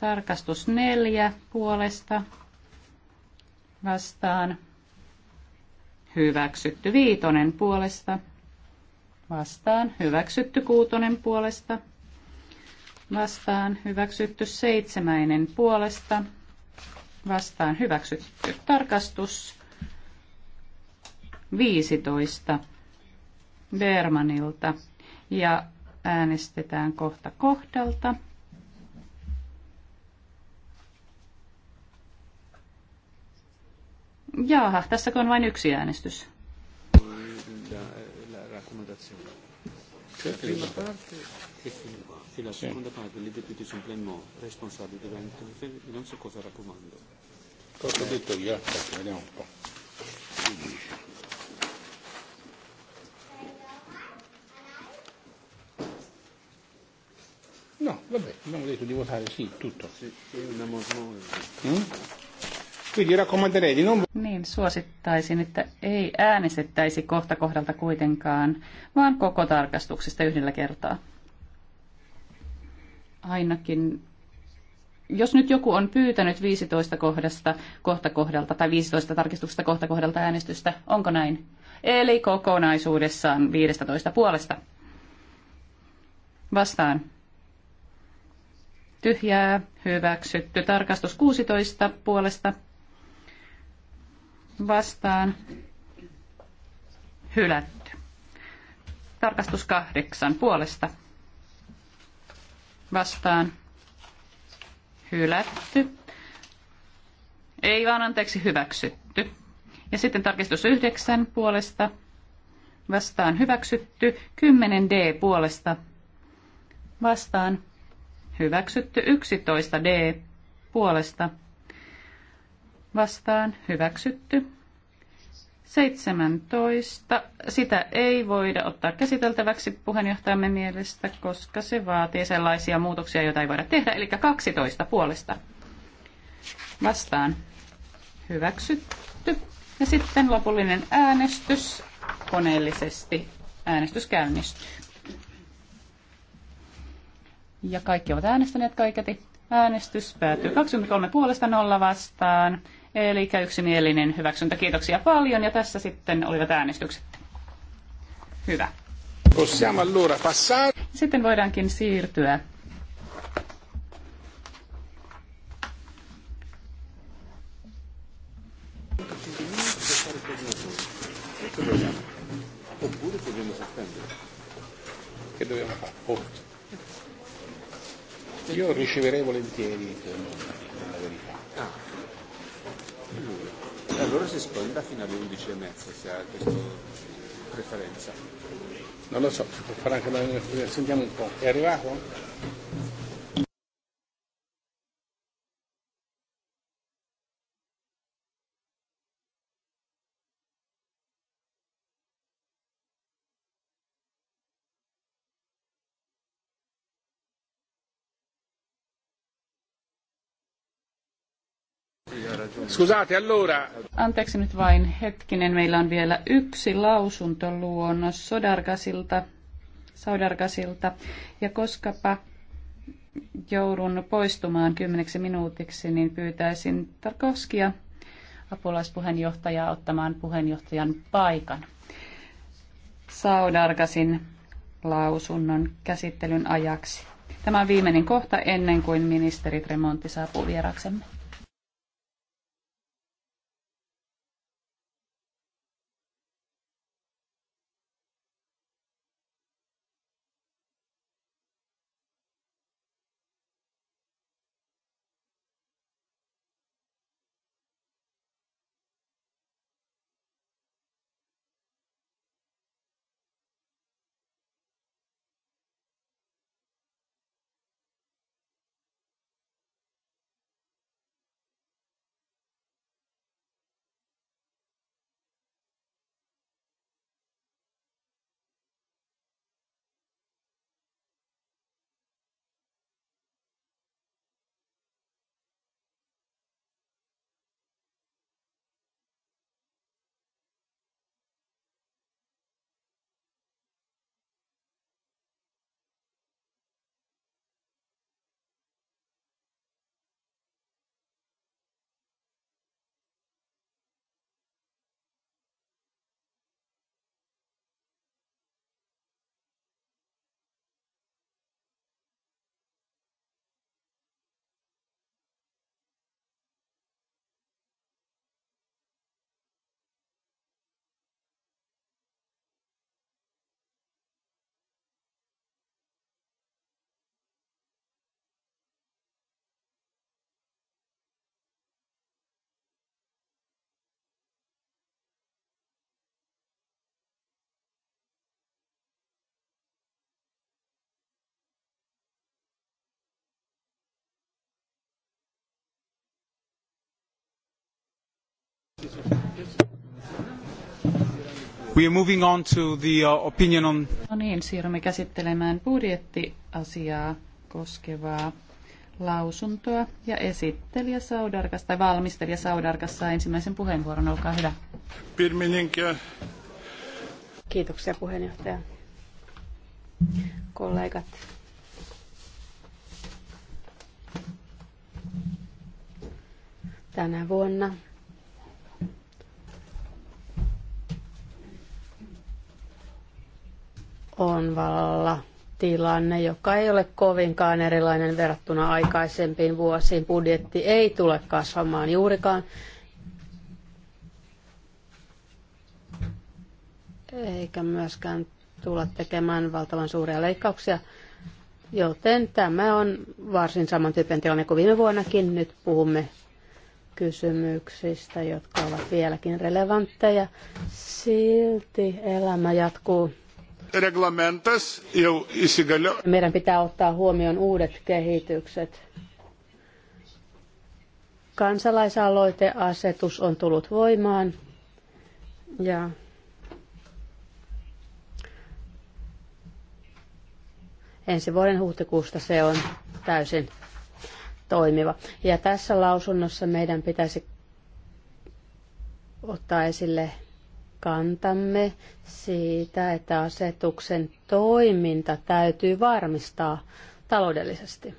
Tarkastus neljä puolesta vastaan. Hyväksytty viitonen puolesta vastaan. Hyväksytty kuutonen puolesta vastaan. Hyväksytty seitsemäinen puolesta vastaan. Hyväksytty tarkastus 15 Bermanilta ja äänestetään kohta kohdalta. Jaaha, tässä on vain yksi äänestys? No, vabbè, abbiamo detto di votare sì, tutto. Sì, una amormone. Mm? Niin, niin, suosittaisin, että ei äänestettäisi kohta kohdalta kuitenkaan, vaan koko tarkastuksesta yhdellä kertaa. Ainakin, jos nyt joku on pyytänyt 15 kohdasta kohta kohdalta tai 15 tarkistuksesta kohta kohdalta äänestystä, onko näin? Eli kokonaisuudessaan 15 puolesta. Vastaan tyhjää, hyväksytty. Tarkastus 16 puolesta vastaan hylätty. Tarkastus kahdeksan puolesta vastaan hylätty. Ei vaan anteeksi hyväksytty. Ja sitten tarkistus yhdeksän puolesta vastaan hyväksytty. 10 D puolesta vastaan hyväksytty. 11 D puolesta vastaan hyväksytty. 17. Sitä ei voida ottaa käsiteltäväksi puheenjohtajamme mielestä, koska se vaatii sellaisia muutoksia, joita ei voida tehdä. Eli 12 puolesta vastaan hyväksytty. Ja sitten lopullinen äänestys koneellisesti. Äänestys käynnistyy. Ja kaikki ovat äänestäneet kaiketi. Äänestys päättyy 23 puolesta nolla vastaan. Eli yksimielinen hyväksyntä. Kiitoksia paljon ja tässä sitten olivat äänestykset. Hyvä. Sitten voidaankin siirtyä Io riceverei volentieri eh, la verità. Ah. Mm. allora si sponda fino alle 11 e mezza se ha questa preferenza. Non lo so, si può fare anche da... sentiamo un po'. È arrivato? Scusate, allora. Anteeksi nyt vain hetkinen, meillä on vielä yksi lausuntoluonnos Sodargasilta, Saudargasilta. Ja koskapa joudun poistumaan kymmeneksi minuutiksi, niin pyytäisin Tarkovskia apulaispuheenjohtajaa ottamaan puheenjohtajan paikan. Saudargasin lausunnon käsittelyn ajaksi. Tämä on viimeinen kohta ennen kuin ministeri Tremontti saapuu vieraksemme. We are moving on to the uh, opinion on... No niin, siirrymme käsittelemään budjettiasiaa koskevaa lausuntoa. Ja esittelijä Saudarkas, tai valmistelija Saudarkas saa ensimmäisen puheenvuoron. Olkaa hyvä. Pirmininkiä. Kiitoksia puheenjohtaja. Kollegat. Tänä vuonna on vallalla tilanne, joka ei ole kovinkaan erilainen verrattuna aikaisempiin vuosiin. Budjetti ei tule kasvamaan juurikaan. Eikä myöskään tulla tekemään valtavan suuria leikkauksia. Joten tämä on varsin samantyyppinen tilanne kuin viime vuonnakin. Nyt puhumme kysymyksistä, jotka ovat vieläkin relevantteja. Silti elämä jatkuu reglamentas jau įsigalio. Meidän pitää ottaa huomioon uudet kehitykset. Kansalaisaloiteasetus on tullut voimaan ja ensi vuoden huhtikuusta se on täysin toimiva. Ja tässä lausunnossa meidän pitäisi ottaa esille kantamme siitä, että asetuksen toiminta täytyy varmistaa taloudellisesti.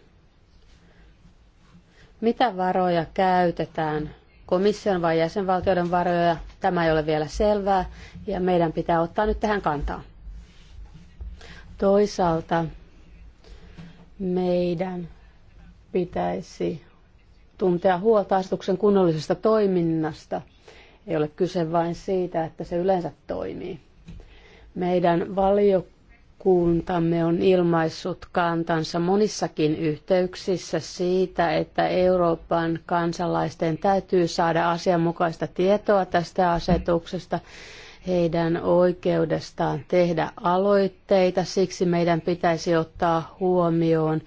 Mitä varoja käytetään? Komission vai jäsenvaltioiden varoja? Tämä ei ole vielä selvää ja meidän pitää ottaa nyt tähän kantaa. Toisaalta meidän pitäisi tuntea huolta asetuksen kunnollisesta toiminnasta – ei ole kyse vain siitä, että se yleensä toimii. Meidän valiokuntamme on ilmaissut kantansa monissakin yhteyksissä siitä, että Euroopan kansalaisten täytyy saada asianmukaista tietoa tästä asetuksesta heidän oikeudestaan tehdä aloitteita. Siksi meidän pitäisi ottaa huomioon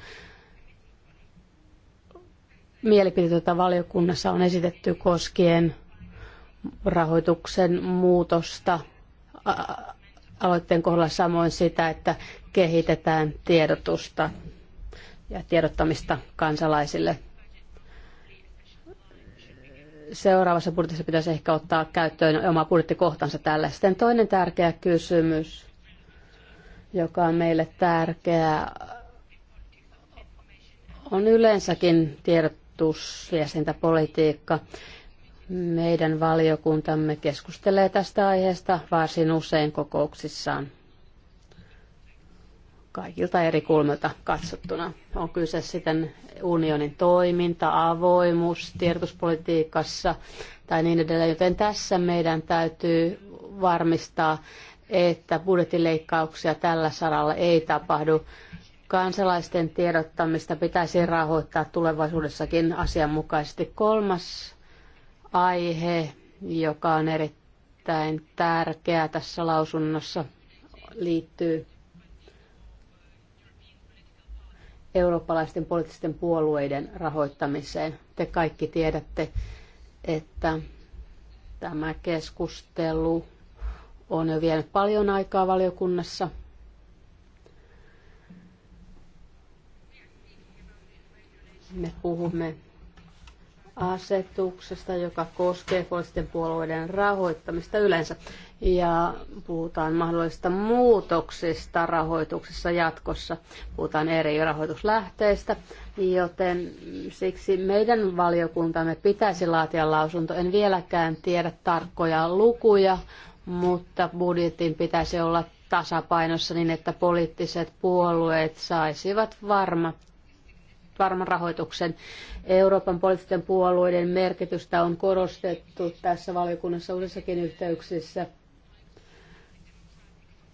mielipiteitä, joita valiokunnassa on esitetty koskien rahoituksen muutosta aloitteen kohdalla samoin sitä, että kehitetään tiedotusta ja tiedottamista kansalaisille. Seuraavassa budjetissa pitäisi ehkä ottaa käyttöön oma budjettikohtansa tälle. Sitten toinen tärkeä kysymys, joka on meille tärkeä, on yleensäkin tiedotus- ja politiikka. Meidän valiokuntamme keskustelee tästä aiheesta varsin usein kokouksissaan kaikilta eri kulmilta katsottuna. On kyse sitten unionin toiminta, avoimuus tiedotuspolitiikassa tai niin edelleen, joten tässä meidän täytyy varmistaa, että budjettileikkauksia tällä saralla ei tapahdu. Kansalaisten tiedottamista pitäisi rahoittaa tulevaisuudessakin asianmukaisesti. Kolmas aihe, joka on erittäin tärkeä tässä lausunnossa, liittyy eurooppalaisten poliittisten puolueiden rahoittamiseen. Te kaikki tiedätte, että tämä keskustelu on jo vienyt paljon aikaa valiokunnassa. Me puhumme asetuksesta, joka koskee poliittisten puolueiden rahoittamista yleensä. Ja puhutaan mahdollisista muutoksista rahoituksessa jatkossa. Puhutaan eri rahoituslähteistä, joten siksi meidän valiokuntamme pitäisi laatia lausunto. En vieläkään tiedä tarkkoja lukuja, mutta budjetin pitäisi olla tasapainossa niin, että poliittiset puolueet saisivat varmat varman rahoituksen. Euroopan poliittisten puolueiden merkitystä on korostettu tässä valiokunnassa useissakin yhteyksissä.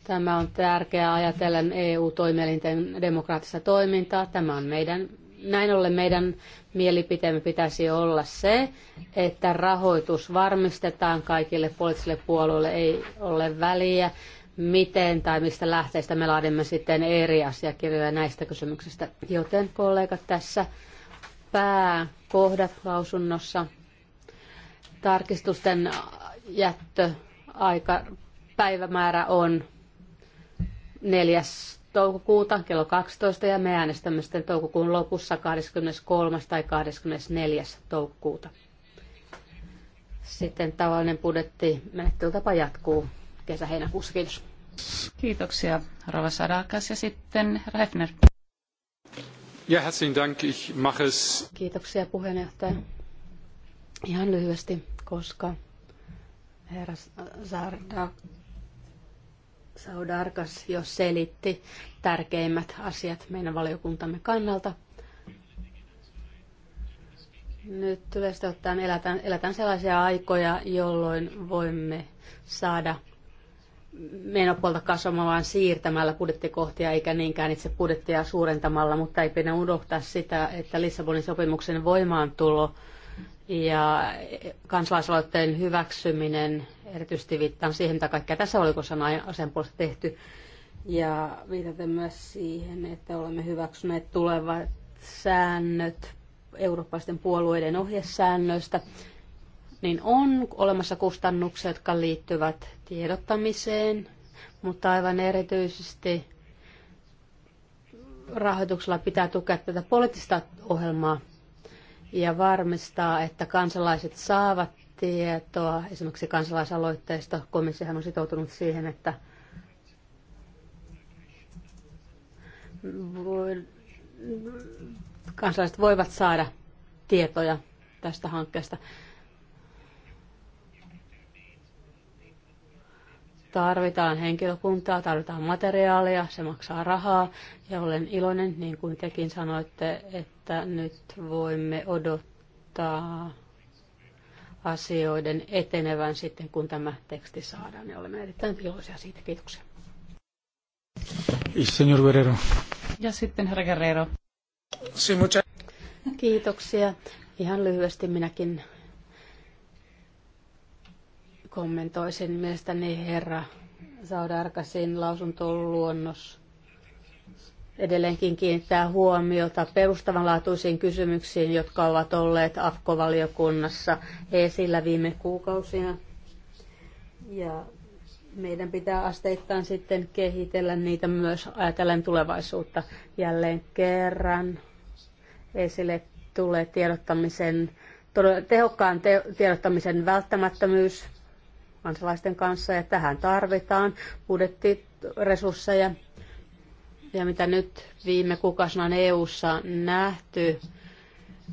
Tämä on tärkeää ajatellen EU-toimielinten demokraattista toimintaa. Tämä on meidän, näin ollen meidän mielipiteemme pitäisi olla se, että rahoitus varmistetaan kaikille poliittisille puolueille, ei ole väliä miten tai mistä lähteistä me laadimme sitten eri asiakirjoja näistä kysymyksistä. Joten kollegat tässä pääkohdat lausunnossa, tarkistusten jättöaika, päivämäärä on 4. toukokuuta kello 12 ja me äänestämme sitten toukokuun lopussa 23. tai 24. toukokuuta. Sitten tavallinen budjetti menettelytapa jatkuu kesä-heinäkuussa. Kiitos. Kiitoksia, Rova Sadakas. Ja sitten herra Ja, herzlichen Dank. Ich mache es. Kiitoksia puheenjohtaja. Ihan lyhyesti, koska herra Sardak Saudarkas jo selitti tärkeimmät asiat meidän valiokuntamme kannalta. Nyt yleisesti ottaen elätään, elätään sellaisia aikoja, jolloin voimme saada menopuolta kasvamaan vaan siirtämällä budjettikohtia eikä niinkään itse budjettia suurentamalla, mutta ei pidä unohtaa sitä, että Lissabonin sopimuksen voimaantulo ja kansalaisaloitteen hyväksyminen, erityisesti viittaan siihen, mitä kaikkea tässä valikossa on asian puolesta tehty, ja viitaten myös siihen, että olemme hyväksyneet tulevat säännöt eurooppalaisten puolueiden ohjesäännöistä, niin on olemassa kustannuksia, jotka liittyvät tiedottamiseen, mutta aivan erityisesti rahoituksella pitää tukea tätä poliittista ohjelmaa ja varmistaa, että kansalaiset saavat tietoa esimerkiksi kansalaisaloitteista. Komissiohan on sitoutunut siihen, että kansalaiset voivat saada tietoja tästä hankkeesta. Tarvitaan henkilökuntaa, tarvitaan materiaalia, se maksaa rahaa ja olen iloinen, niin kuin tekin sanoitte, että nyt voimme odottaa asioiden etenevän sitten, kun tämä teksti saadaan. Ja olemme erittäin iloisia siitä. Kiitoksia. Ja sitten herra Guerrero. Kiitoksia. Ihan lyhyesti minäkin kommentoisin mielestäni herra Saudarkasin luonnos edelleenkin kiinnittää huomiota perustavanlaatuisiin kysymyksiin, jotka ovat olleet AFKO-valiokunnassa esillä viime kuukausina. Ja meidän pitää asteittain sitten kehitellä niitä myös ajatellen tulevaisuutta. Jälleen kerran esille tulee tiedottamisen, tehokkaan te- tiedottamisen välttämättömyys, kansalaisten kanssa ja tähän tarvitaan budjettiresursseja. Ja mitä nyt viime kuukausina on EU-ssa nähty,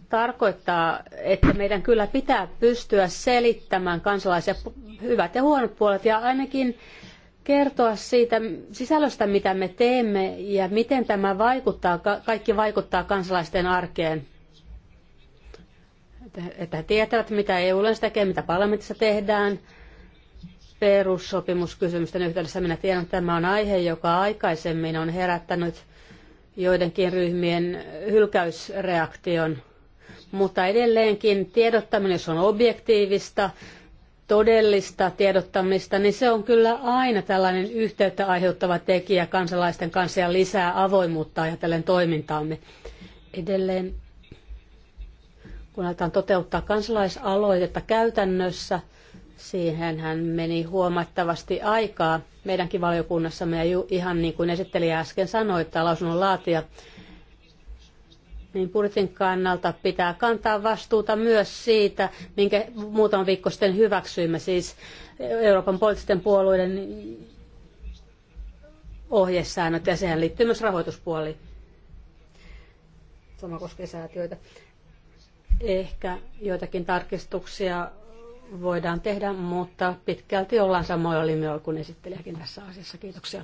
tarkoittaa, että meidän kyllä pitää pystyä selittämään kansalaisia hyvät ja huonot puolet ja ainakin kertoa siitä sisällöstä, mitä me teemme ja miten tämä vaikuttaa, kaikki vaikuttaa kansalaisten arkeen. Että he tietävät, mitä EU-lainsäädäntö tekee, mitä parlamentissa tehdään, perussopimuskysymysten yhteydessä. Minä tiedän, että tämä on aihe, joka aikaisemmin on herättänyt joidenkin ryhmien hylkäysreaktion, mutta edelleenkin tiedottaminen, jos on objektiivista, todellista tiedottamista, niin se on kyllä aina tällainen yhteyttä aiheuttava tekijä kansalaisten kanssa ja lisää avoimuutta ajatellen toimintaamme. Edelleen kun aletaan toteuttaa kansalaisaloitetta käytännössä – Siihen hän meni huomattavasti aikaa meidänkin valiokunnassamme ja ihan niin kuin esittelijä äsken sanoi, että lausunnon laatija, niin budjetin kannalta pitää kantaa vastuuta myös siitä, minkä muutaman viikko sitten hyväksyimme, siis Euroopan poliittisten puolueiden ohjesäännöt, ja sehän liittyy myös rahoituspuoliin. Sama koskee säätiöitä. Ehkä joitakin tarkistuksia voidaan tehdä, mutta pitkälti ollaan samoja linjoilla kuin esittelijäkin tässä asiassa. Kiitoksia.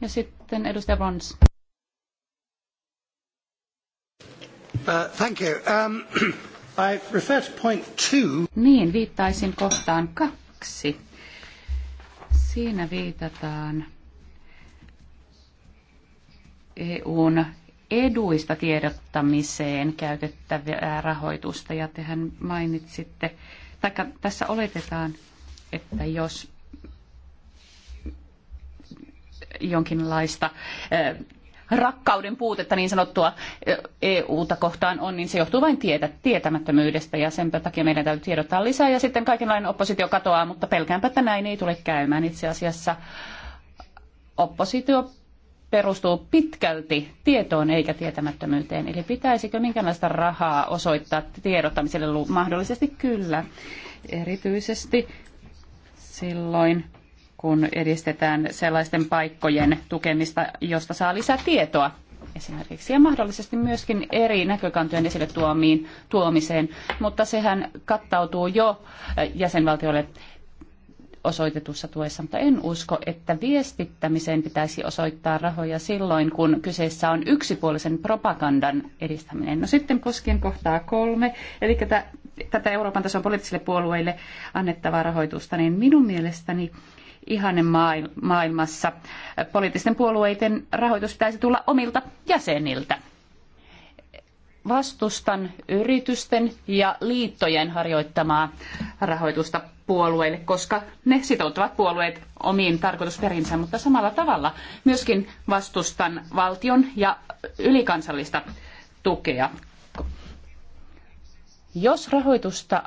Ja sitten edustaja Vons. Uh, thank you. Um, I refer to point two. Niin, viittaisin kohtaan kaksi. Siinä viitataan EUn eduista tiedottamiseen käytettävää rahoitusta. Ja tehän mainitsitte taikka tässä oletetaan, että jos jonkinlaista eh, rakkauden puutetta niin sanottua EUta eh, e kohtaan on, niin se johtuu vain tietä, tietämättömyydestä ja sen takia meidän täytyy tiedottaa lisää ja sitten kaikenlainen oppositio katoaa, mutta pelkäänpä, että näin ei tule käymään. Itse asiassa oppositio perustuu pitkälti tietoon eikä tietämättömyyteen. Eli pitäisikö minkälaista rahaa osoittaa tiedottamiselle? Mahdollisesti kyllä. Erityisesti silloin, kun edistetään sellaisten paikkojen tukemista, josta saa lisää tietoa esimerkiksi, ja mahdollisesti myöskin eri näkökantojen esille tuomiin, tuomiseen, mutta sehän kattautuu jo jäsenvaltioille osoitetussa tuessa, mutta en usko, että viestittämiseen pitäisi osoittaa rahoja silloin, kun kyseessä on yksipuolisen propagandan edistäminen. No sitten koskien kohtaa kolme, eli tätä Euroopan tason poliittisille puolueille annettavaa rahoitusta, niin minun mielestäni ihanen maailmassa poliittisten puolueiden rahoitus pitäisi tulla omilta jäseniltä vastustan yritysten ja liittojen harjoittamaa rahoitusta puolueille, koska ne sitoutuvat puolueet omiin tarkoitusperinsä, mutta samalla tavalla myöskin vastustan valtion ja ylikansallista tukea. Jos rahoitusta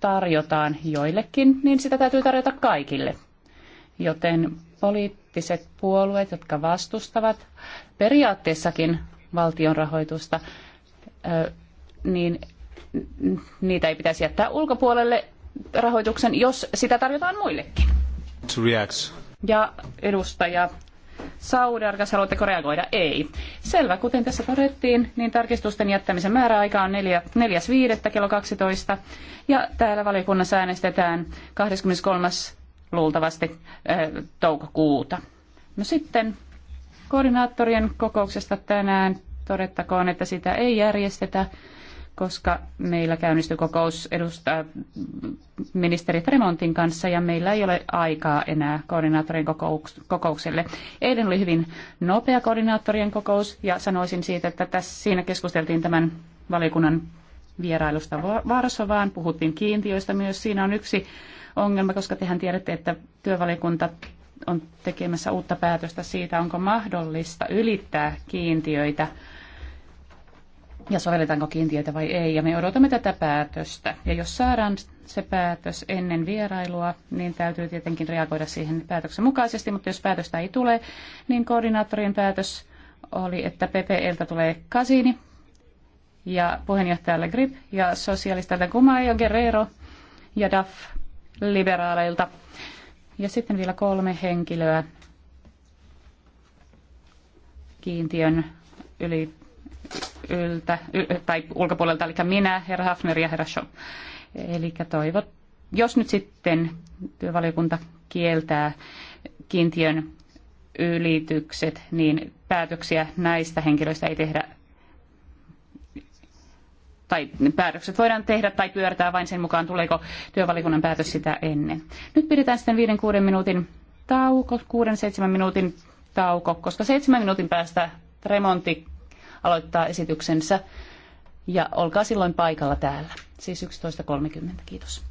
tarjotaan joillekin, niin sitä täytyy tarjota kaikille. Joten poliittiset puolueet, jotka vastustavat periaatteessakin valtion rahoitusta, niin niitä ei pitäisi jättää ulkopuolelle rahoituksen, jos sitä tarjotaan muillekin. Ja edustaja Saudargas, haluatteko reagoida? Ei. Selvä, kuten tässä todettiin, niin tarkistusten jättämisen määräaika on 4.5. kello 12. Ja täällä valiokunnassa äänestetään 23. luultavasti äh, toukokuuta. No sitten koordinaattorien kokouksesta tänään todettakoon, että sitä ei järjestetä koska meillä käynnistyi kokous edustaa ministeri Tremontin kanssa ja meillä ei ole aikaa enää koordinaattorien kokoukselle. Eilen oli hyvin nopea koordinaattorien kokous ja sanoisin siitä, että tässä, siinä keskusteltiin tämän valiokunnan vierailusta Varsovaan, puhuttiin kiintiöistä myös. Siinä on yksi ongelma, koska tehän tiedätte, että työvalikunta on tekemässä uutta päätöstä siitä, onko mahdollista ylittää kiintiöitä – ja sovelletaanko kiintiötä vai ei. Ja me odotamme tätä päätöstä. Ja jos saadaan se päätös ennen vierailua, niin täytyy tietenkin reagoida siihen päätöksen mukaisesti, mutta jos päätöstä ei tule, niin koordinaattorin päätös oli, että PPLtä tulee Kasini ja puheenjohtajalle Grip ja sosiaalista Gumayo Guerrero ja DAF liberaaleilta. Ja sitten vielä kolme henkilöä kiintiön yli yltä, yl, tai ulkopuolelta, eli minä, herra Hafner ja herra Schopp. Eli toivot, jos nyt sitten työvaliokunta kieltää kiintiön ylitykset, niin päätöksiä näistä henkilöistä ei tehdä tai päätökset voidaan tehdä tai pyörtää vain sen mukaan, tuleeko työvaliokunnan päätös sitä ennen. Nyt pidetään sitten 5-6 minuutin tauko, 6-7 minuutin tauko, koska 7 minuutin päästä remontti aloittaa esityksensä. Ja olkaa silloin paikalla täällä. Siis 11.30. Kiitos.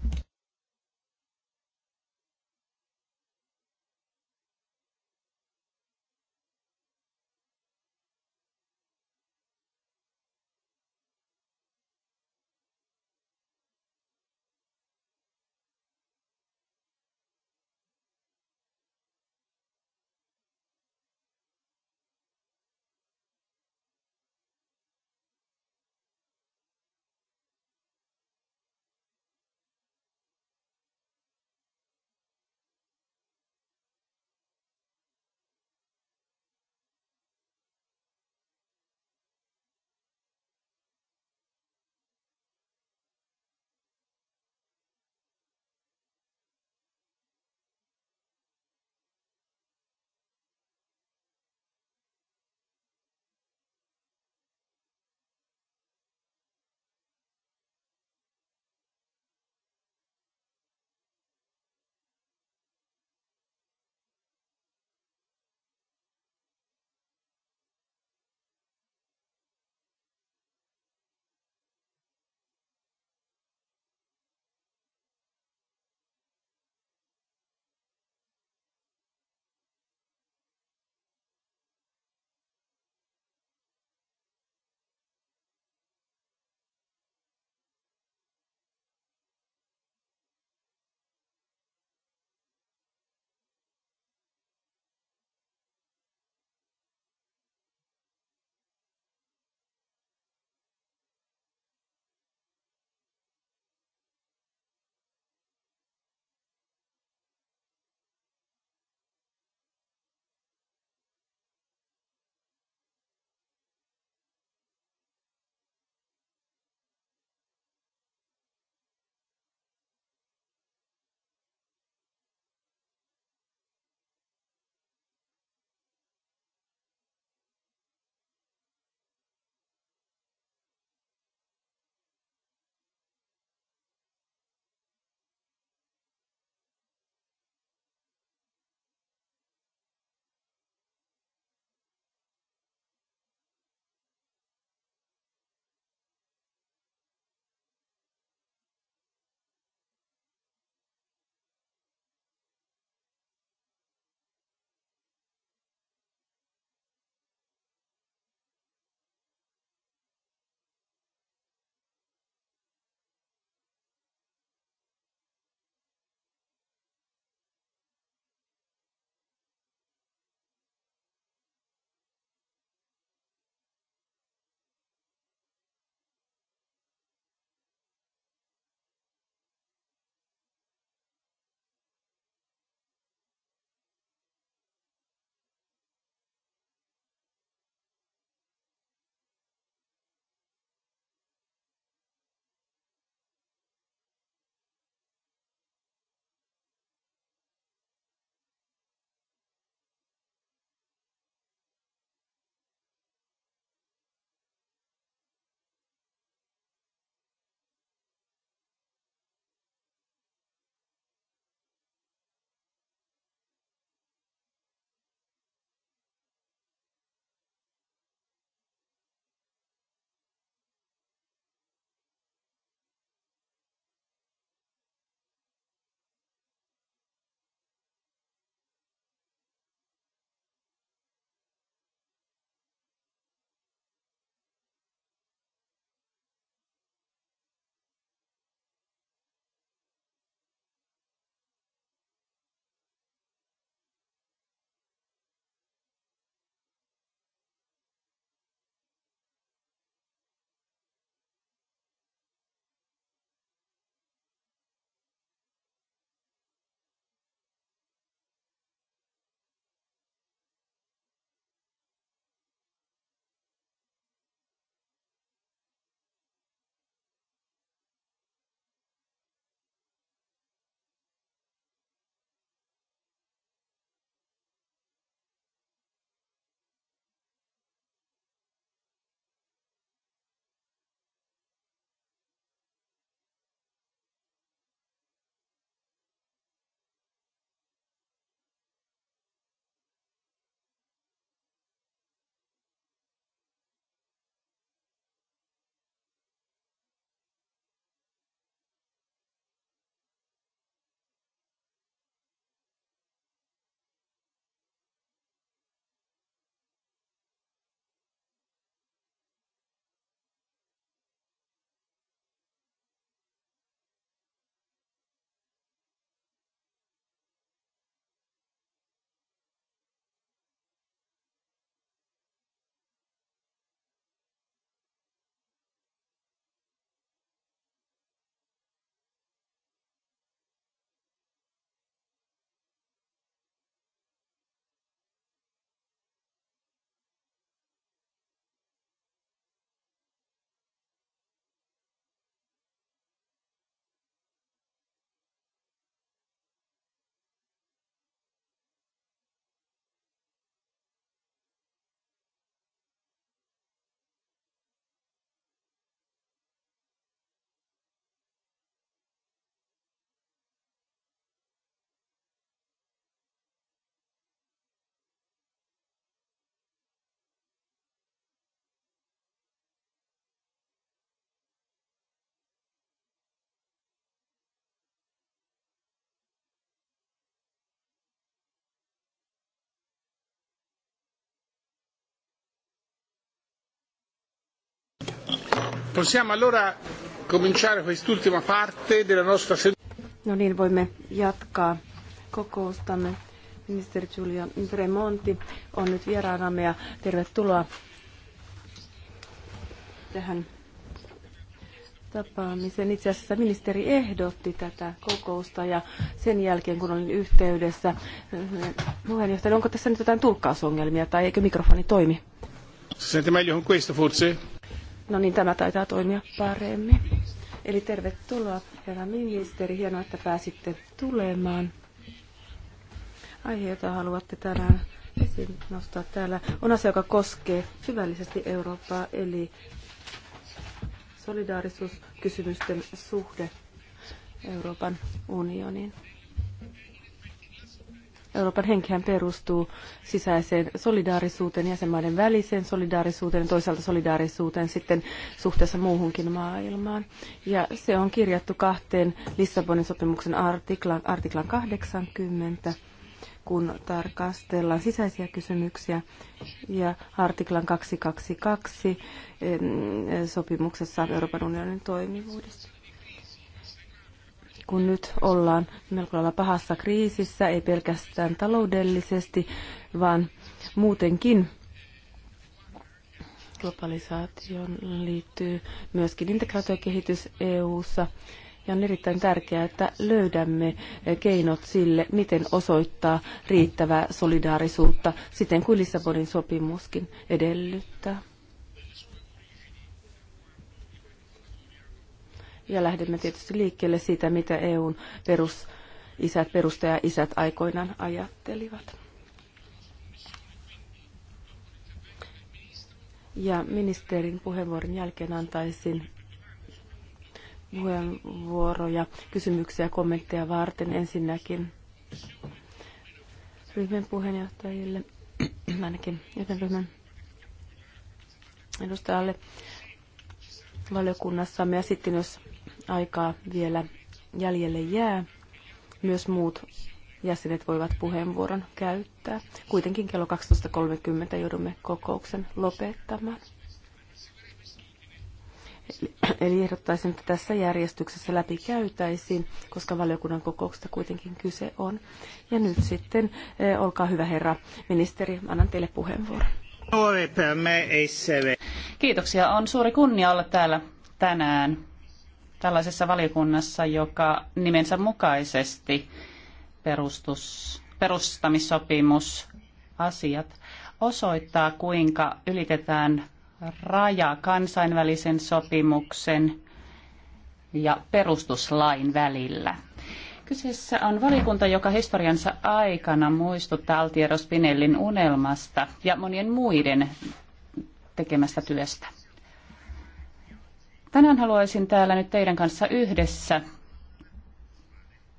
Possiamo allora cominciare quest'ultima parte della nostra seduta. No niin, voimme jatkaa kokoustamme. Ministeri Giulia Tremonti on nyt vieraanamme ja tervetuloa tähän tapaamiseen. Itse asiassa ministeri ehdotti tätä kokousta ja sen jälkeen kun olin yhteydessä eh, puheenjohtaja, onko tässä nyt jotain tulkkausongelmia tai eikö mikrofoni toimi? Sente meglio con questo forse? No niin, tämä taitaa toimia paremmin. Eli tervetuloa, herra ministeri. Hienoa, että pääsitte tulemaan. Aiheita haluatte tänään esiin nostaa täällä, on asia, joka koskee syvällisesti Eurooppaa, eli solidaarisuuskysymysten suhde Euroopan unioniin. Euroopan henkihän perustuu sisäiseen solidaarisuuteen, jäsenmaiden väliseen solidaarisuuteen, toisaalta solidaarisuuteen sitten suhteessa muuhunkin maailmaan. Ja se on kirjattu kahteen Lissabonin sopimuksen artiklan, artiklan 80 kun tarkastellaan sisäisiä kysymyksiä ja artiklan 222 sopimuksessa Euroopan unionin toimivuudesta kun nyt ollaan melko lailla pahassa kriisissä, ei pelkästään taloudellisesti, vaan muutenkin globalisaation liittyy myöskin integraatiokehitys EU-ssa. Ja on erittäin tärkeää, että löydämme keinot sille, miten osoittaa riittävää solidaarisuutta siten kuin Lissabonin sopimuskin edellyttää. ja lähdemme tietysti liikkeelle siitä, mitä EUn perusisät, perustaja-isät aikoinaan ajattelivat. Ja ministerin puheenvuoron jälkeen antaisin puheenvuoroja, kysymyksiä ja kommentteja varten ensinnäkin ryhmän puheenjohtajille, ainakin yhden ryhmän edustajalle valiokunnassamme. Ja sitten jos aikaa vielä jäljelle jää. Myös muut jäsenet voivat puheenvuoron käyttää. Kuitenkin kello 12.30 joudumme kokouksen lopettamaan. Eli ehdottaisin, että tässä järjestyksessä läpi käytäisiin, koska valiokunnan kokouksesta kuitenkin kyse on. Ja nyt sitten, eh, olkaa hyvä herra ministeri, annan teille puheenvuoron. Kiitoksia. On suuri kunnia olla täällä tänään tällaisessa valiokunnassa, joka nimensä mukaisesti perustus, perustamissopimus asiat osoittaa, kuinka ylitetään raja kansainvälisen sopimuksen ja perustuslain välillä. Kyseessä on valikunta, joka historiansa aikana muistuttaa Altiero Spinellin unelmasta ja monien muiden tekemästä työstä. Tänään haluaisin täällä nyt teidän kanssa yhdessä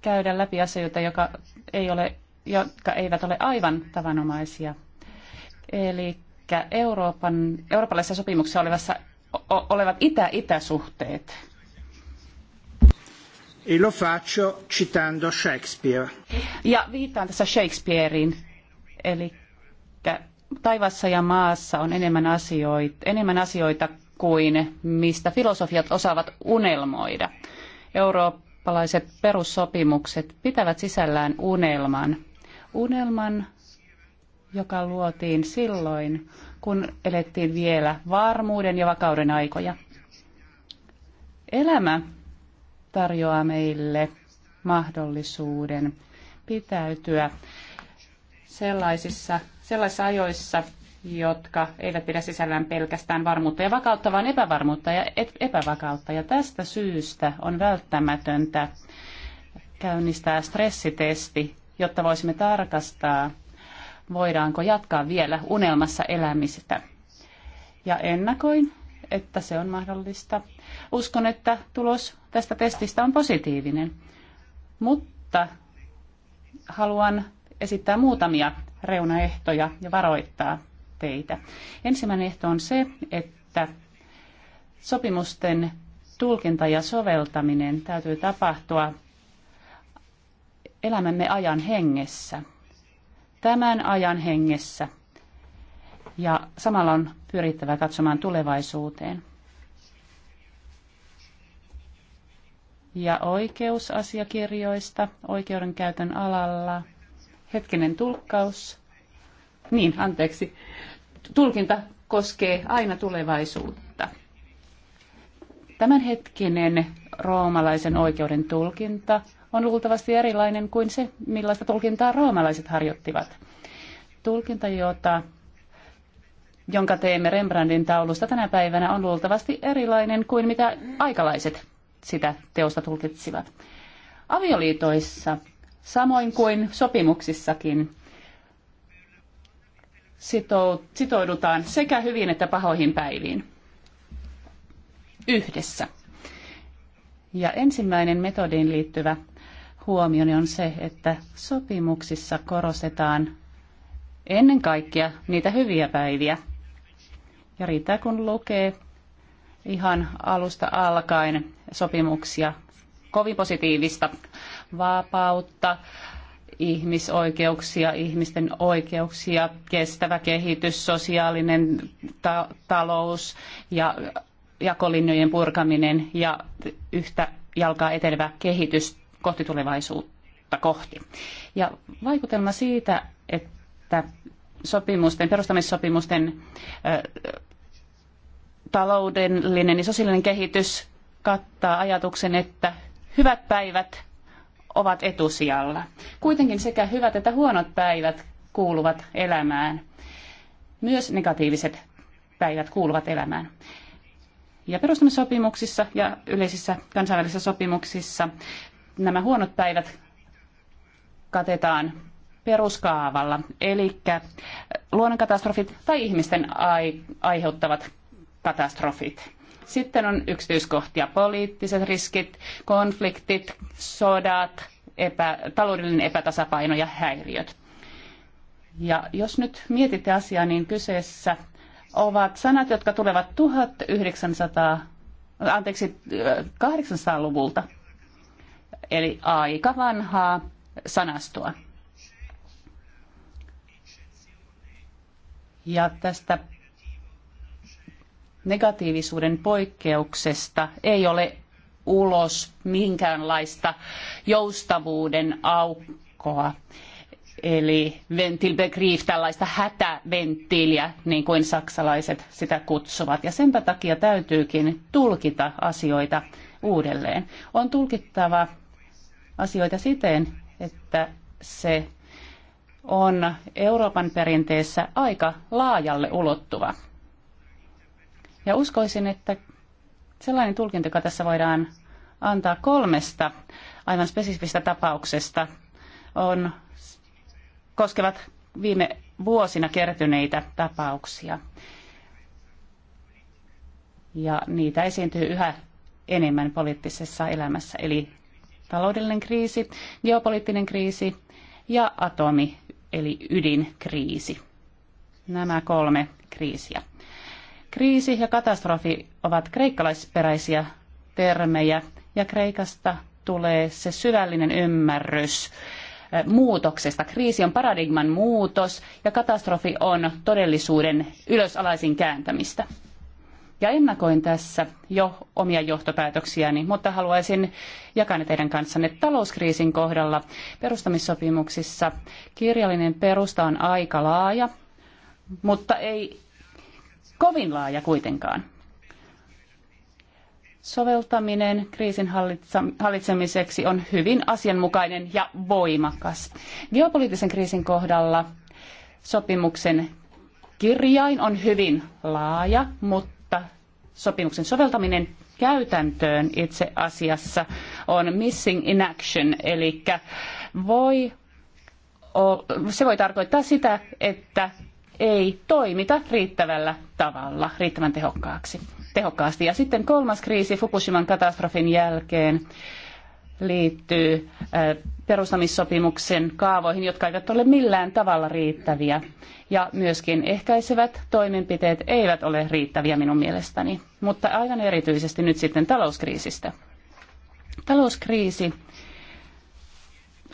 käydä läpi asioita, joka ei ole, jotka eivät ole aivan tavanomaisia. Eli Euroopan, eurooppalaisessa sopimuksessa olevassa, o, olevat itä itäsuhteet E lo faccio citando Shakespeare. Ja viittaan tässä Shakespearein. Eli taivassa ja maassa on enemmän asioita, enemmän asioita kuin mistä filosofiat osaavat unelmoida. Eurooppalaiset perussopimukset pitävät sisällään unelman. Unelman, joka luotiin silloin, kun elettiin vielä varmuuden ja vakauden aikoja. Elämä tarjoaa meille mahdollisuuden pitäytyä sellaisissa, sellaisissa ajoissa, jotka eivät pidä sisällään pelkästään varmuutta ja vakautta, vaan epävarmuutta ja epävakautta. Ja tästä syystä on välttämätöntä käynnistää stressitesti, jotta voisimme tarkastaa, voidaanko jatkaa vielä unelmassa elämistä. Ja ennakoin, että se on mahdollista. Uskon, että tulos tästä testistä on positiivinen, mutta haluan esittää muutamia reunaehtoja ja varoittaa esteitä. Ensimmäinen ehto on se, että sopimusten tulkinta ja soveltaminen täytyy tapahtua elämämme ajan hengessä, tämän ajan hengessä. Ja samalla on pyrittävä katsomaan tulevaisuuteen. Ja oikeusasiakirjoista oikeudenkäytön alalla. Hetkinen tulkkaus. Niin, anteeksi tulkinta koskee aina tulevaisuutta. Tämänhetkinen roomalaisen oikeuden tulkinta on luultavasti erilainen kuin se, millaista tulkintaa roomalaiset harjoittivat. Tulkinta, jota, jonka teemme Rembrandtin taulusta tänä päivänä, on luultavasti erilainen kuin mitä aikalaiset sitä teosta tulkitsivat. Avioliitoissa, samoin kuin sopimuksissakin, sitoudutaan sekä hyvin että pahoihin päiviin yhdessä. Ja ensimmäinen metodiin liittyvä huomioni on se, että sopimuksissa korostetaan ennen kaikkea niitä hyviä päiviä. Ja riittää kun lukee ihan alusta alkaen sopimuksia, kovin positiivista vapautta, ihmisoikeuksia, ihmisten oikeuksia, kestävä kehitys, sosiaalinen ta- talous ja jakolinjojen purkaminen ja yhtä jalkaa etenevä kehitys kohti tulevaisuutta kohti. Ja vaikutelma siitä, että sopimusten, perustamissopimusten ö, taloudellinen ja sosiaalinen kehitys kattaa ajatuksen, että hyvät päivät ovat etusijalla. Kuitenkin sekä hyvät että huonot päivät kuuluvat elämään. Myös negatiiviset päivät kuuluvat elämään. Ja perustamissopimuksissa ja yleisissä kansainvälisissä sopimuksissa nämä huonot päivät katetaan peruskaavalla, eli eh, luonnonkatastrofit tai ihmisten ai- aiheuttavat katastrofit. Sitten on yksityiskohtia, poliittiset riskit, konfliktit, sodat, epä, taloudellinen epätasapaino ja häiriöt. Ja jos nyt mietitte asiaa, niin kyseessä ovat sanat, jotka tulevat 1900, anteeksi, 800-luvulta, eli aika vanhaa sanastoa. Ja tästä negatiivisuuden poikkeuksesta ei ole ulos minkäänlaista joustavuuden aukkoa. Eli Ventilbegriff, tällaista hätäventtiiliä, niin kuin saksalaiset sitä kutsuvat. Ja senpä takia täytyykin tulkita asioita uudelleen. On tulkittava asioita siten, että se on Euroopan perinteessä aika laajalle ulottuva. Ja uskoisin, että sellainen tulkinta, joka tässä voidaan antaa kolmesta aivan spesifistä tapauksesta, on, koskevat viime vuosina kertyneitä tapauksia. Ja niitä esiintyy yhä enemmän poliittisessa elämässä, eli taloudellinen kriisi, geopoliittinen kriisi ja atomi, eli ydinkriisi. Nämä kolme kriisiä. Kriisi ja katastrofi ovat kreikkalaisperäisiä termejä ja Kreikasta tulee se syvällinen ymmärrys eh, muutoksesta. Kriisi on paradigman muutos ja katastrofi on todellisuuden ylösalaisin kääntämistä. Ja ennakoin tässä jo omia johtopäätöksiäni, mutta haluaisin jakaa ne teidän kanssanne talouskriisin kohdalla. Perustamissopimuksissa kirjallinen perusta on aika laaja, mutta ei kovin laaja kuitenkaan. Soveltaminen kriisin hallitsemiseksi on hyvin asianmukainen ja voimakas. Geopoliittisen kriisin kohdalla sopimuksen kirjain on hyvin laaja, mutta sopimuksen soveltaminen käytäntöön itse asiassa on missing in action, eli voi, se voi tarkoittaa sitä, että ei toimita riittävällä tavalla, riittävän tehokkaaksi, tehokkaasti. Ja sitten kolmas kriisi Fukushiman katastrofin jälkeen liittyy äh, perustamissopimuksen kaavoihin, jotka eivät ole millään tavalla riittäviä. Ja myöskin ehkäisevät toimenpiteet eivät ole riittäviä minun mielestäni, mutta aivan erityisesti nyt sitten talouskriisistä. Talouskriisi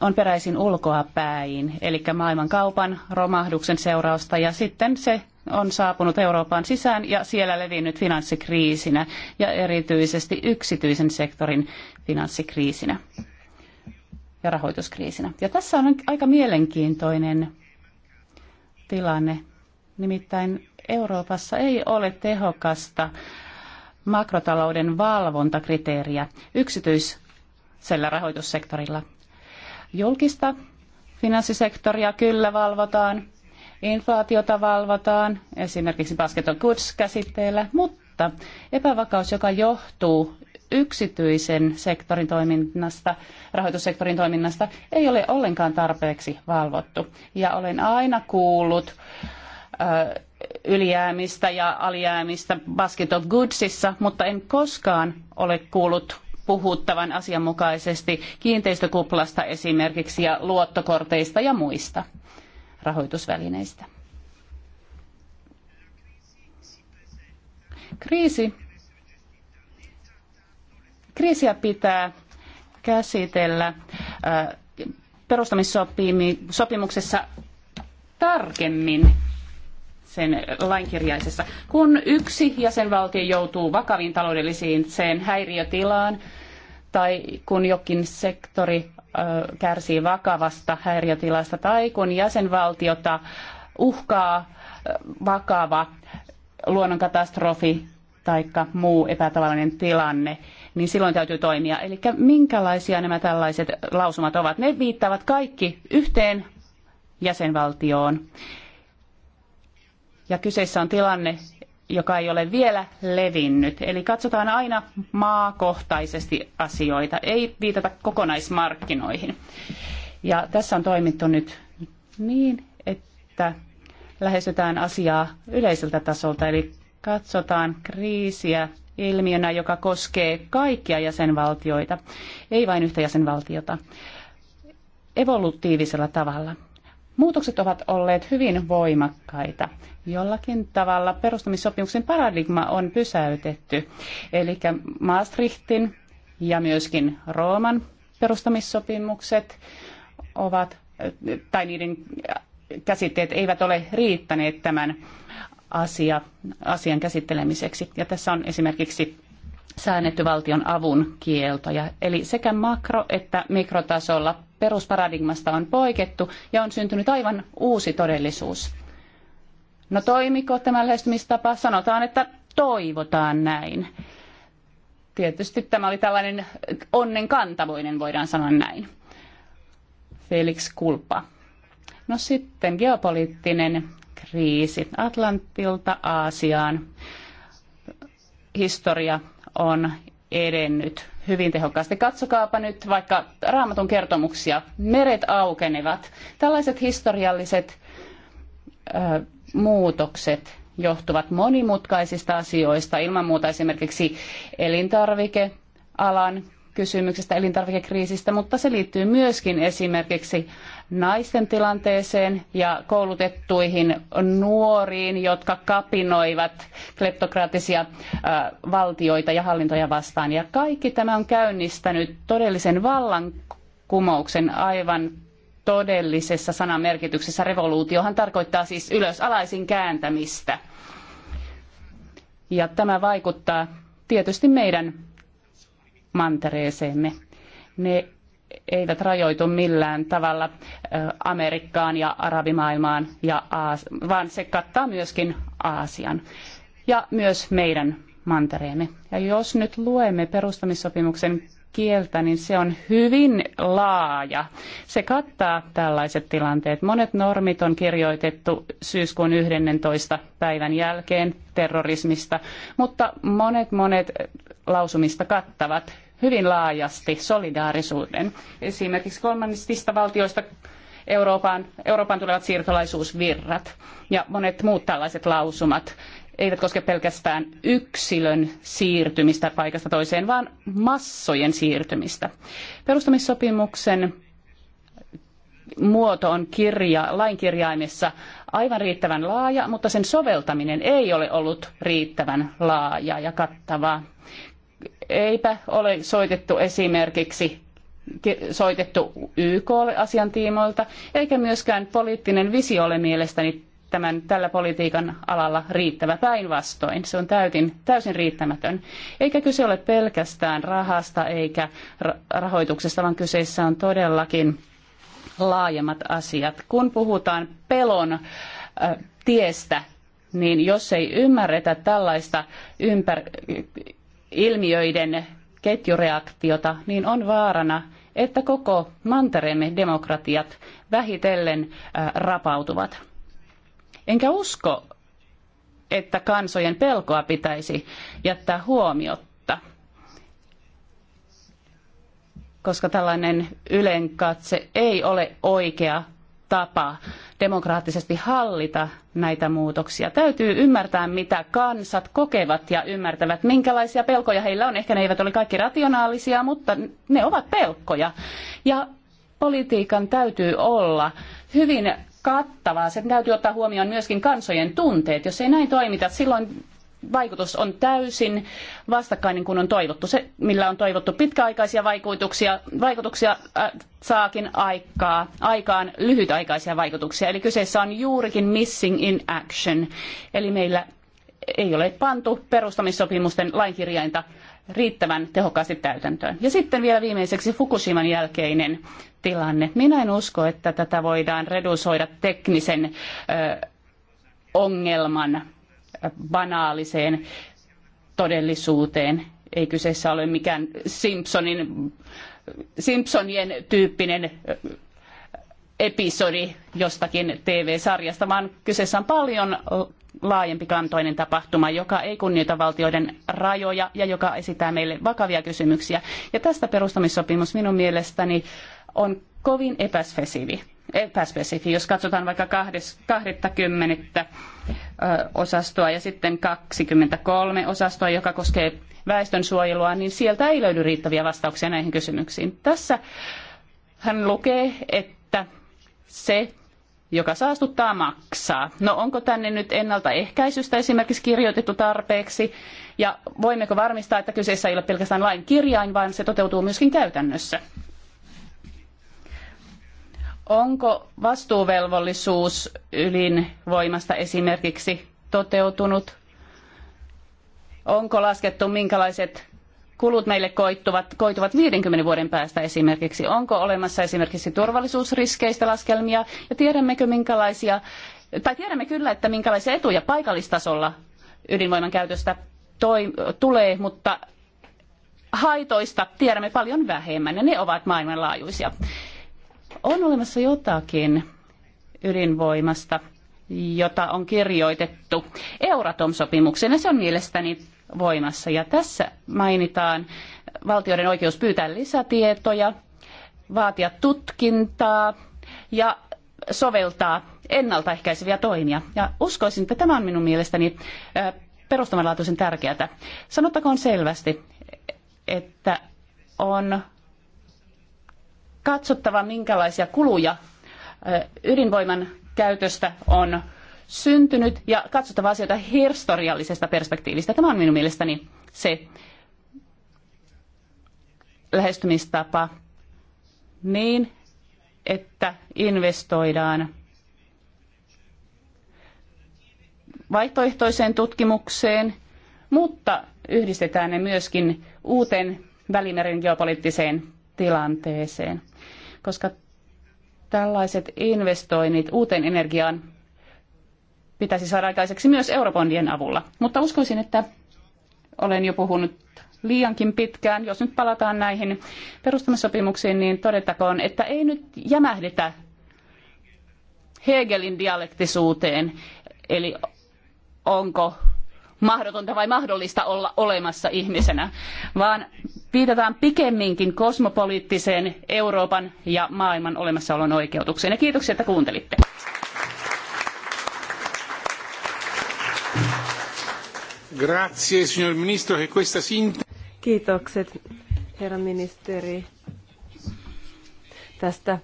on peräisin ulkoa päin, eli maailmankaupan romahduksen seurausta, ja sitten se on saapunut Euroopan sisään ja siellä levinnyt finanssikriisinä ja erityisesti yksityisen sektorin finanssikriisinä ja rahoituskriisinä. Ja tässä on aika mielenkiintoinen tilanne. Nimittäin Euroopassa ei ole tehokasta makrotalouden valvontakriteeriä yksityisellä rahoitussektorilla. Julkista finanssisektoria kyllä valvotaan, inflaatiota valvotaan, esimerkiksi basket goods-käsitteellä, mutta epävakaus, joka johtuu yksityisen sektorin toiminnasta, rahoitussektorin toiminnasta, ei ole ollenkaan tarpeeksi valvottu. Ja olen aina kuullut äh, ylijäämistä ja alijäämistä basket of goodsissa, mutta en koskaan ole kuullut puhuttavan asianmukaisesti kiinteistökuplasta esimerkiksi ja luottokorteista ja muista rahoitusvälineistä. Kriisi. Kriisiä pitää käsitellä äh, perustamissopimuksessa tarkemmin sen lainkirjaisessa. Kun yksi jäsenvaltio joutuu vakaviin taloudellisiin sen häiriötilaan, tai kun jokin sektori kärsii vakavasta häiriötilasta tai kun jäsenvaltiota uhkaa vakava luonnonkatastrofi tai muu epätavallinen tilanne, niin silloin täytyy toimia. Eli minkälaisia nämä tällaiset lausumat ovat? Ne viittaavat kaikki yhteen jäsenvaltioon. Ja kyseessä on tilanne, joka ei ole vielä levinnyt. Eli katsotaan aina maakohtaisesti asioita, ei viitata kokonaismarkkinoihin. Ja tässä on toimittu nyt niin, että lähestytään asiaa yleiseltä tasolta, eli katsotaan kriisiä ilmiönä, joka koskee kaikkia jäsenvaltioita, ei vain yhtä jäsenvaltiota, evolutiivisella tavalla. Muutokset ovat olleet hyvin voimakkaita jollakin tavalla perustamissopimuksen paradigma on pysäytetty. Eli Maastrichtin ja myöskin Rooman perustamissopimukset ovat, tai niiden käsitteet eivät ole riittäneet tämän asia, asian käsittelemiseksi. Ja tässä on esimerkiksi säännetty valtion avun kieltoja. Eli sekä makro- että mikrotasolla perusparadigmasta on poikettu ja on syntynyt aivan uusi todellisuus. No toimiko tämä lähestymistapa? Sanotaan, että toivotaan näin. Tietysti tämä oli tällainen onnen kantavoinen, voidaan sanoa näin. Felix Kulpa. No sitten geopoliittinen kriisi Atlantilta Aasiaan. Historia on edennyt hyvin tehokkaasti. Katsokaapa nyt vaikka raamatun kertomuksia. Meret aukenevat. Tällaiset historialliset muutokset johtuvat monimutkaisista asioista, ilman muuta esimerkiksi elintarvikealan kysymyksestä, elintarvikekriisistä, mutta se liittyy myöskin esimerkiksi naisten tilanteeseen ja koulutettuihin nuoriin, jotka kapinoivat kleptokraattisia valtioita ja hallintoja vastaan. Ja kaikki tämä on käynnistänyt todellisen vallankumouksen aivan todellisessa sanan merkityksessä revoluutiohan tarkoittaa siis ylösalaisin kääntämistä. Ja tämä vaikuttaa tietysti meidän mantereeseemme. Ne eivät rajoitu millään tavalla Amerikkaan ja arabimaailmaan, ja Aas- vaan se kattaa myöskin Aasian ja myös meidän mantereemme. Ja jos nyt luemme perustamissopimuksen kieltä, niin se on hyvin laaja. Se kattaa tällaiset tilanteet. Monet normit on kirjoitettu syyskuun 11. päivän jälkeen terrorismista, mutta monet monet lausumista kattavat hyvin laajasti solidaarisuuden. Esimerkiksi kolmannista valtioista Euroopan, Euroopan tulevat siirtolaisuusvirrat ja monet muut tällaiset lausumat eivät koske pelkästään yksilön siirtymistä paikasta toiseen, vaan massojen siirtymistä. Perustamissopimuksen muoto on kirja, lain kirjaimessa aivan riittävän laaja, mutta sen soveltaminen ei ole ollut riittävän laaja ja kattavaa. Eipä ole soitettu esimerkiksi soitettu YK asiantiimoilta, eikä myöskään poliittinen visio ole mielestäni tämän, tällä politiikan alalla riittävä. Päinvastoin se on täytin, täysin riittämätön. Eikä kyse ole pelkästään rahasta eikä rahoituksesta, vaan kyseessä on todellakin laajemmat asiat. Kun puhutaan pelon äh, tiestä, niin jos ei ymmärretä tällaista ympär, ilmiöiden ketjureaktiota, niin on vaarana, että koko mantereemme demokratiat vähitellen rapautuvat. Enkä usko, että kansojen pelkoa pitäisi jättää huomiotta, koska tällainen ylenkatse ei ole oikea tapa demokraattisesti hallita näitä muutoksia. Täytyy ymmärtää, mitä kansat kokevat ja ymmärtävät, minkälaisia pelkoja heillä on. Ehkä ne eivät ole kaikki rationaalisia, mutta ne ovat pelkkoja. Ja politiikan täytyy olla hyvin kattavaa. Sen täytyy ottaa huomioon myöskin kansojen tunteet. Jos ei näin toimita, silloin vaikutus on täysin vastakkainen kuin on toivottu. Se, millä on toivottu pitkäaikaisia vaikutuksia, vaikutuksia äh, saakin aikaa, aikaan lyhytaikaisia vaikutuksia. Eli kyseessä on juurikin missing in action. Eli meillä ei ole pantu perustamissopimusten lainkirjainta riittävän tehokkaasti täytäntöön. Ja sitten vielä viimeiseksi Fukushiman jälkeinen tilanne. Minä en usko, että tätä voidaan redusoida teknisen ongelman banaaliseen todellisuuteen. Ei kyseessä ole mikään Simpsonin Simpsonien tyyppinen episodi jostakin TV-sarjasta, vaan kyseessä on paljon laajempi kantoinen tapahtuma, joka ei kunnioita valtioiden rajoja ja joka esittää meille vakavia kysymyksiä. Ja tästä perustamissopimus minun mielestäni on kovin epäspesifi. epäspesifi. Jos katsotaan vaikka 20 osastoa ja sitten 23 osastoa, joka koskee väestönsuojelua, niin sieltä ei löydy riittäviä vastauksia näihin kysymyksiin. Tässä hän lukee, että se, joka saastuttaa maksaa. No onko tänne nyt ennaltaehkäisystä esimerkiksi kirjoitettu tarpeeksi ja voimmeko varmistaa, että kyseessä ei ole pelkästään lain kirjain, vaan se toteutuu myöskin käytännössä? Onko vastuuvelvollisuus ydinvoimasta esimerkiksi toteutunut? Onko laskettu minkälaiset kulut meille koittuvat, koituvat 50 vuoden päästä esimerkiksi? Onko olemassa esimerkiksi turvallisuusriskeistä laskelmia ja tiedämmekö minkälaisia, tai tiedämme kyllä, että minkälaisia etuja paikallistasolla ydinvoiman käytöstä toi, tulee, mutta haitoista tiedämme paljon vähemmän ja ne ovat maailmanlaajuisia. On olemassa jotakin ydinvoimasta, jota on kirjoitettu Euratom-sopimukseen ja se on mielestäni voimassa. Ja tässä mainitaan valtioiden oikeus pyytää lisätietoja, vaatia tutkintaa ja soveltaa ennaltaehkäiseviä toimia. Ja uskoisin, että tämä on minun mielestäni perustavanlaatuisen tärkeää. Sanottakoon selvästi, että on katsottava, minkälaisia kuluja ydinvoiman käytöstä on syntynyt ja katsottava asioita historiallisesta perspektiivistä. Tämä on minun mielestäni se lähestymistapa niin, että investoidaan vaihtoehtoiseen tutkimukseen, mutta yhdistetään ne myöskin uuteen Välimeren geopoliittiseen tilanteeseen, koska tällaiset investoinnit uuteen energiaan pitäisi saada aikaiseksi myös eurobondien avulla. Mutta uskoisin, että olen jo puhunut liiankin pitkään. Jos nyt palataan näihin perustamissopimuksiin, niin todettakoon, että ei nyt jämähdetä Hegelin dialektisuuteen, eli onko mahdotonta vai mahdollista olla olemassa ihmisenä, vaan viitataan pikemminkin kosmopoliittiseen Euroopan ja maailman olemassaolon oikeutukseen. Ja kiitoksia, että kuuntelitte. Kiitokset, herra ministeri, tästä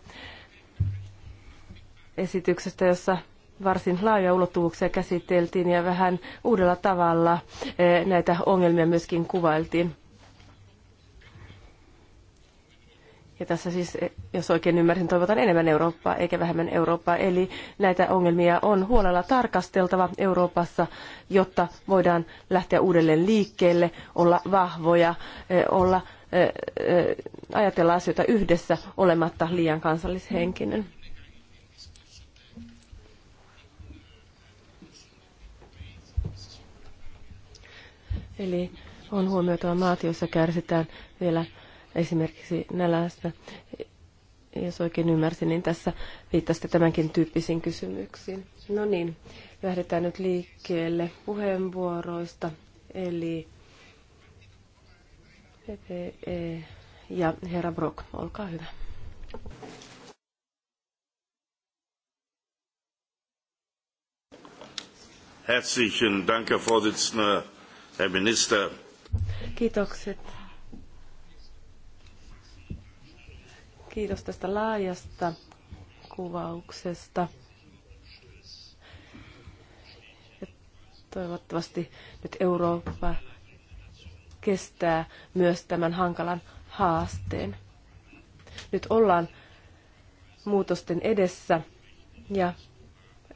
esityksestä, jossa varsin laajoja ulottuvuuksia käsiteltiin ja vähän uudella tavalla eh, näitä ongelmia myöskin kuvailtiin. Ja tässä siis, jos oikein ymmärsin, toivotan enemmän Eurooppaa eikä vähemmän Eurooppaa. Eli näitä ongelmia on huolella tarkasteltava Euroopassa, jotta voidaan lähteä uudelleen liikkeelle, olla vahvoja, eh, olla eh, eh, ajatella asioita yhdessä olematta liian kansallishenkinen. Eli on huomioitava maat, joissa kärsitään vielä esimerkiksi nälästä. Jos oikein ymmärsin, niin tässä viittasitte tämänkin tyyppisiin kysymyksiin. No niin, lähdetään nyt liikkeelle puheenvuoroista. Eli PPE ja herra Brock, olkaa hyvä. Herzlichen Dank, Herr Vorsitzender, Herr Minister. Kiitokset Kiitos tästä laajasta kuvauksesta. Ja toivottavasti nyt Eurooppa kestää myös tämän hankalan haasteen. Nyt ollaan muutosten edessä ja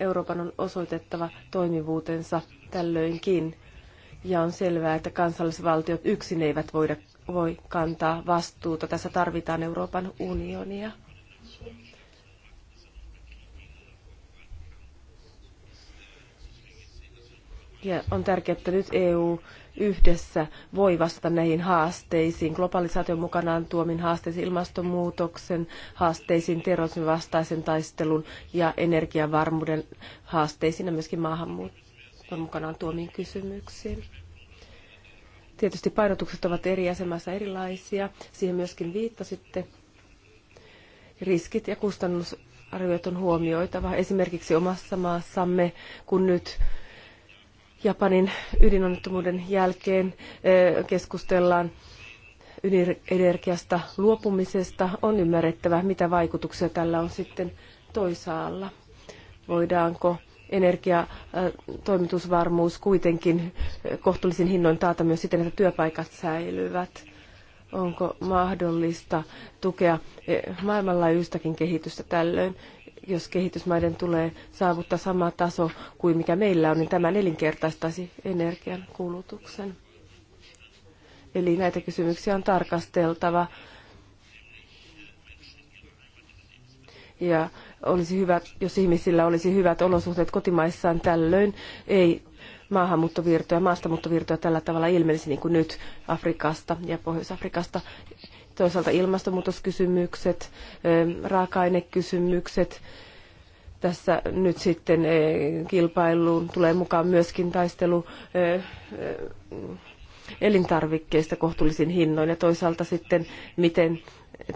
Euroopan on osoitettava toimivuutensa tällöinkin. Ja on selvää, että kansallisvaltiot yksin eivät voida voi kantaa vastuuta. Tässä tarvitaan Euroopan unionia. Ja on tärkeää, että nyt EU yhdessä voi vastata näihin haasteisiin, globalisaation mukanaan tuomin haasteisiin, ilmastonmuutoksen haasteisiin, terrorismin vastaisen taistelun ja energiavarmuuden haasteisiin ja myöskin maahanmuuton mukanaan tuomiin kysymyksiin. Tietysti painotukset ovat eri asemassa erilaisia, siihen myöskin viittasitte. Riskit ja kustannusarviot on huomioitava. Esimerkiksi omassa maassamme, kun nyt Japanin ydinonnettomuuden jälkeen keskustellaan ydinenergiasta luopumisesta, on ymmärrettävä, mitä vaikutuksia tällä on sitten toisaalla. Voidaanko energiatoimitusvarmuus kuitenkin kohtuullisin hinnoin taata myös siten, että työpaikat säilyvät. Onko mahdollista tukea maailmanlaajuistakin kehitystä tällöin? Jos kehitysmaiden tulee saavuttaa sama taso kuin mikä meillä on, niin tämä nelinkertaistaisi energian kulutuksen. Eli näitä kysymyksiä on tarkasteltava. Ja olisi hyvät, jos ihmisillä olisi hyvät olosuhteet kotimaissaan tällöin, ei maahanmuuttovirtoja, maastamuuttovirtoja tällä tavalla ilmenisi niin kuin nyt Afrikasta ja Pohjois-Afrikasta. Toisaalta ilmastonmuutoskysymykset, raaka-ainekysymykset, tässä nyt sitten kilpailuun tulee mukaan myöskin taistelu elintarvikkeista kohtuullisin hinnoin ja toisaalta sitten miten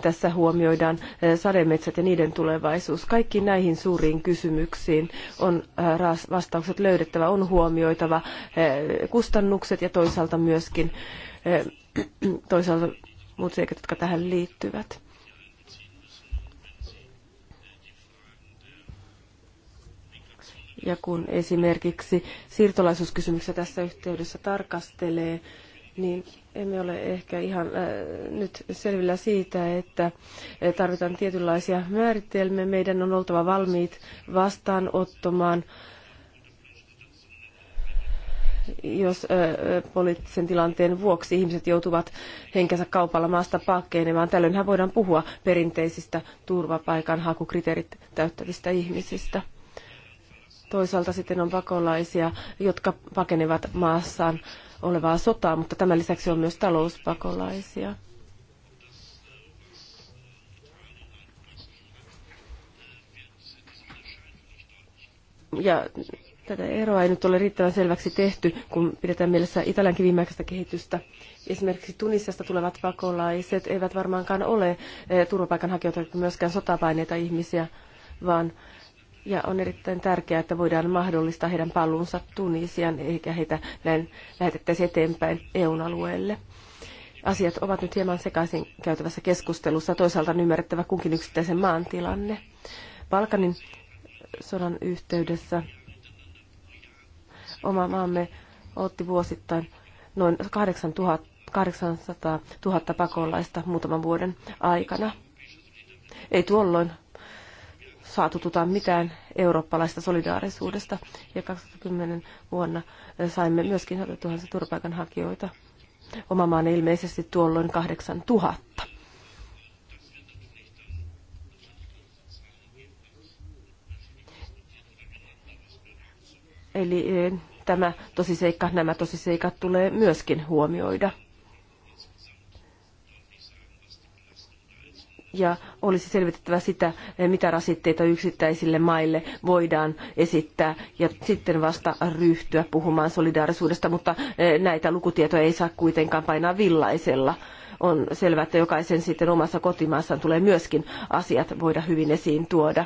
tässä huomioidaan eh, sademetsät ja niiden tulevaisuus. Kaikki näihin suuriin kysymyksiin on eh, vastaukset löydettävä, on huomioitava eh, kustannukset ja toisaalta myöskin toisaalta muut seikat, jotka tähän liittyvät. Ja kun esimerkiksi siirtolaisuuskysymyksiä tässä yhteydessä tarkastelee, niin emme ole ehkä ihan äh, nyt selvillä siitä, että äh, tarvitaan tietynlaisia määritelmiä. Meidän on oltava valmiit vastaanottamaan, jos äh, äh, poliittisen tilanteen vuoksi ihmiset joutuvat henkensä kaupalla maasta pakkeenemaan. Tällöinhän voidaan puhua perinteisistä turvapaikan hakukriteerit täyttävistä ihmisistä. Toisaalta sitten on pakolaisia, jotka pakenevat maassaan olevaa sotaa, mutta tämän lisäksi on myös talouspakolaisia. Ja tätä eroa ei nyt ole riittävän selväksi tehty, kun pidetään mielessä Italian viimeaikaista kehitystä. Esimerkiksi Tunisiasta tulevat pakolaiset eivät varmaankaan ole eh, turvapaikanhakijoita, myöskään sotapaineita ihmisiä, vaan ja on erittäin tärkeää, että voidaan mahdollistaa heidän paluunsa Tunisian, eikä heitä näin lähetettäisi eteenpäin EU-alueelle. Asiat ovat nyt hieman sekaisin käytävässä keskustelussa. Toisaalta on ymmärrettävä kunkin yksittäisen maan tilanne. Balkanin sodan yhteydessä oma maamme otti vuosittain noin 800 000 pakolaista muutaman vuoden aikana. Ei tuolloin saatu tuta mitään eurooppalaista solidaarisuudesta. Ja 2010 vuonna saimme myöskin 100 000 turvapaikanhakijoita. Oma maan ilmeisesti tuolloin 8 000. Eli eh, tämä tosiseikka, nämä tosiseikat tulee myöskin huomioida – ja olisi selvitettävä sitä, mitä rasitteita yksittäisille maille voidaan esittää ja sitten vasta ryhtyä puhumaan solidaarisuudesta, mutta eh, näitä lukutietoja ei saa kuitenkaan painaa villaisella. On selvää, että jokaisen sitten omassa kotimaassaan tulee myöskin asiat voida hyvin esiin tuoda.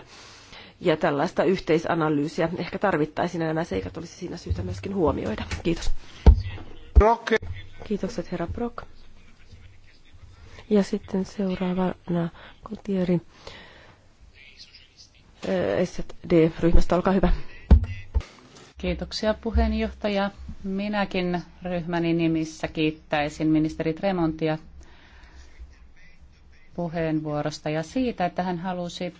Ja tällaista yhteisanalyysiä ehkä tarvittaisiin, ja nämä seikat olisi siinä syytä myöskin huomioida. Kiitos. Kiitokset, herra Brock. Ja sitten seuraavana Kotieri eh, SD-ryhmästä, olkaa hyvä. Kiitoksia puheenjohtaja. Minäkin ryhmäni nimissä kiittäisin ministeri Tremontia puheenvuorosta ja siitä, että hän halusi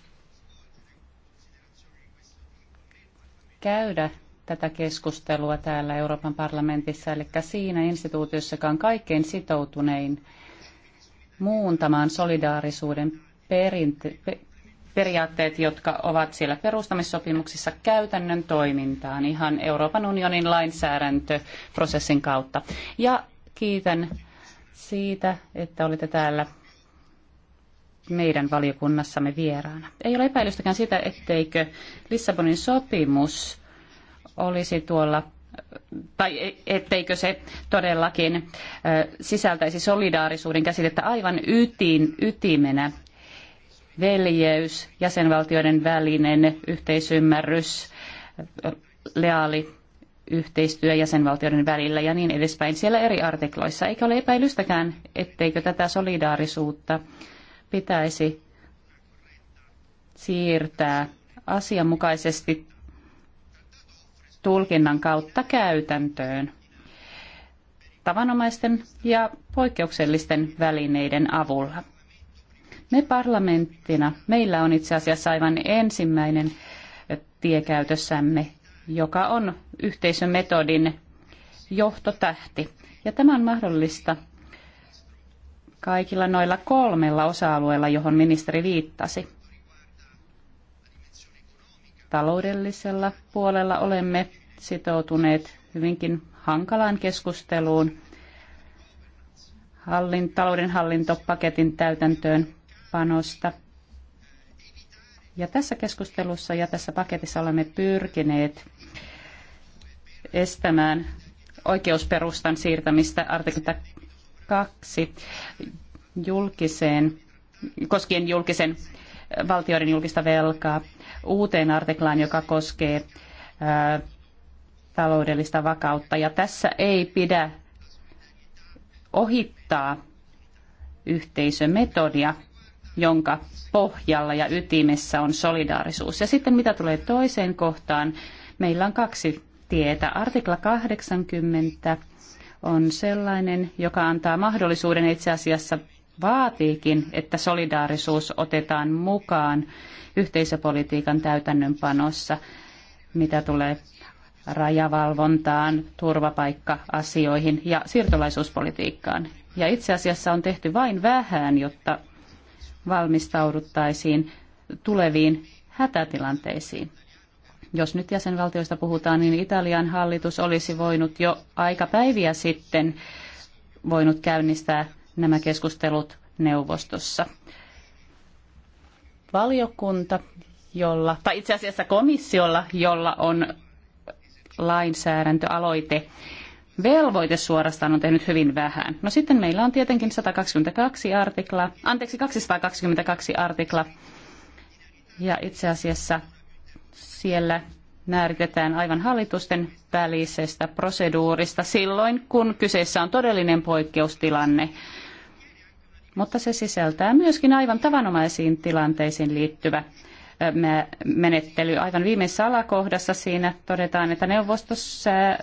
käydä tätä keskustelua täällä Euroopan parlamentissa, eli siinä instituutiossa, joka on kaikkein sitoutunein muuntamaan solidaarisuuden perinte- periaatteet, jotka ovat siellä perustamissopimuksissa käytännön toimintaan ihan Euroopan unionin lainsäädäntöprosessin kautta. Ja kiitän siitä, että olitte täällä meidän valiokunnassamme vieraana. Ei ole epäilystäkään sitä, etteikö Lissabonin sopimus olisi tuolla tai e- etteikö se todellakin sisältäisi solidaarisuuden käsitettä aivan ytin, ytimenä. Veljeys, jäsenvaltioiden välinen yhteisymmärrys, leaali yhteistyö jäsenvaltioiden välillä ja niin edespäin siellä eri artikloissa. Eikä ole epäilystäkään, etteikö tätä solidaarisuutta pitäisi siirtää asianmukaisesti tulkinnan kautta käytäntöön tavanomaisten ja poikkeuksellisten välineiden avulla. Me parlamenttina, meillä on itse asiassa aivan ensimmäinen tiekäytössämme, joka on yhteisömetodin johtotähti. Ja tämä on mahdollista kaikilla noilla kolmella osa-alueella, johon ministeri viittasi. Taloudellisella puolella olemme sitoutuneet hyvinkin hankalaan keskusteluun hallin, talouden hallintopaketin täytäntöön panosta. Ja tässä keskustelussa ja tässä paketissa olemme pyrkineet estämään oikeusperustan siirtämistä artikla 2 julkiseen, koskien julkisen valtioiden julkista velkaa uuteen artiklaan, joka koskee ää, taloudellista vakautta. Ja tässä ei pidä ohittaa yhteisömetodia, jonka pohjalla ja ytimessä on solidaarisuus. Ja sitten mitä tulee toiseen kohtaan, meillä on kaksi tietä. Artikla 80 on sellainen, joka antaa mahdollisuuden itse asiassa vaatiikin, että solidaarisuus otetaan mukaan yhteisöpolitiikan täytännönpanossa, mitä tulee rajavalvontaan, turvapaikka-asioihin ja siirtolaisuuspolitiikkaan. Ja itse asiassa on tehty vain vähän, jotta valmistauduttaisiin tuleviin hätätilanteisiin. Jos nyt jäsenvaltioista puhutaan, niin Italian hallitus olisi voinut jo aika päiviä sitten voinut käynnistää nämä keskustelut neuvostossa. Valiokunta, jolla, tai itse asiassa komissiolla, jolla on lainsäädäntöaloite, velvoite suorastaan on tehnyt hyvin vähän. No sitten meillä on tietenkin 122 artikla, anteeksi 222 artikla, ja itse asiassa siellä määritetään aivan hallitusten välisestä proseduurista silloin, kun kyseessä on todellinen poikkeustilanne mutta se sisältää myöskin aivan tavanomaisiin tilanteisiin liittyvä menettely. Aivan viimeisessä alakohdassa siinä todetaan, että neuvosto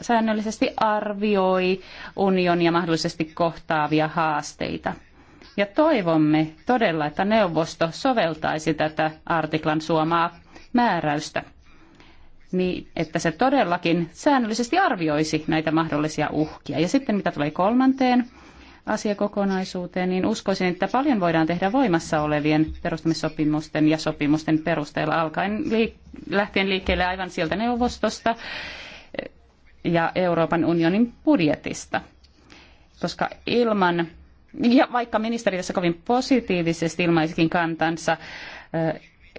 säännöllisesti arvioi unionia mahdollisesti kohtaavia haasteita. Ja toivomme todella, että neuvosto soveltaisi tätä artiklan suomaa määräystä niin että se todellakin säännöllisesti arvioisi näitä mahdollisia uhkia. Ja sitten mitä tulee kolmanteen asiakokonaisuuteen, niin uskoisin, että paljon voidaan tehdä voimassa olevien perustamissopimusten ja sopimusten perusteella alkaen liik- lähtien liikkeelle aivan sieltä neuvostosta ja Euroopan unionin budjetista. Koska ilman, ja vaikka ministeri tässä kovin positiivisesti ilmaisikin kantansa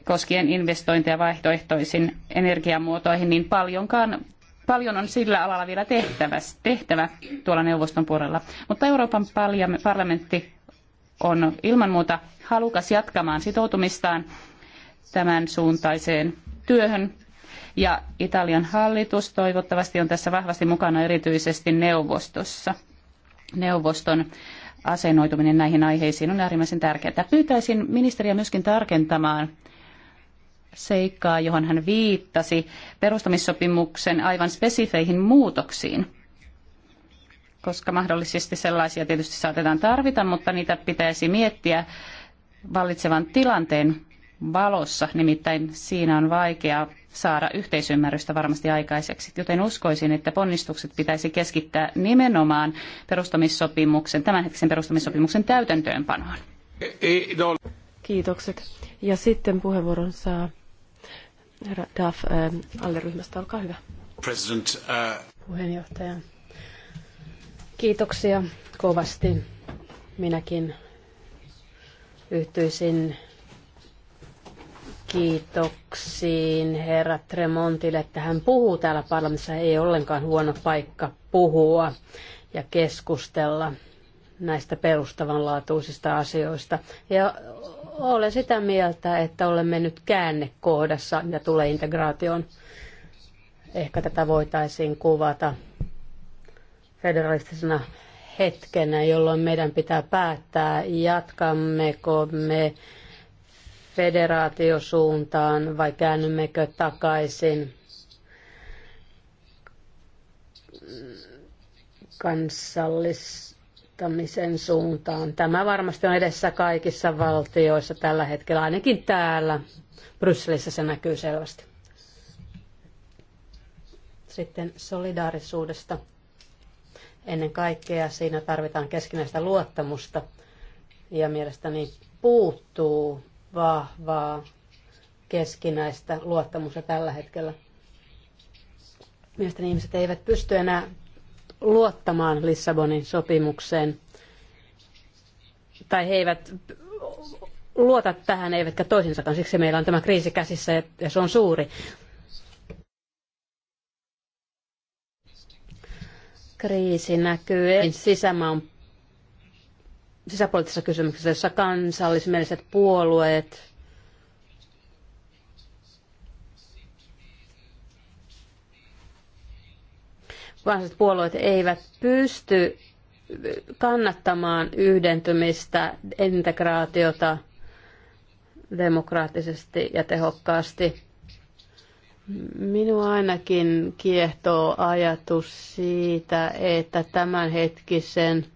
koskien investointeja vaihtoehtoisiin energiamuotoihin, niin paljonkaan Paljon on sillä alalla vielä tehtävä, tehtävä tuolla neuvoston puolella, mutta Euroopan parlamentti on ilman muuta halukas jatkamaan sitoutumistaan tämän suuntaiseen työhön. Ja Italian hallitus toivottavasti on tässä vahvasti mukana erityisesti neuvostossa. Neuvoston asennoituminen näihin aiheisiin on äärimmäisen tärkeää. Pyytäisin ministeriä myöskin tarkentamaan seikkaa, johon hän viittasi, perustamissopimuksen aivan spesifeihin muutoksiin, koska mahdollisesti sellaisia tietysti saatetaan tarvita, mutta niitä pitäisi miettiä vallitsevan tilanteen valossa, nimittäin siinä on vaikeaa saada yhteisymmärrystä varmasti aikaiseksi. Joten uskoisin, että ponnistukset pitäisi keskittää nimenomaan perustamissopimuksen, tämänhetkisen perustamissopimuksen täytäntöönpanoon. No. Kiitokset. Ja sitten puheenvuoron saa Herra Duff, eh, alleryhmästä, olkaa hyvä. President, uh... Puheenjohtaja, kiitoksia kovasti. Minäkin yhtyisin kiitoksiin herra Tremontille, että hän puhuu täällä parlamentissa. Ei ollenkaan huono paikka puhua ja keskustella näistä perustavanlaatuisista asioista. Ja olen sitä mieltä, että olemme nyt käännekohdassa ja tulee integraation. Ehkä tätä voitaisiin kuvata federalistisena hetkenä, jolloin meidän pitää päättää, jatkammeko me federaatiosuuntaan vai käännymmekö takaisin kansallis auttamisen suuntaan. Tämä varmasti on edessä kaikissa valtioissa tällä hetkellä, ainakin täällä. Brysselissä se näkyy selvästi. Sitten solidaarisuudesta. Ennen kaikkea siinä tarvitaan keskinäistä luottamusta ja mielestäni puuttuu vahvaa keskinäistä luottamusta tällä hetkellä. Mielestäni ihmiset eivät pysty enää luottamaan Lissabonin sopimukseen. Tai he eivät luota tähän eivätkä toisinsa, Siksi meillä on tämä kriisi käsissä ja se on suuri. Kriisi näkyy sisämaan sisäpoliittisessa kysymyksessä, jossa kansallismieliset puolueet vanhat puolueet eivät pysty kannattamaan yhdentymistä, integraatiota demokraattisesti ja tehokkaasti. Minua ainakin kiehtoo ajatus siitä, että tämänhetkisen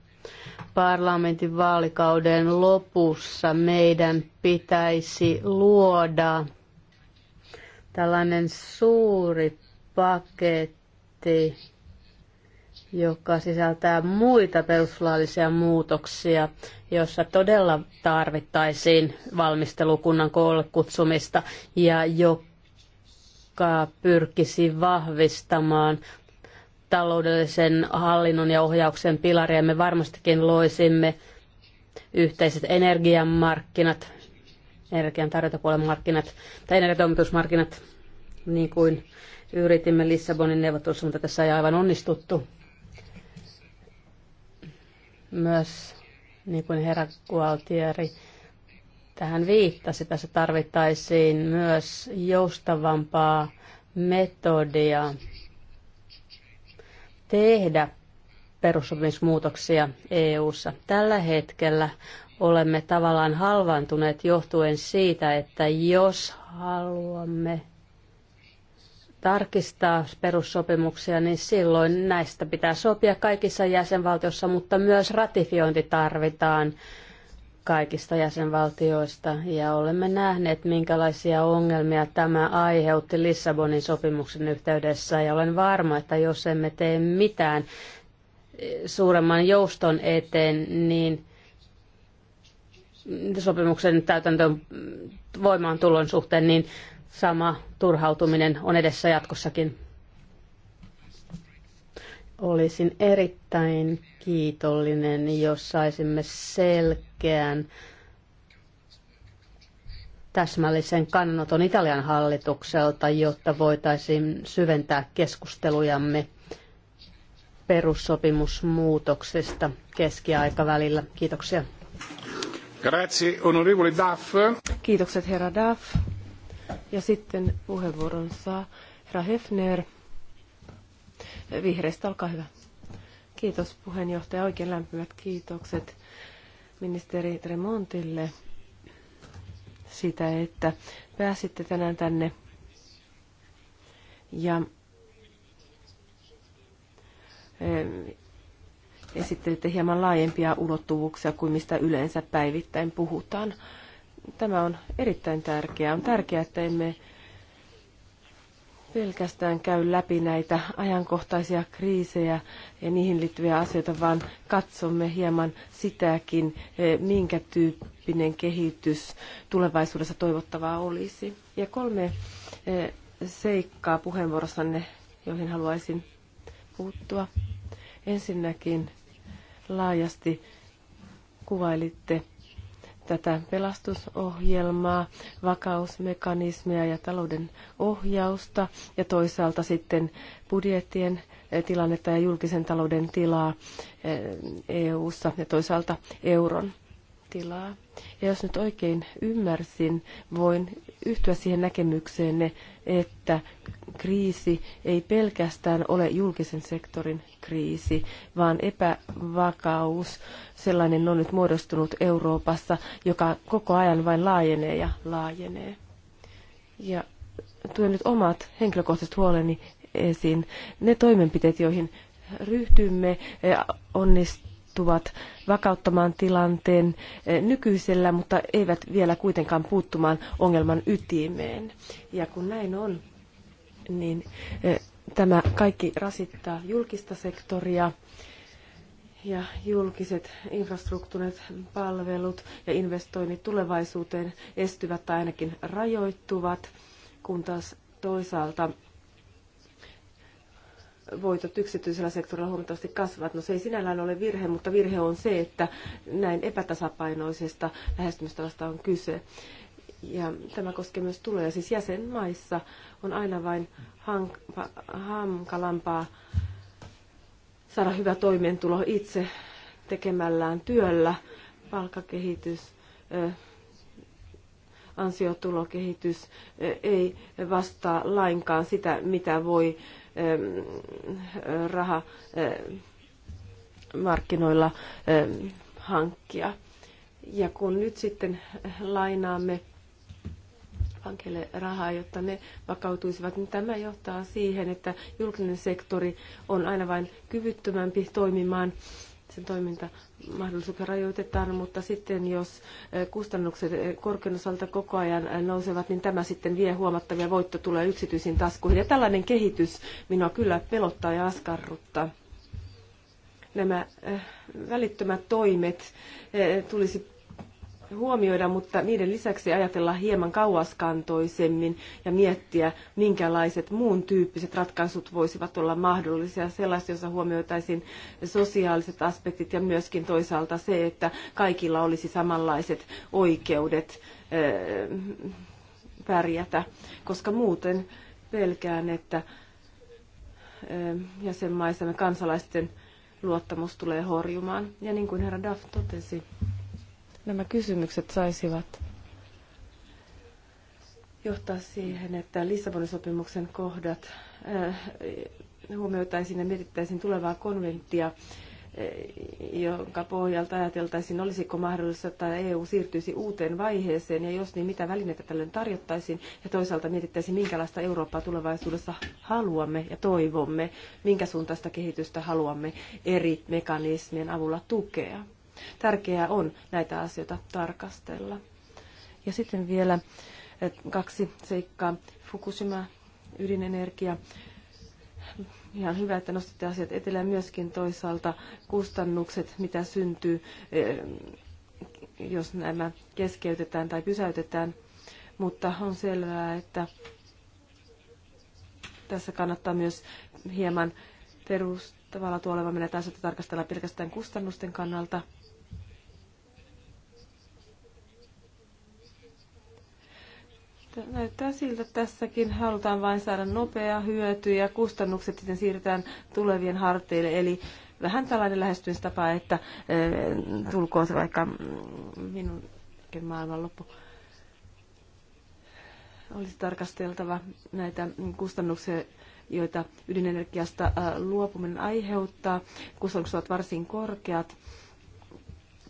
parlamentin vaalikauden lopussa meidän pitäisi luoda tällainen suuri paketti joka sisältää muita perustuslaillisia muutoksia, joissa todella tarvittaisiin valmistelukunnan koolle kutsumista ja joka pyrkisi vahvistamaan taloudellisen hallinnon ja ohjauksen pilaria. Me varmastikin loisimme yhteiset energiamarkkinat, energian tarjontapuolen markkinat tai energiatoimitusmarkkinat, niin kuin yritimme Lissabonin neuvottelussa, mutta tässä ei aivan onnistuttu myös, niin kuin herra Gualtieri tähän viittasi, tässä tarvittaisiin myös joustavampaa metodia tehdä perussopimusmuutoksia EU-ssa. Tällä hetkellä olemme tavallaan halvaantuneet johtuen siitä, että jos haluamme tarkistaa perussopimuksia, niin silloin näistä pitää sopia kaikissa jäsenvaltioissa, mutta myös ratifiointi tarvitaan kaikista jäsenvaltioista. Ja olemme nähneet, minkälaisia ongelmia tämä aiheutti Lissabonin sopimuksen yhteydessä. Ja olen varma, että jos emme tee mitään suuremman jouston eteen, niin sopimuksen täytäntöön voimaantulon suhteen, niin sama turhautuminen on edessä jatkossakin. Olisin erittäin kiitollinen, jos saisimme selkeän täsmällisen kannanoton Italian hallitukselta, jotta voitaisiin syventää keskustelujamme perussopimusmuutoksista keskiaikavälillä. Kiitoksia. Grazie, onorevole Duff. Kiitokset, herra Duff. Ja sitten puheenvuoron saa herra Hefner. Vihreistä, olkaa hyvä. Kiitos puheenjohtaja. Oikein lämpimät kiitokset ministeri Tremontille sitä, että pääsitte tänään tänne. Ja esittelitte hieman laajempia ulottuvuuksia kuin mistä yleensä päivittäin puhutaan. Tämä on erittäin tärkeää. On tärkeää, että emme pelkästään käy läpi näitä ajankohtaisia kriisejä ja niihin liittyviä asioita, vaan katsomme hieman sitäkin, e, minkä tyyppinen kehitys tulevaisuudessa toivottavaa olisi. Ja kolme e, seikkaa puheenvuorossanne, joihin haluaisin puuttua. Ensinnäkin laajasti kuvailitte tätä pelastusohjelmaa, vakausmekanismia ja talouden ohjausta ja toisaalta sitten budjettien eh, tilannetta ja julkisen talouden tilaa eh, EU-ssa ja toisaalta euron tilaa. Ja jos nyt oikein ymmärsin, voin yhtyä siihen näkemykseenne, että kriisi ei pelkästään ole julkisen sektorin kriisi, vaan epävakaus, sellainen on nyt muodostunut Euroopassa, joka koko ajan vain laajenee ja laajenee. Ja tuen nyt omat henkilökohtaiset huoleni esiin. Ne toimenpiteet, joihin ryhtymme, eh, onnistuu puuttuvat vakauttamaan tilanteen eh, nykyisellä, mutta eivät vielä kuitenkaan puuttumaan ongelman ytimeen. Ja kun näin on, niin eh, tämä kaikki rasittaa julkista sektoria ja julkiset infrastruktuurit, palvelut ja investoinnit tulevaisuuteen estyvät tai ainakin rajoittuvat, kun taas toisaalta voitot yksityisellä sektorilla huomattavasti kasvavat. No se ei sinällään ole virhe, mutta virhe on se, että näin epätasapainoisesta lähestymistavasta on kyse. Ja tämä koskee myös tuloja. Siis jäsenmaissa on aina vain hank- hankalampaa saada hyvä toimeentulo itse tekemällään työllä, palkkakehitys, ansiotulokehitys ei vastaa lainkaan sitä, mitä voi Ähm, raha äh, ähm, hankkia. Ja kun nyt sitten lainaamme pankeille rahaa, jotta ne vakautuisivat, niin tämä johtaa siihen, että julkinen sektori on aina vain kyvyttömämpi toimimaan sen toimintamahdollisuuksia rajoitetaan, mutta sitten jos eh, kustannukset eh, korkean osalta koko ajan eh, nousevat, niin tämä sitten vie huomattavia voitto tulee yksityisiin taskuihin. Ja tällainen kehitys minua kyllä pelottaa ja askarruttaa. Nämä välittömät toimet tulisi huomioida, mutta niiden lisäksi ajatella hieman kauaskantoisemmin ja miettiä, minkälaiset muun tyyppiset ratkaisut voisivat olla mahdollisia. Sellaiset, joissa huomioitaisiin sosiaaliset aspektit ja myöskin toisaalta se, että kaikilla olisi samanlaiset oikeudet eh, pärjätä, koska muuten pelkään, että eh, jäsenmaisemme kansalaisten luottamus tulee horjumaan. Ja niin kuin herra Duff totesi, nämä kysymykset saisivat johtaa siihen, että Lissabonin sopimuksen kohdat äh, huomioitaisiin ja mietittäisiin tulevaa konventtia, äh, jonka pohjalta ajateltaisiin, olisiko mahdollista, että EU siirtyisi uuteen vaiheeseen, ja jos niin, mitä välineitä tälle tarjottaisiin, ja toisaalta mietittäisiin, minkälaista Eurooppaa tulevaisuudessa haluamme ja toivomme, minkä suuntaista kehitystä haluamme eri mekanismien avulla tukea. Tärkeää on näitä asioita tarkastella. Ja sitten vielä kaksi seikkaa. Fukushima, ydinenergia. Ihan hyvä, että nostitte asiat etelään myöskin toisaalta kustannukset, mitä syntyy, eh, jos nämä keskeytetään tai pysäytetään. Mutta on selvää, että tässä kannattaa myös hieman perustavalla tuolella mennä asioita tarkastella pelkästään kustannusten kannalta – Näyttää siltä, että tässäkin halutaan vain saada nopea hyöty ja kustannukset sitten siirretään tulevien harteille. Eli vähän tällainen lähestymistapa, että eh, tulkoon se vaikka minunkin maailmanloppu. Olisi tarkasteltava näitä kustannuksia, joita ydinenergiasta eh, luopuminen aiheuttaa. Kustannukset ovat varsin korkeat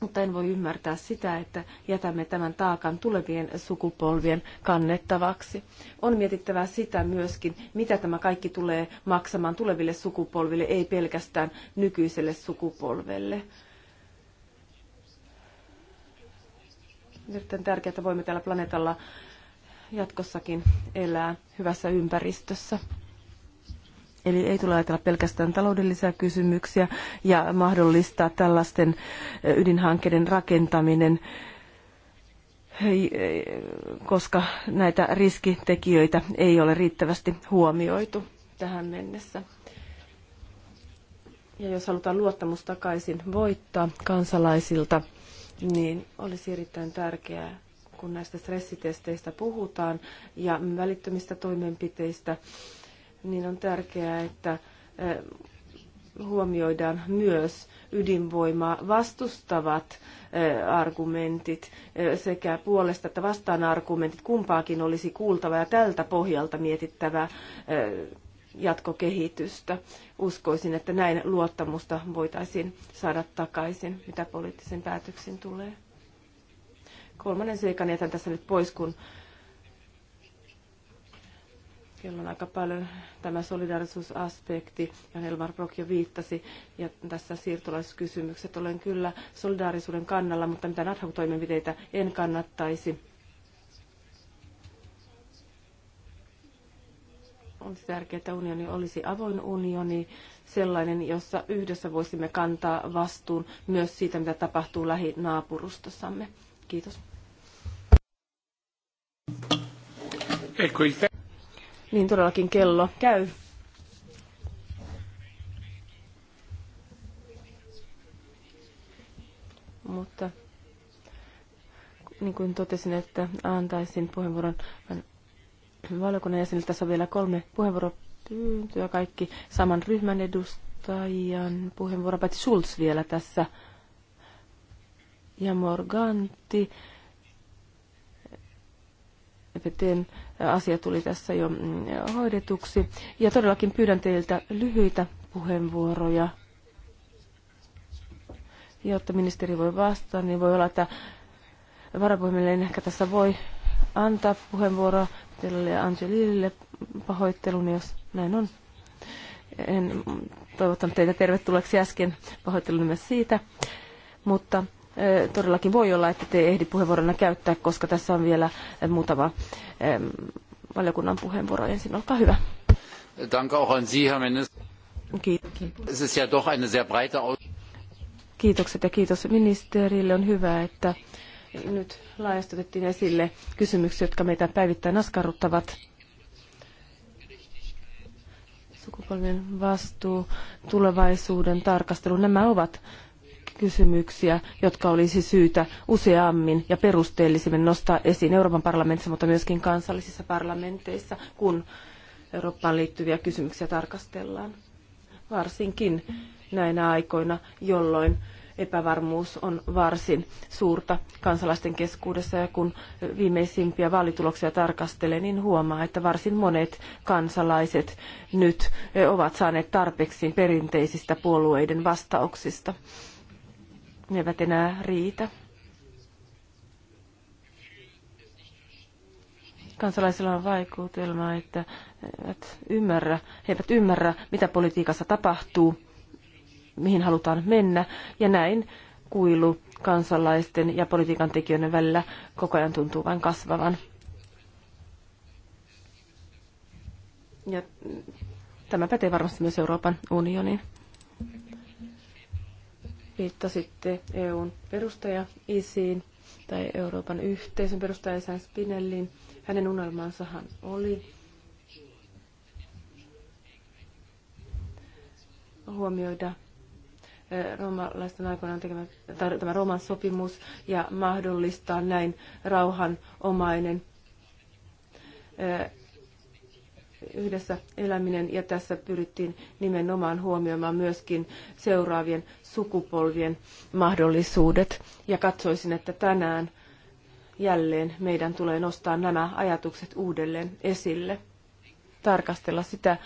mutta en voi ymmärtää sitä, että jätämme tämän taakan tulevien sukupolvien kannettavaksi. On mietittävä sitä myöskin, mitä tämä kaikki tulee maksamaan tuleville sukupolville, ei pelkästään nykyiselle sukupolvelle. Nyt on tärkeää, että voimme tällä planeetalla jatkossakin elää hyvässä ympäristössä. Eli ei tule ajatella pelkästään taloudellisia kysymyksiä ja mahdollistaa tällaisten ydinhankkeiden rakentaminen, koska näitä riskitekijöitä ei ole riittävästi huomioitu tähän mennessä. Ja jos halutaan luottamus takaisin voittaa kansalaisilta, niin olisi erittäin tärkeää, kun näistä stressitesteistä puhutaan ja välittömistä toimenpiteistä, niin on tärkeää, että huomioidaan myös ydinvoimaa vastustavat argumentit sekä puolesta että vastaan argumentit. Kumpaakin olisi kuultava ja tältä pohjalta mietittävä jatkokehitystä. Uskoisin, että näin luottamusta voitaisiin saada takaisin, mitä poliittisen päätöksen tulee. Kolmannen seikan jätän tässä nyt pois, kun kello on aika paljon tämä solidaarisuusaspekti, ja Elmar Brock jo viittasi, ja tässä siirtolaiskysymykset olen kyllä solidaarisuuden kannalla, mutta mitä ad toimenpiteitä en kannattaisi. On tärkeää, että unioni olisi avoin unioni, sellainen, jossa yhdessä voisimme kantaa vastuun myös siitä, mitä tapahtuu lähinaapurustossamme. Kiitos niin todellakin kello käy. Mutta niin kuin totesin, että antaisin puheenvuoron valiokunnan jäsenille. Tässä on vielä kolme puheenvuoropyyntöä, kaikki saman ryhmän edustajan puheenvuoro, paitsi Schulz vielä tässä. Ja Morganti, Peten asia tuli tässä jo mm, hoidetuksi. Ja todellakin pyydän teiltä lyhyitä puheenvuoroja, jotta ministeri voi vastata, niin voi olla, että varapuhemille ehkä tässä voi antaa puheenvuoroa teille ja Angelille pahoittelun, jos näin on. En toivottanut teitä tervetulleeksi äsken, pahoittelun myös siitä. Mutta todellakin voi olla, että te ehdi puheenvuorona käyttää, koska tässä on vielä muutama valiokunnan puheenvuoro. Ensin olkaa hyvä. Danke auch an Sie, Herr Minister. Kiitokset ja kiitos ministerille. On hyvä, että nyt laajasti otettiin esille kysymyksiä, jotka meitä päivittäin askarruttavat. Sukupolvien vastuu, tulevaisuuden tarkastelu, nämä ovat kysymyksiä, jotka olisi syytä useammin ja perusteellisemmin nostaa esiin Euroopan parlamentissa, mutta myöskin kansallisissa parlamenteissa, kun Eurooppaan liittyviä kysymyksiä tarkastellaan. Varsinkin näinä aikoina, jolloin epävarmuus on varsin suurta kansalaisten keskuudessa ja kun viimeisimpiä vaalituloksia tarkastelee, niin huomaa, että varsin monet kansalaiset nyt ovat saaneet tarpeeksi perinteisistä puolueiden vastauksista ne eivät enää riitä. Kansalaisilla on vaikutelma, että eivät ymmärrä, he eivät ymmärrä, mitä politiikassa tapahtuu, mihin halutaan mennä, ja näin kuilu kansalaisten ja politiikan tekijöiden välillä koko ajan tuntuu vain kasvavan. Ja tämä pätee varmasti myös Euroopan unioniin viittasitte EUn perustajaisiin tai Euroopan yhteisön perustajaisään Spinelliin. Hänen unelmansahan oli huomioida roomalaisten aikoinaan tekemä, tämä Rooman sopimus ja mahdollistaa näin rauhanomainen yhdessä eläminen ja tässä pyrittiin nimenomaan huomioimaan myöskin seuraavien sukupolvien mahdollisuudet. Ja katsoisin, että tänään jälleen meidän tulee nostaa nämä ajatukset uudelleen esille, tarkastella sitä,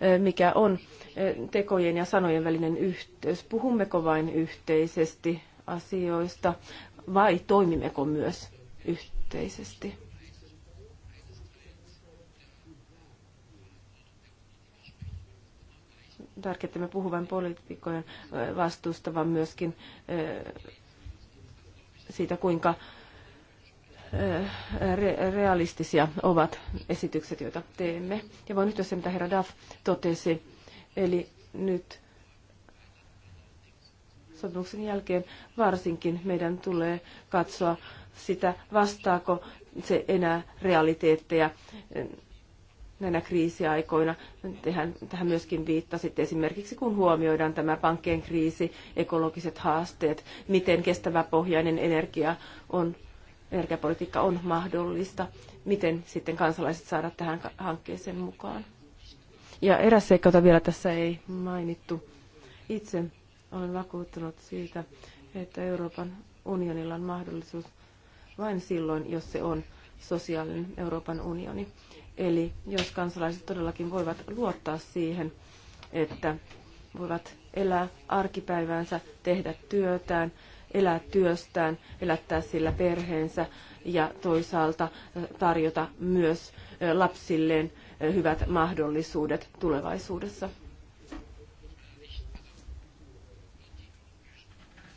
e, mikä on e, tekojen ja sanojen välinen yhteys. Puhummeko vain yhteisesti asioista vai toimimmeko myös yhteisesti? puhumme puhuvan poliitikkojen vastuusta, vaan myöskin siitä, kuinka realistisia ovat esitykset, joita teemme. Ja voin yhtyä se, mitä herra Daff totesi. Eli nyt sopimuksen jälkeen varsinkin meidän tulee katsoa sitä, vastaako se enää realiteetteja näinä kriisiaikoina. Tehän tähän myöskin viittasit esimerkiksi, kun huomioidaan tämä pankkien kriisi, ekologiset haasteet, miten kestävä pohjainen energia on, energiapolitiikka on mahdollista, miten sitten kansalaiset saada tähän hankkeeseen mukaan. Ja eräs seikka, jota vielä tässä ei mainittu. Itse olen vakuuttunut siitä, että Euroopan unionilla on mahdollisuus vain silloin, jos se on sosiaalinen Euroopan unioni. Eli jos kansalaiset todellakin voivat luottaa siihen, että voivat elää arkipäiväänsä, tehdä työtään, elää työstään, elättää sillä perheensä ja toisaalta tarjota myös lapsilleen hyvät mahdollisuudet tulevaisuudessa.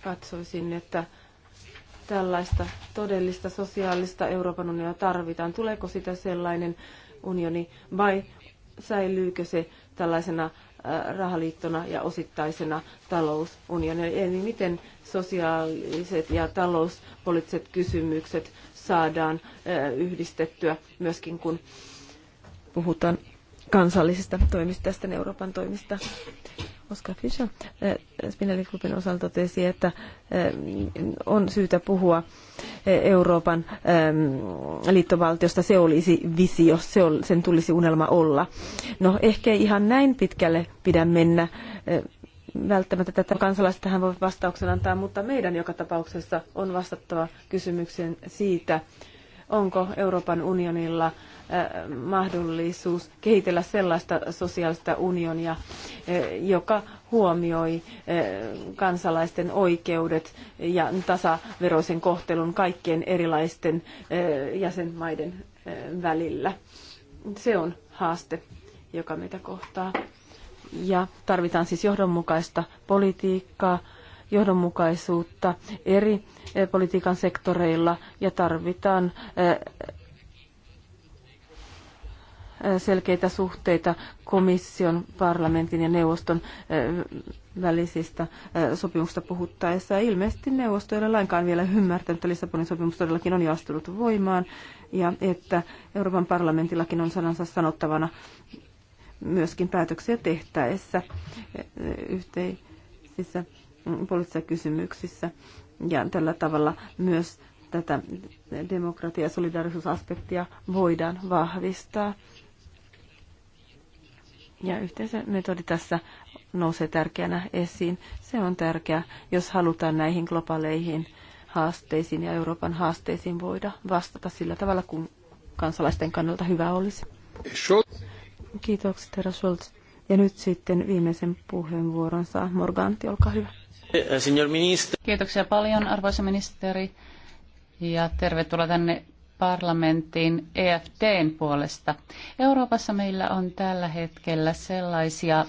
Katsoisin, että tällaista todellista sosiaalista Euroopan unionia tarvitaan. Tuleeko sitä sellainen unioni vai säilyykö se tällaisena äh, rahaliittona ja osittaisena talousunionina. Eli miten sosiaaliset ja talouspoliittiset kysymykset saadaan äh, yhdistettyä myöskin, kun puhutaan kansallisista toimista, tästä Euroopan toimista. Oscar Fischer eh, Spinelli-klubin osalta totesi, että eh, on syytä puhua eh, Euroopan liittovaltiosta. Se olisi visio, se on, sen tulisi unelma olla. No ehkä ihan näin pitkälle pidä mennä. Välttämättä tätä kansalaiset tähän voi vastauksen antaa, mutta meidän joka tapauksessa on vastattava kysymykseen siitä, onko Euroopan unionilla – Äh, mahdollisuus kehitellä sellaista sosiaalista unionia, äh, joka huomioi äh, kansalaisten oikeudet ja tasaveroisen kohtelun kaikkien erilaisten jäsenmaiden välillä. Se on haaste, joka meitä kohtaa. Ja tarvitaan siis johdonmukaista politiikkaa, johdonmukaisuutta eri politiikan sektoreilla ja tarvitaan selkeitä suhteita komission, parlamentin ja neuvoston välisistä sopimuksista puhuttaessa. Ilmeisesti neuvosto ei ole lainkaan vielä ymmärtänyt, että Lissabonin sopimus todellakin on jo astunut voimaan ja että Euroopan parlamentillakin on sanansa sanottavana myöskin päätöksiä tehtäessä yhteisissä poliittisissa kysymyksissä. Ja tällä tavalla myös tätä demokratia- ja solidaarisuusaspektia voidaan vahvistaa. Ja yhteisömetodi tässä nousee tärkeänä esiin. Se on tärkeä, jos halutaan näihin globaaleihin haasteisiin ja Euroopan haasteisiin voida vastata sillä tavalla, kun kansalaisten kannalta hyvä olisi. Kiitokset, herra Schultz. Ja nyt sitten viimeisen puheenvuoron saa Morganti, olkaa hyvä. Eh, eh, Kiitoksia paljon, arvoisa ministeri. Ja tervetuloa tänne parlamenttiin EFTn puolesta. Euroopassa meillä on tällä hetkellä sellaisia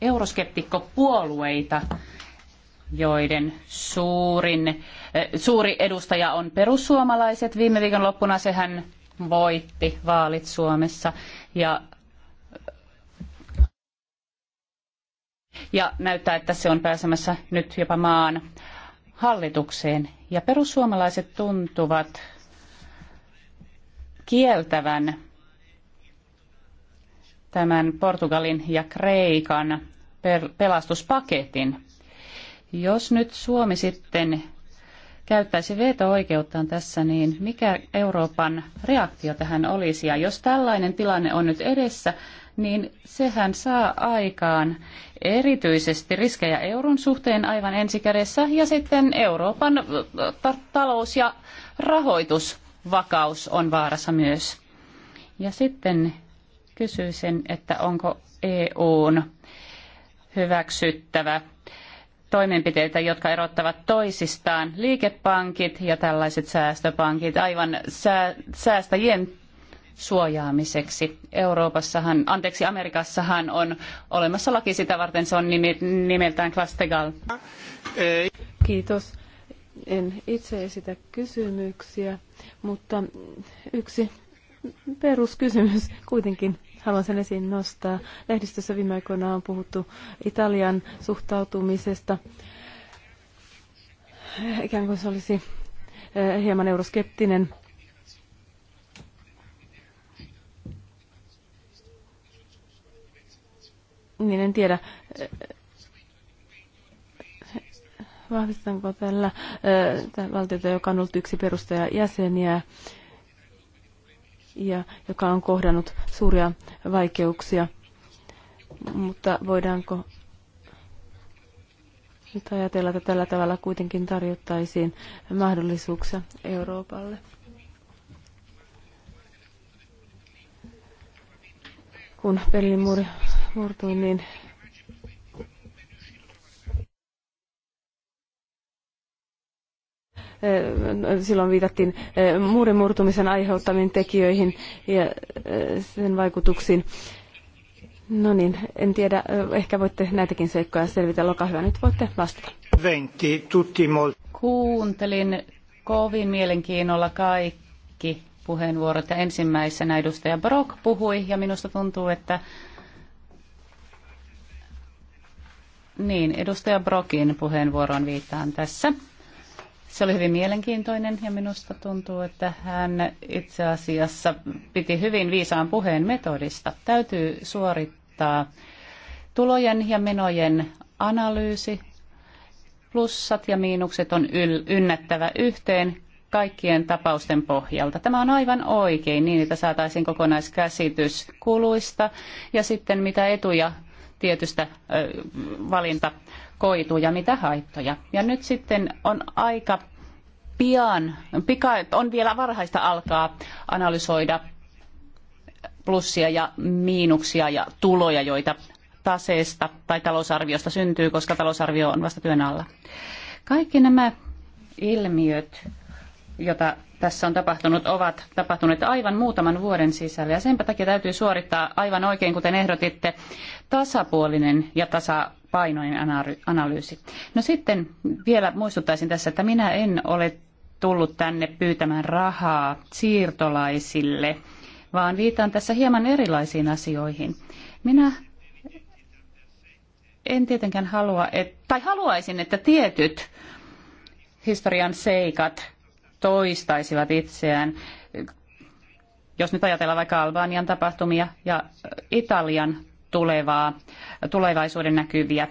euroskeptikkopuolueita, joiden suurin, eh, suuri edustaja on perussuomalaiset. Viime viikon loppuna sehän voitti vaalit Suomessa ja ja näyttää, että se on pääsemässä nyt jopa maan hallitukseen. Ja perussuomalaiset tuntuvat kieltävän tämän Portugalin ja Kreikan pelastuspaketin. Jos nyt Suomi sitten käyttäisi veto-oikeuttaan tässä, niin mikä Euroopan reaktio tähän olisi? Ja jos tällainen tilanne on nyt edessä, niin sehän saa aikaan erityisesti riskejä euron suhteen aivan ensikädessä ja sitten Euroopan talous ja rahoitus vakaus on vaarassa myös. Ja sitten kysyisin, että onko EUn hyväksyttävä toimenpiteitä, jotka erottavat toisistaan liikepankit ja tällaiset säästöpankit aivan säästäjien suojaamiseksi. Euroopassahan, anteeksi, Amerikassahan on olemassa laki sitä varten, se on nimeltään Klastegal. Kiitos. En itse esitä kysymyksiä, mutta yksi peruskysymys kuitenkin haluan sen esiin nostaa. Lehdistössä viime aikoina on puhuttu Italian suhtautumisesta. Ikään kuin se olisi eh, hieman euroskeptinen. Niin en tiedä, eh, Vahvistanko tällä valtiota, joka on ollut yksi perustaja jäseniä ja joka on kohdannut suuria vaikeuksia, mutta voidaanko nyt ajatella, että tällä tavalla kuitenkin tarjottaisiin mahdollisuuksia Euroopalle. Kun Berliin muuri murtui, niin silloin viitattiin muurin murtumisen aiheuttamiin tekijöihin ja sen vaikutuksiin. No niin, en tiedä, ehkä voitte näitäkin seikkoja selvitellä. Olkaa hyvä, nyt voitte vastata. Kuuntelin kovin mielenkiinnolla kaikki puheenvuorot ja ensimmäisenä edustaja Brock puhui ja minusta tuntuu, että niin, edustaja Brokin puheenvuoroon viittaan tässä. Se oli hyvin mielenkiintoinen ja minusta tuntuu, että hän itse asiassa piti hyvin viisaan puheen metodista. Täytyy suorittaa tulojen ja menojen analyysi. Plussat ja miinukset on yl- ynnättävä yhteen kaikkien tapausten pohjalta. Tämä on aivan oikein niin, että saataisiin kokonaiskäsitys kuluista ja sitten mitä etuja tietystä valinta koituu ja mitä haittoja. Ja nyt sitten on aika pian, pika, on vielä varhaista alkaa analysoida plussia ja miinuksia ja tuloja, joita taseesta tai talousarviosta syntyy, koska talousarvio on vasta työn alla. Kaikki nämä ilmiöt, joita tässä on tapahtunut, ovat tapahtuneet aivan muutaman vuoden sisällä. Ja senpä takia täytyy suorittaa aivan oikein, kuten ehdotitte, tasapuolinen ja tasa painoinen analyysi. No sitten vielä muistuttaisin tässä, että minä en ole tullut tänne pyytämään rahaa siirtolaisille, vaan viitaan tässä hieman erilaisiin asioihin. Minä en tietenkään halua, et, tai haluaisin, että tietyt historian seikat toistaisivat itseään. Jos nyt ajatellaan vaikka Albanian tapahtumia ja Italian tulevaa tulevaisuuden näkyviä.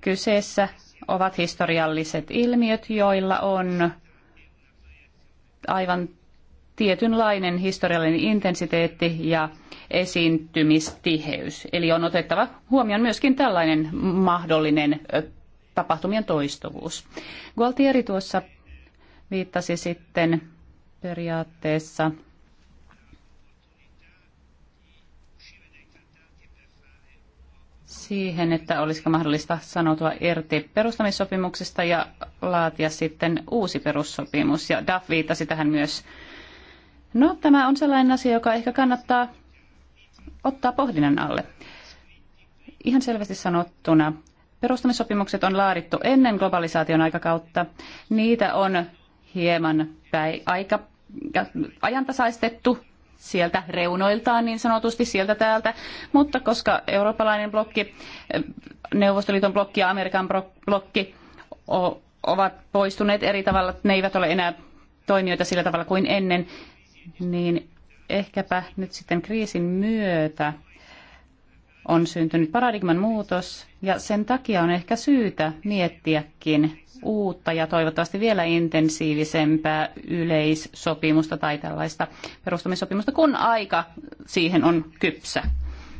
Kyseessä ovat historialliset ilmiöt, joilla on aivan tietynlainen historiallinen intensiteetti ja esiintymistiheys. Eli on otettava huomioon myöskin tällainen mahdollinen tapahtumien toistuvuus. Gualtieri tuossa viittasi sitten periaatteessa siihen, että olisiko mahdollista sanoutua irti perustamissopimuksesta ja laatia sitten uusi perussopimus. Ja DAF viittasi tähän myös. No, tämä on sellainen asia, joka ehkä kannattaa ottaa pohdinnan alle. Ihan selvästi sanottuna, perustamissopimukset on laadittu ennen globalisaation aikakautta. Niitä on hieman päi- aika ajantasaistettu sieltä reunoiltaan niin sanotusti sieltä täältä, mutta koska eurooppalainen blokki, Neuvostoliiton blokki ja Amerikan blokki ovat poistuneet eri tavalla, ne eivät ole enää toimijoita sillä tavalla kuin ennen, niin ehkäpä nyt sitten kriisin myötä on syntynyt paradigman muutos ja sen takia on ehkä syytä miettiäkin uutta ja toivottavasti vielä intensiivisempää yleissopimusta tai tällaista perustamissopimusta, kun aika siihen on kypsä.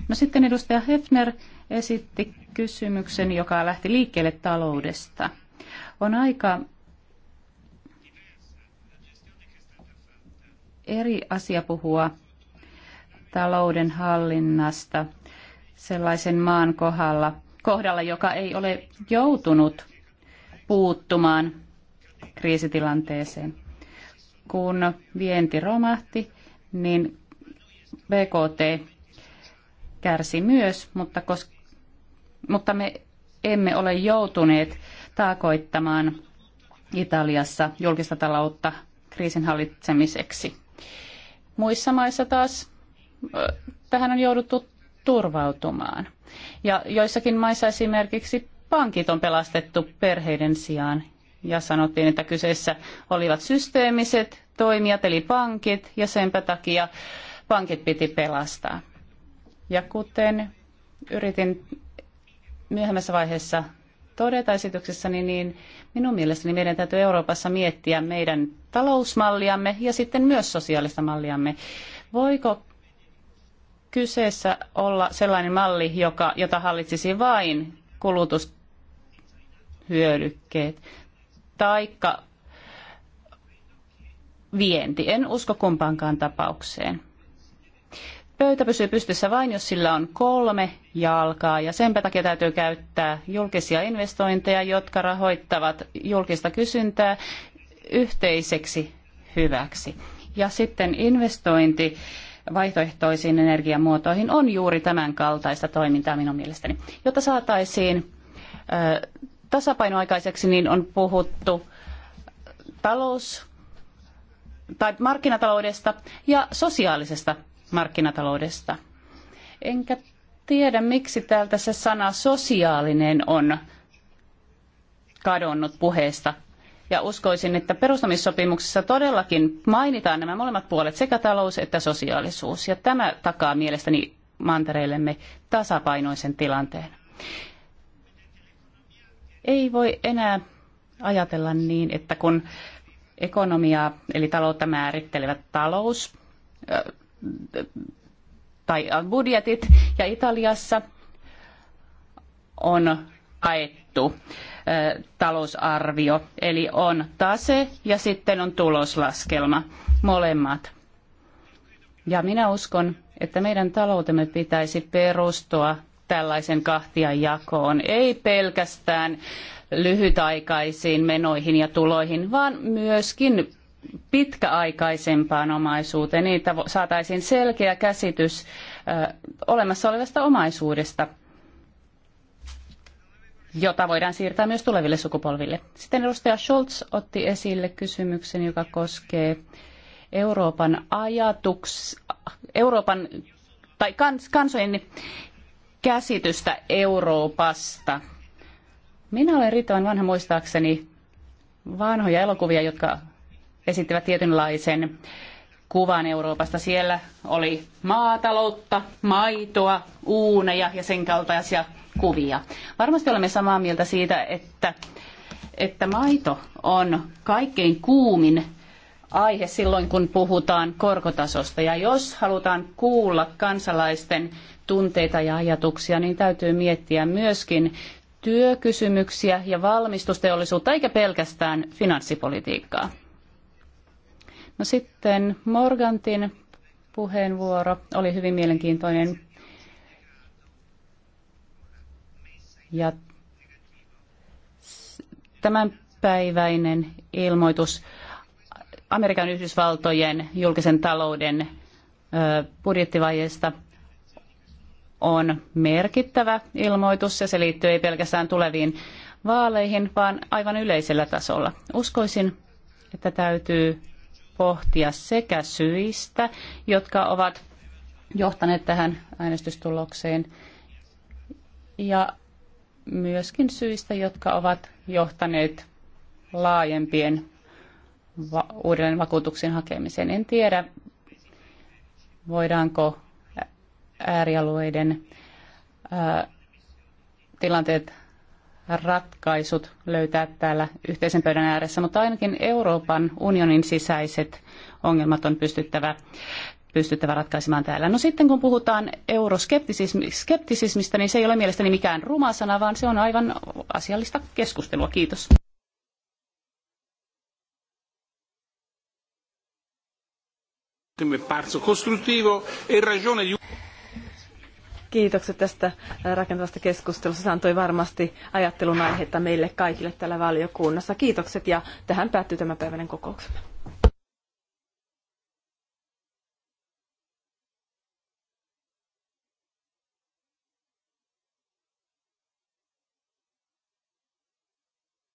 No sitten edustaja Hefner esitti kysymyksen, joka lähti liikkeelle taloudesta. On aika eri asia puhua talouden hallinnasta – sellaisen maan kohdalla, kohdalla, joka ei ole joutunut puuttumaan kriisitilanteeseen. Kun vienti romahti, niin BKT kärsi myös, mutta, koska mutta me emme ole joutuneet taakoittamaan Italiassa julkista taloutta kriisin hallitsemiseksi. Muissa maissa taas tähän on jouduttu turvautumaan. Ja joissakin maissa esimerkiksi pankit on pelastettu perheiden sijaan ja sanottiin, että kyseessä olivat systeemiset toimijat eli pankit ja senpä takia pankit piti pelastaa. Ja kuten yritin myöhemmässä vaiheessa todeta esityksessäni, niin minun mielestäni meidän täytyy Euroopassa miettiä meidän talousmalliamme ja sitten myös sosiaalista malliamme. Voiko kyseessä olla sellainen malli, joka, jota hallitsisi vain kulutushyödykkeet taikka vienti. En usko kumpaankaan tapaukseen. Pöytä pysyy pystyssä vain, jos sillä on kolme jalkaa ja sen takia täytyy käyttää julkisia investointeja, jotka rahoittavat julkista kysyntää yhteiseksi hyväksi. Ja sitten investointi vaihtoehtoisiin energiamuotoihin on juuri tämän kaltaista toimintaa minun mielestäni. Jotta saataisiin tasapainoaikaiseksi, niin on puhuttu talous- tai markkinataloudesta ja sosiaalisesta markkinataloudesta. Enkä tiedä, miksi täältä se sana sosiaalinen on kadonnut puheesta ja uskoisin, että perustamissopimuksessa todellakin mainitaan nämä molemmat puolet, sekä talous että sosiaalisuus. Ja tämä takaa mielestäni mantereillemme tasapainoisen tilanteen. Ei voi enää ajatella niin, että kun ekonomiaa eli taloutta määrittelevät talous tai budjetit ja Italiassa on haettu talousarvio. Eli on tase ja sitten on tuloslaskelma, molemmat. Ja minä uskon, että meidän taloutemme pitäisi perustua tällaisen kahtiajakoon, ei pelkästään lyhytaikaisiin menoihin ja tuloihin, vaan myöskin pitkäaikaisempaan omaisuuteen, niin että saataisiin selkeä käsitys olemassa olevasta omaisuudesta jota voidaan siirtää myös tuleville sukupolville. Sitten edustaja Scholz otti esille kysymyksen, joka koskee Euroopan ajatuks, Euroopan tai kans, kansojen käsitystä Euroopasta. Minä olen riittävän vanha muistaakseni vanhoja elokuvia, jotka esittivät tietynlaisen kuvan Euroopasta. Siellä oli maataloutta, maitoa, uuneja ja sen kaltaisia kuvia. Varmasti olemme samaa mieltä siitä, että, että maito on kaikkein kuumin aihe silloin, kun puhutaan korkotasosta. Ja jos halutaan kuulla kansalaisten tunteita ja ajatuksia, niin täytyy miettiä myöskin työkysymyksiä ja valmistusteollisuutta, eikä pelkästään finanssipolitiikkaa. No sitten Morgantin puheenvuoro oli hyvin mielenkiintoinen Ja tämänpäiväinen ilmoitus Amerikan Yhdysvaltojen julkisen talouden budjettivajeesta on merkittävä ilmoitus ja se liittyy ei pelkästään tuleviin vaaleihin, vaan aivan yleisellä tasolla. Uskoisin, että täytyy pohtia sekä syistä, jotka ovat johtaneet tähän äänestystulokseen, ja myöskin syistä, jotka ovat johtaneet laajempien va- uudelleen vakuutuksen hakemiseen. En tiedä, voidaanko äärialueiden ää, tilanteet ratkaisut löytää täällä yhteisen pöydän ääressä, mutta ainakin Euroopan unionin sisäiset ongelmat on pystyttävä pystyttävä ratkaisemaan täällä. No sitten kun puhutaan euroskeptisismistä, niin se ei ole mielestäni mikään ruma sana, vaan se on aivan asiallista keskustelua. Kiitos. E Kiitokset tästä rakentavasta keskustelusta. Se antoi varmasti ajattelun aihetta meille kaikille täällä valiokunnassa. Kiitokset ja tähän päättyy tämänpäiväinen kokouksemme.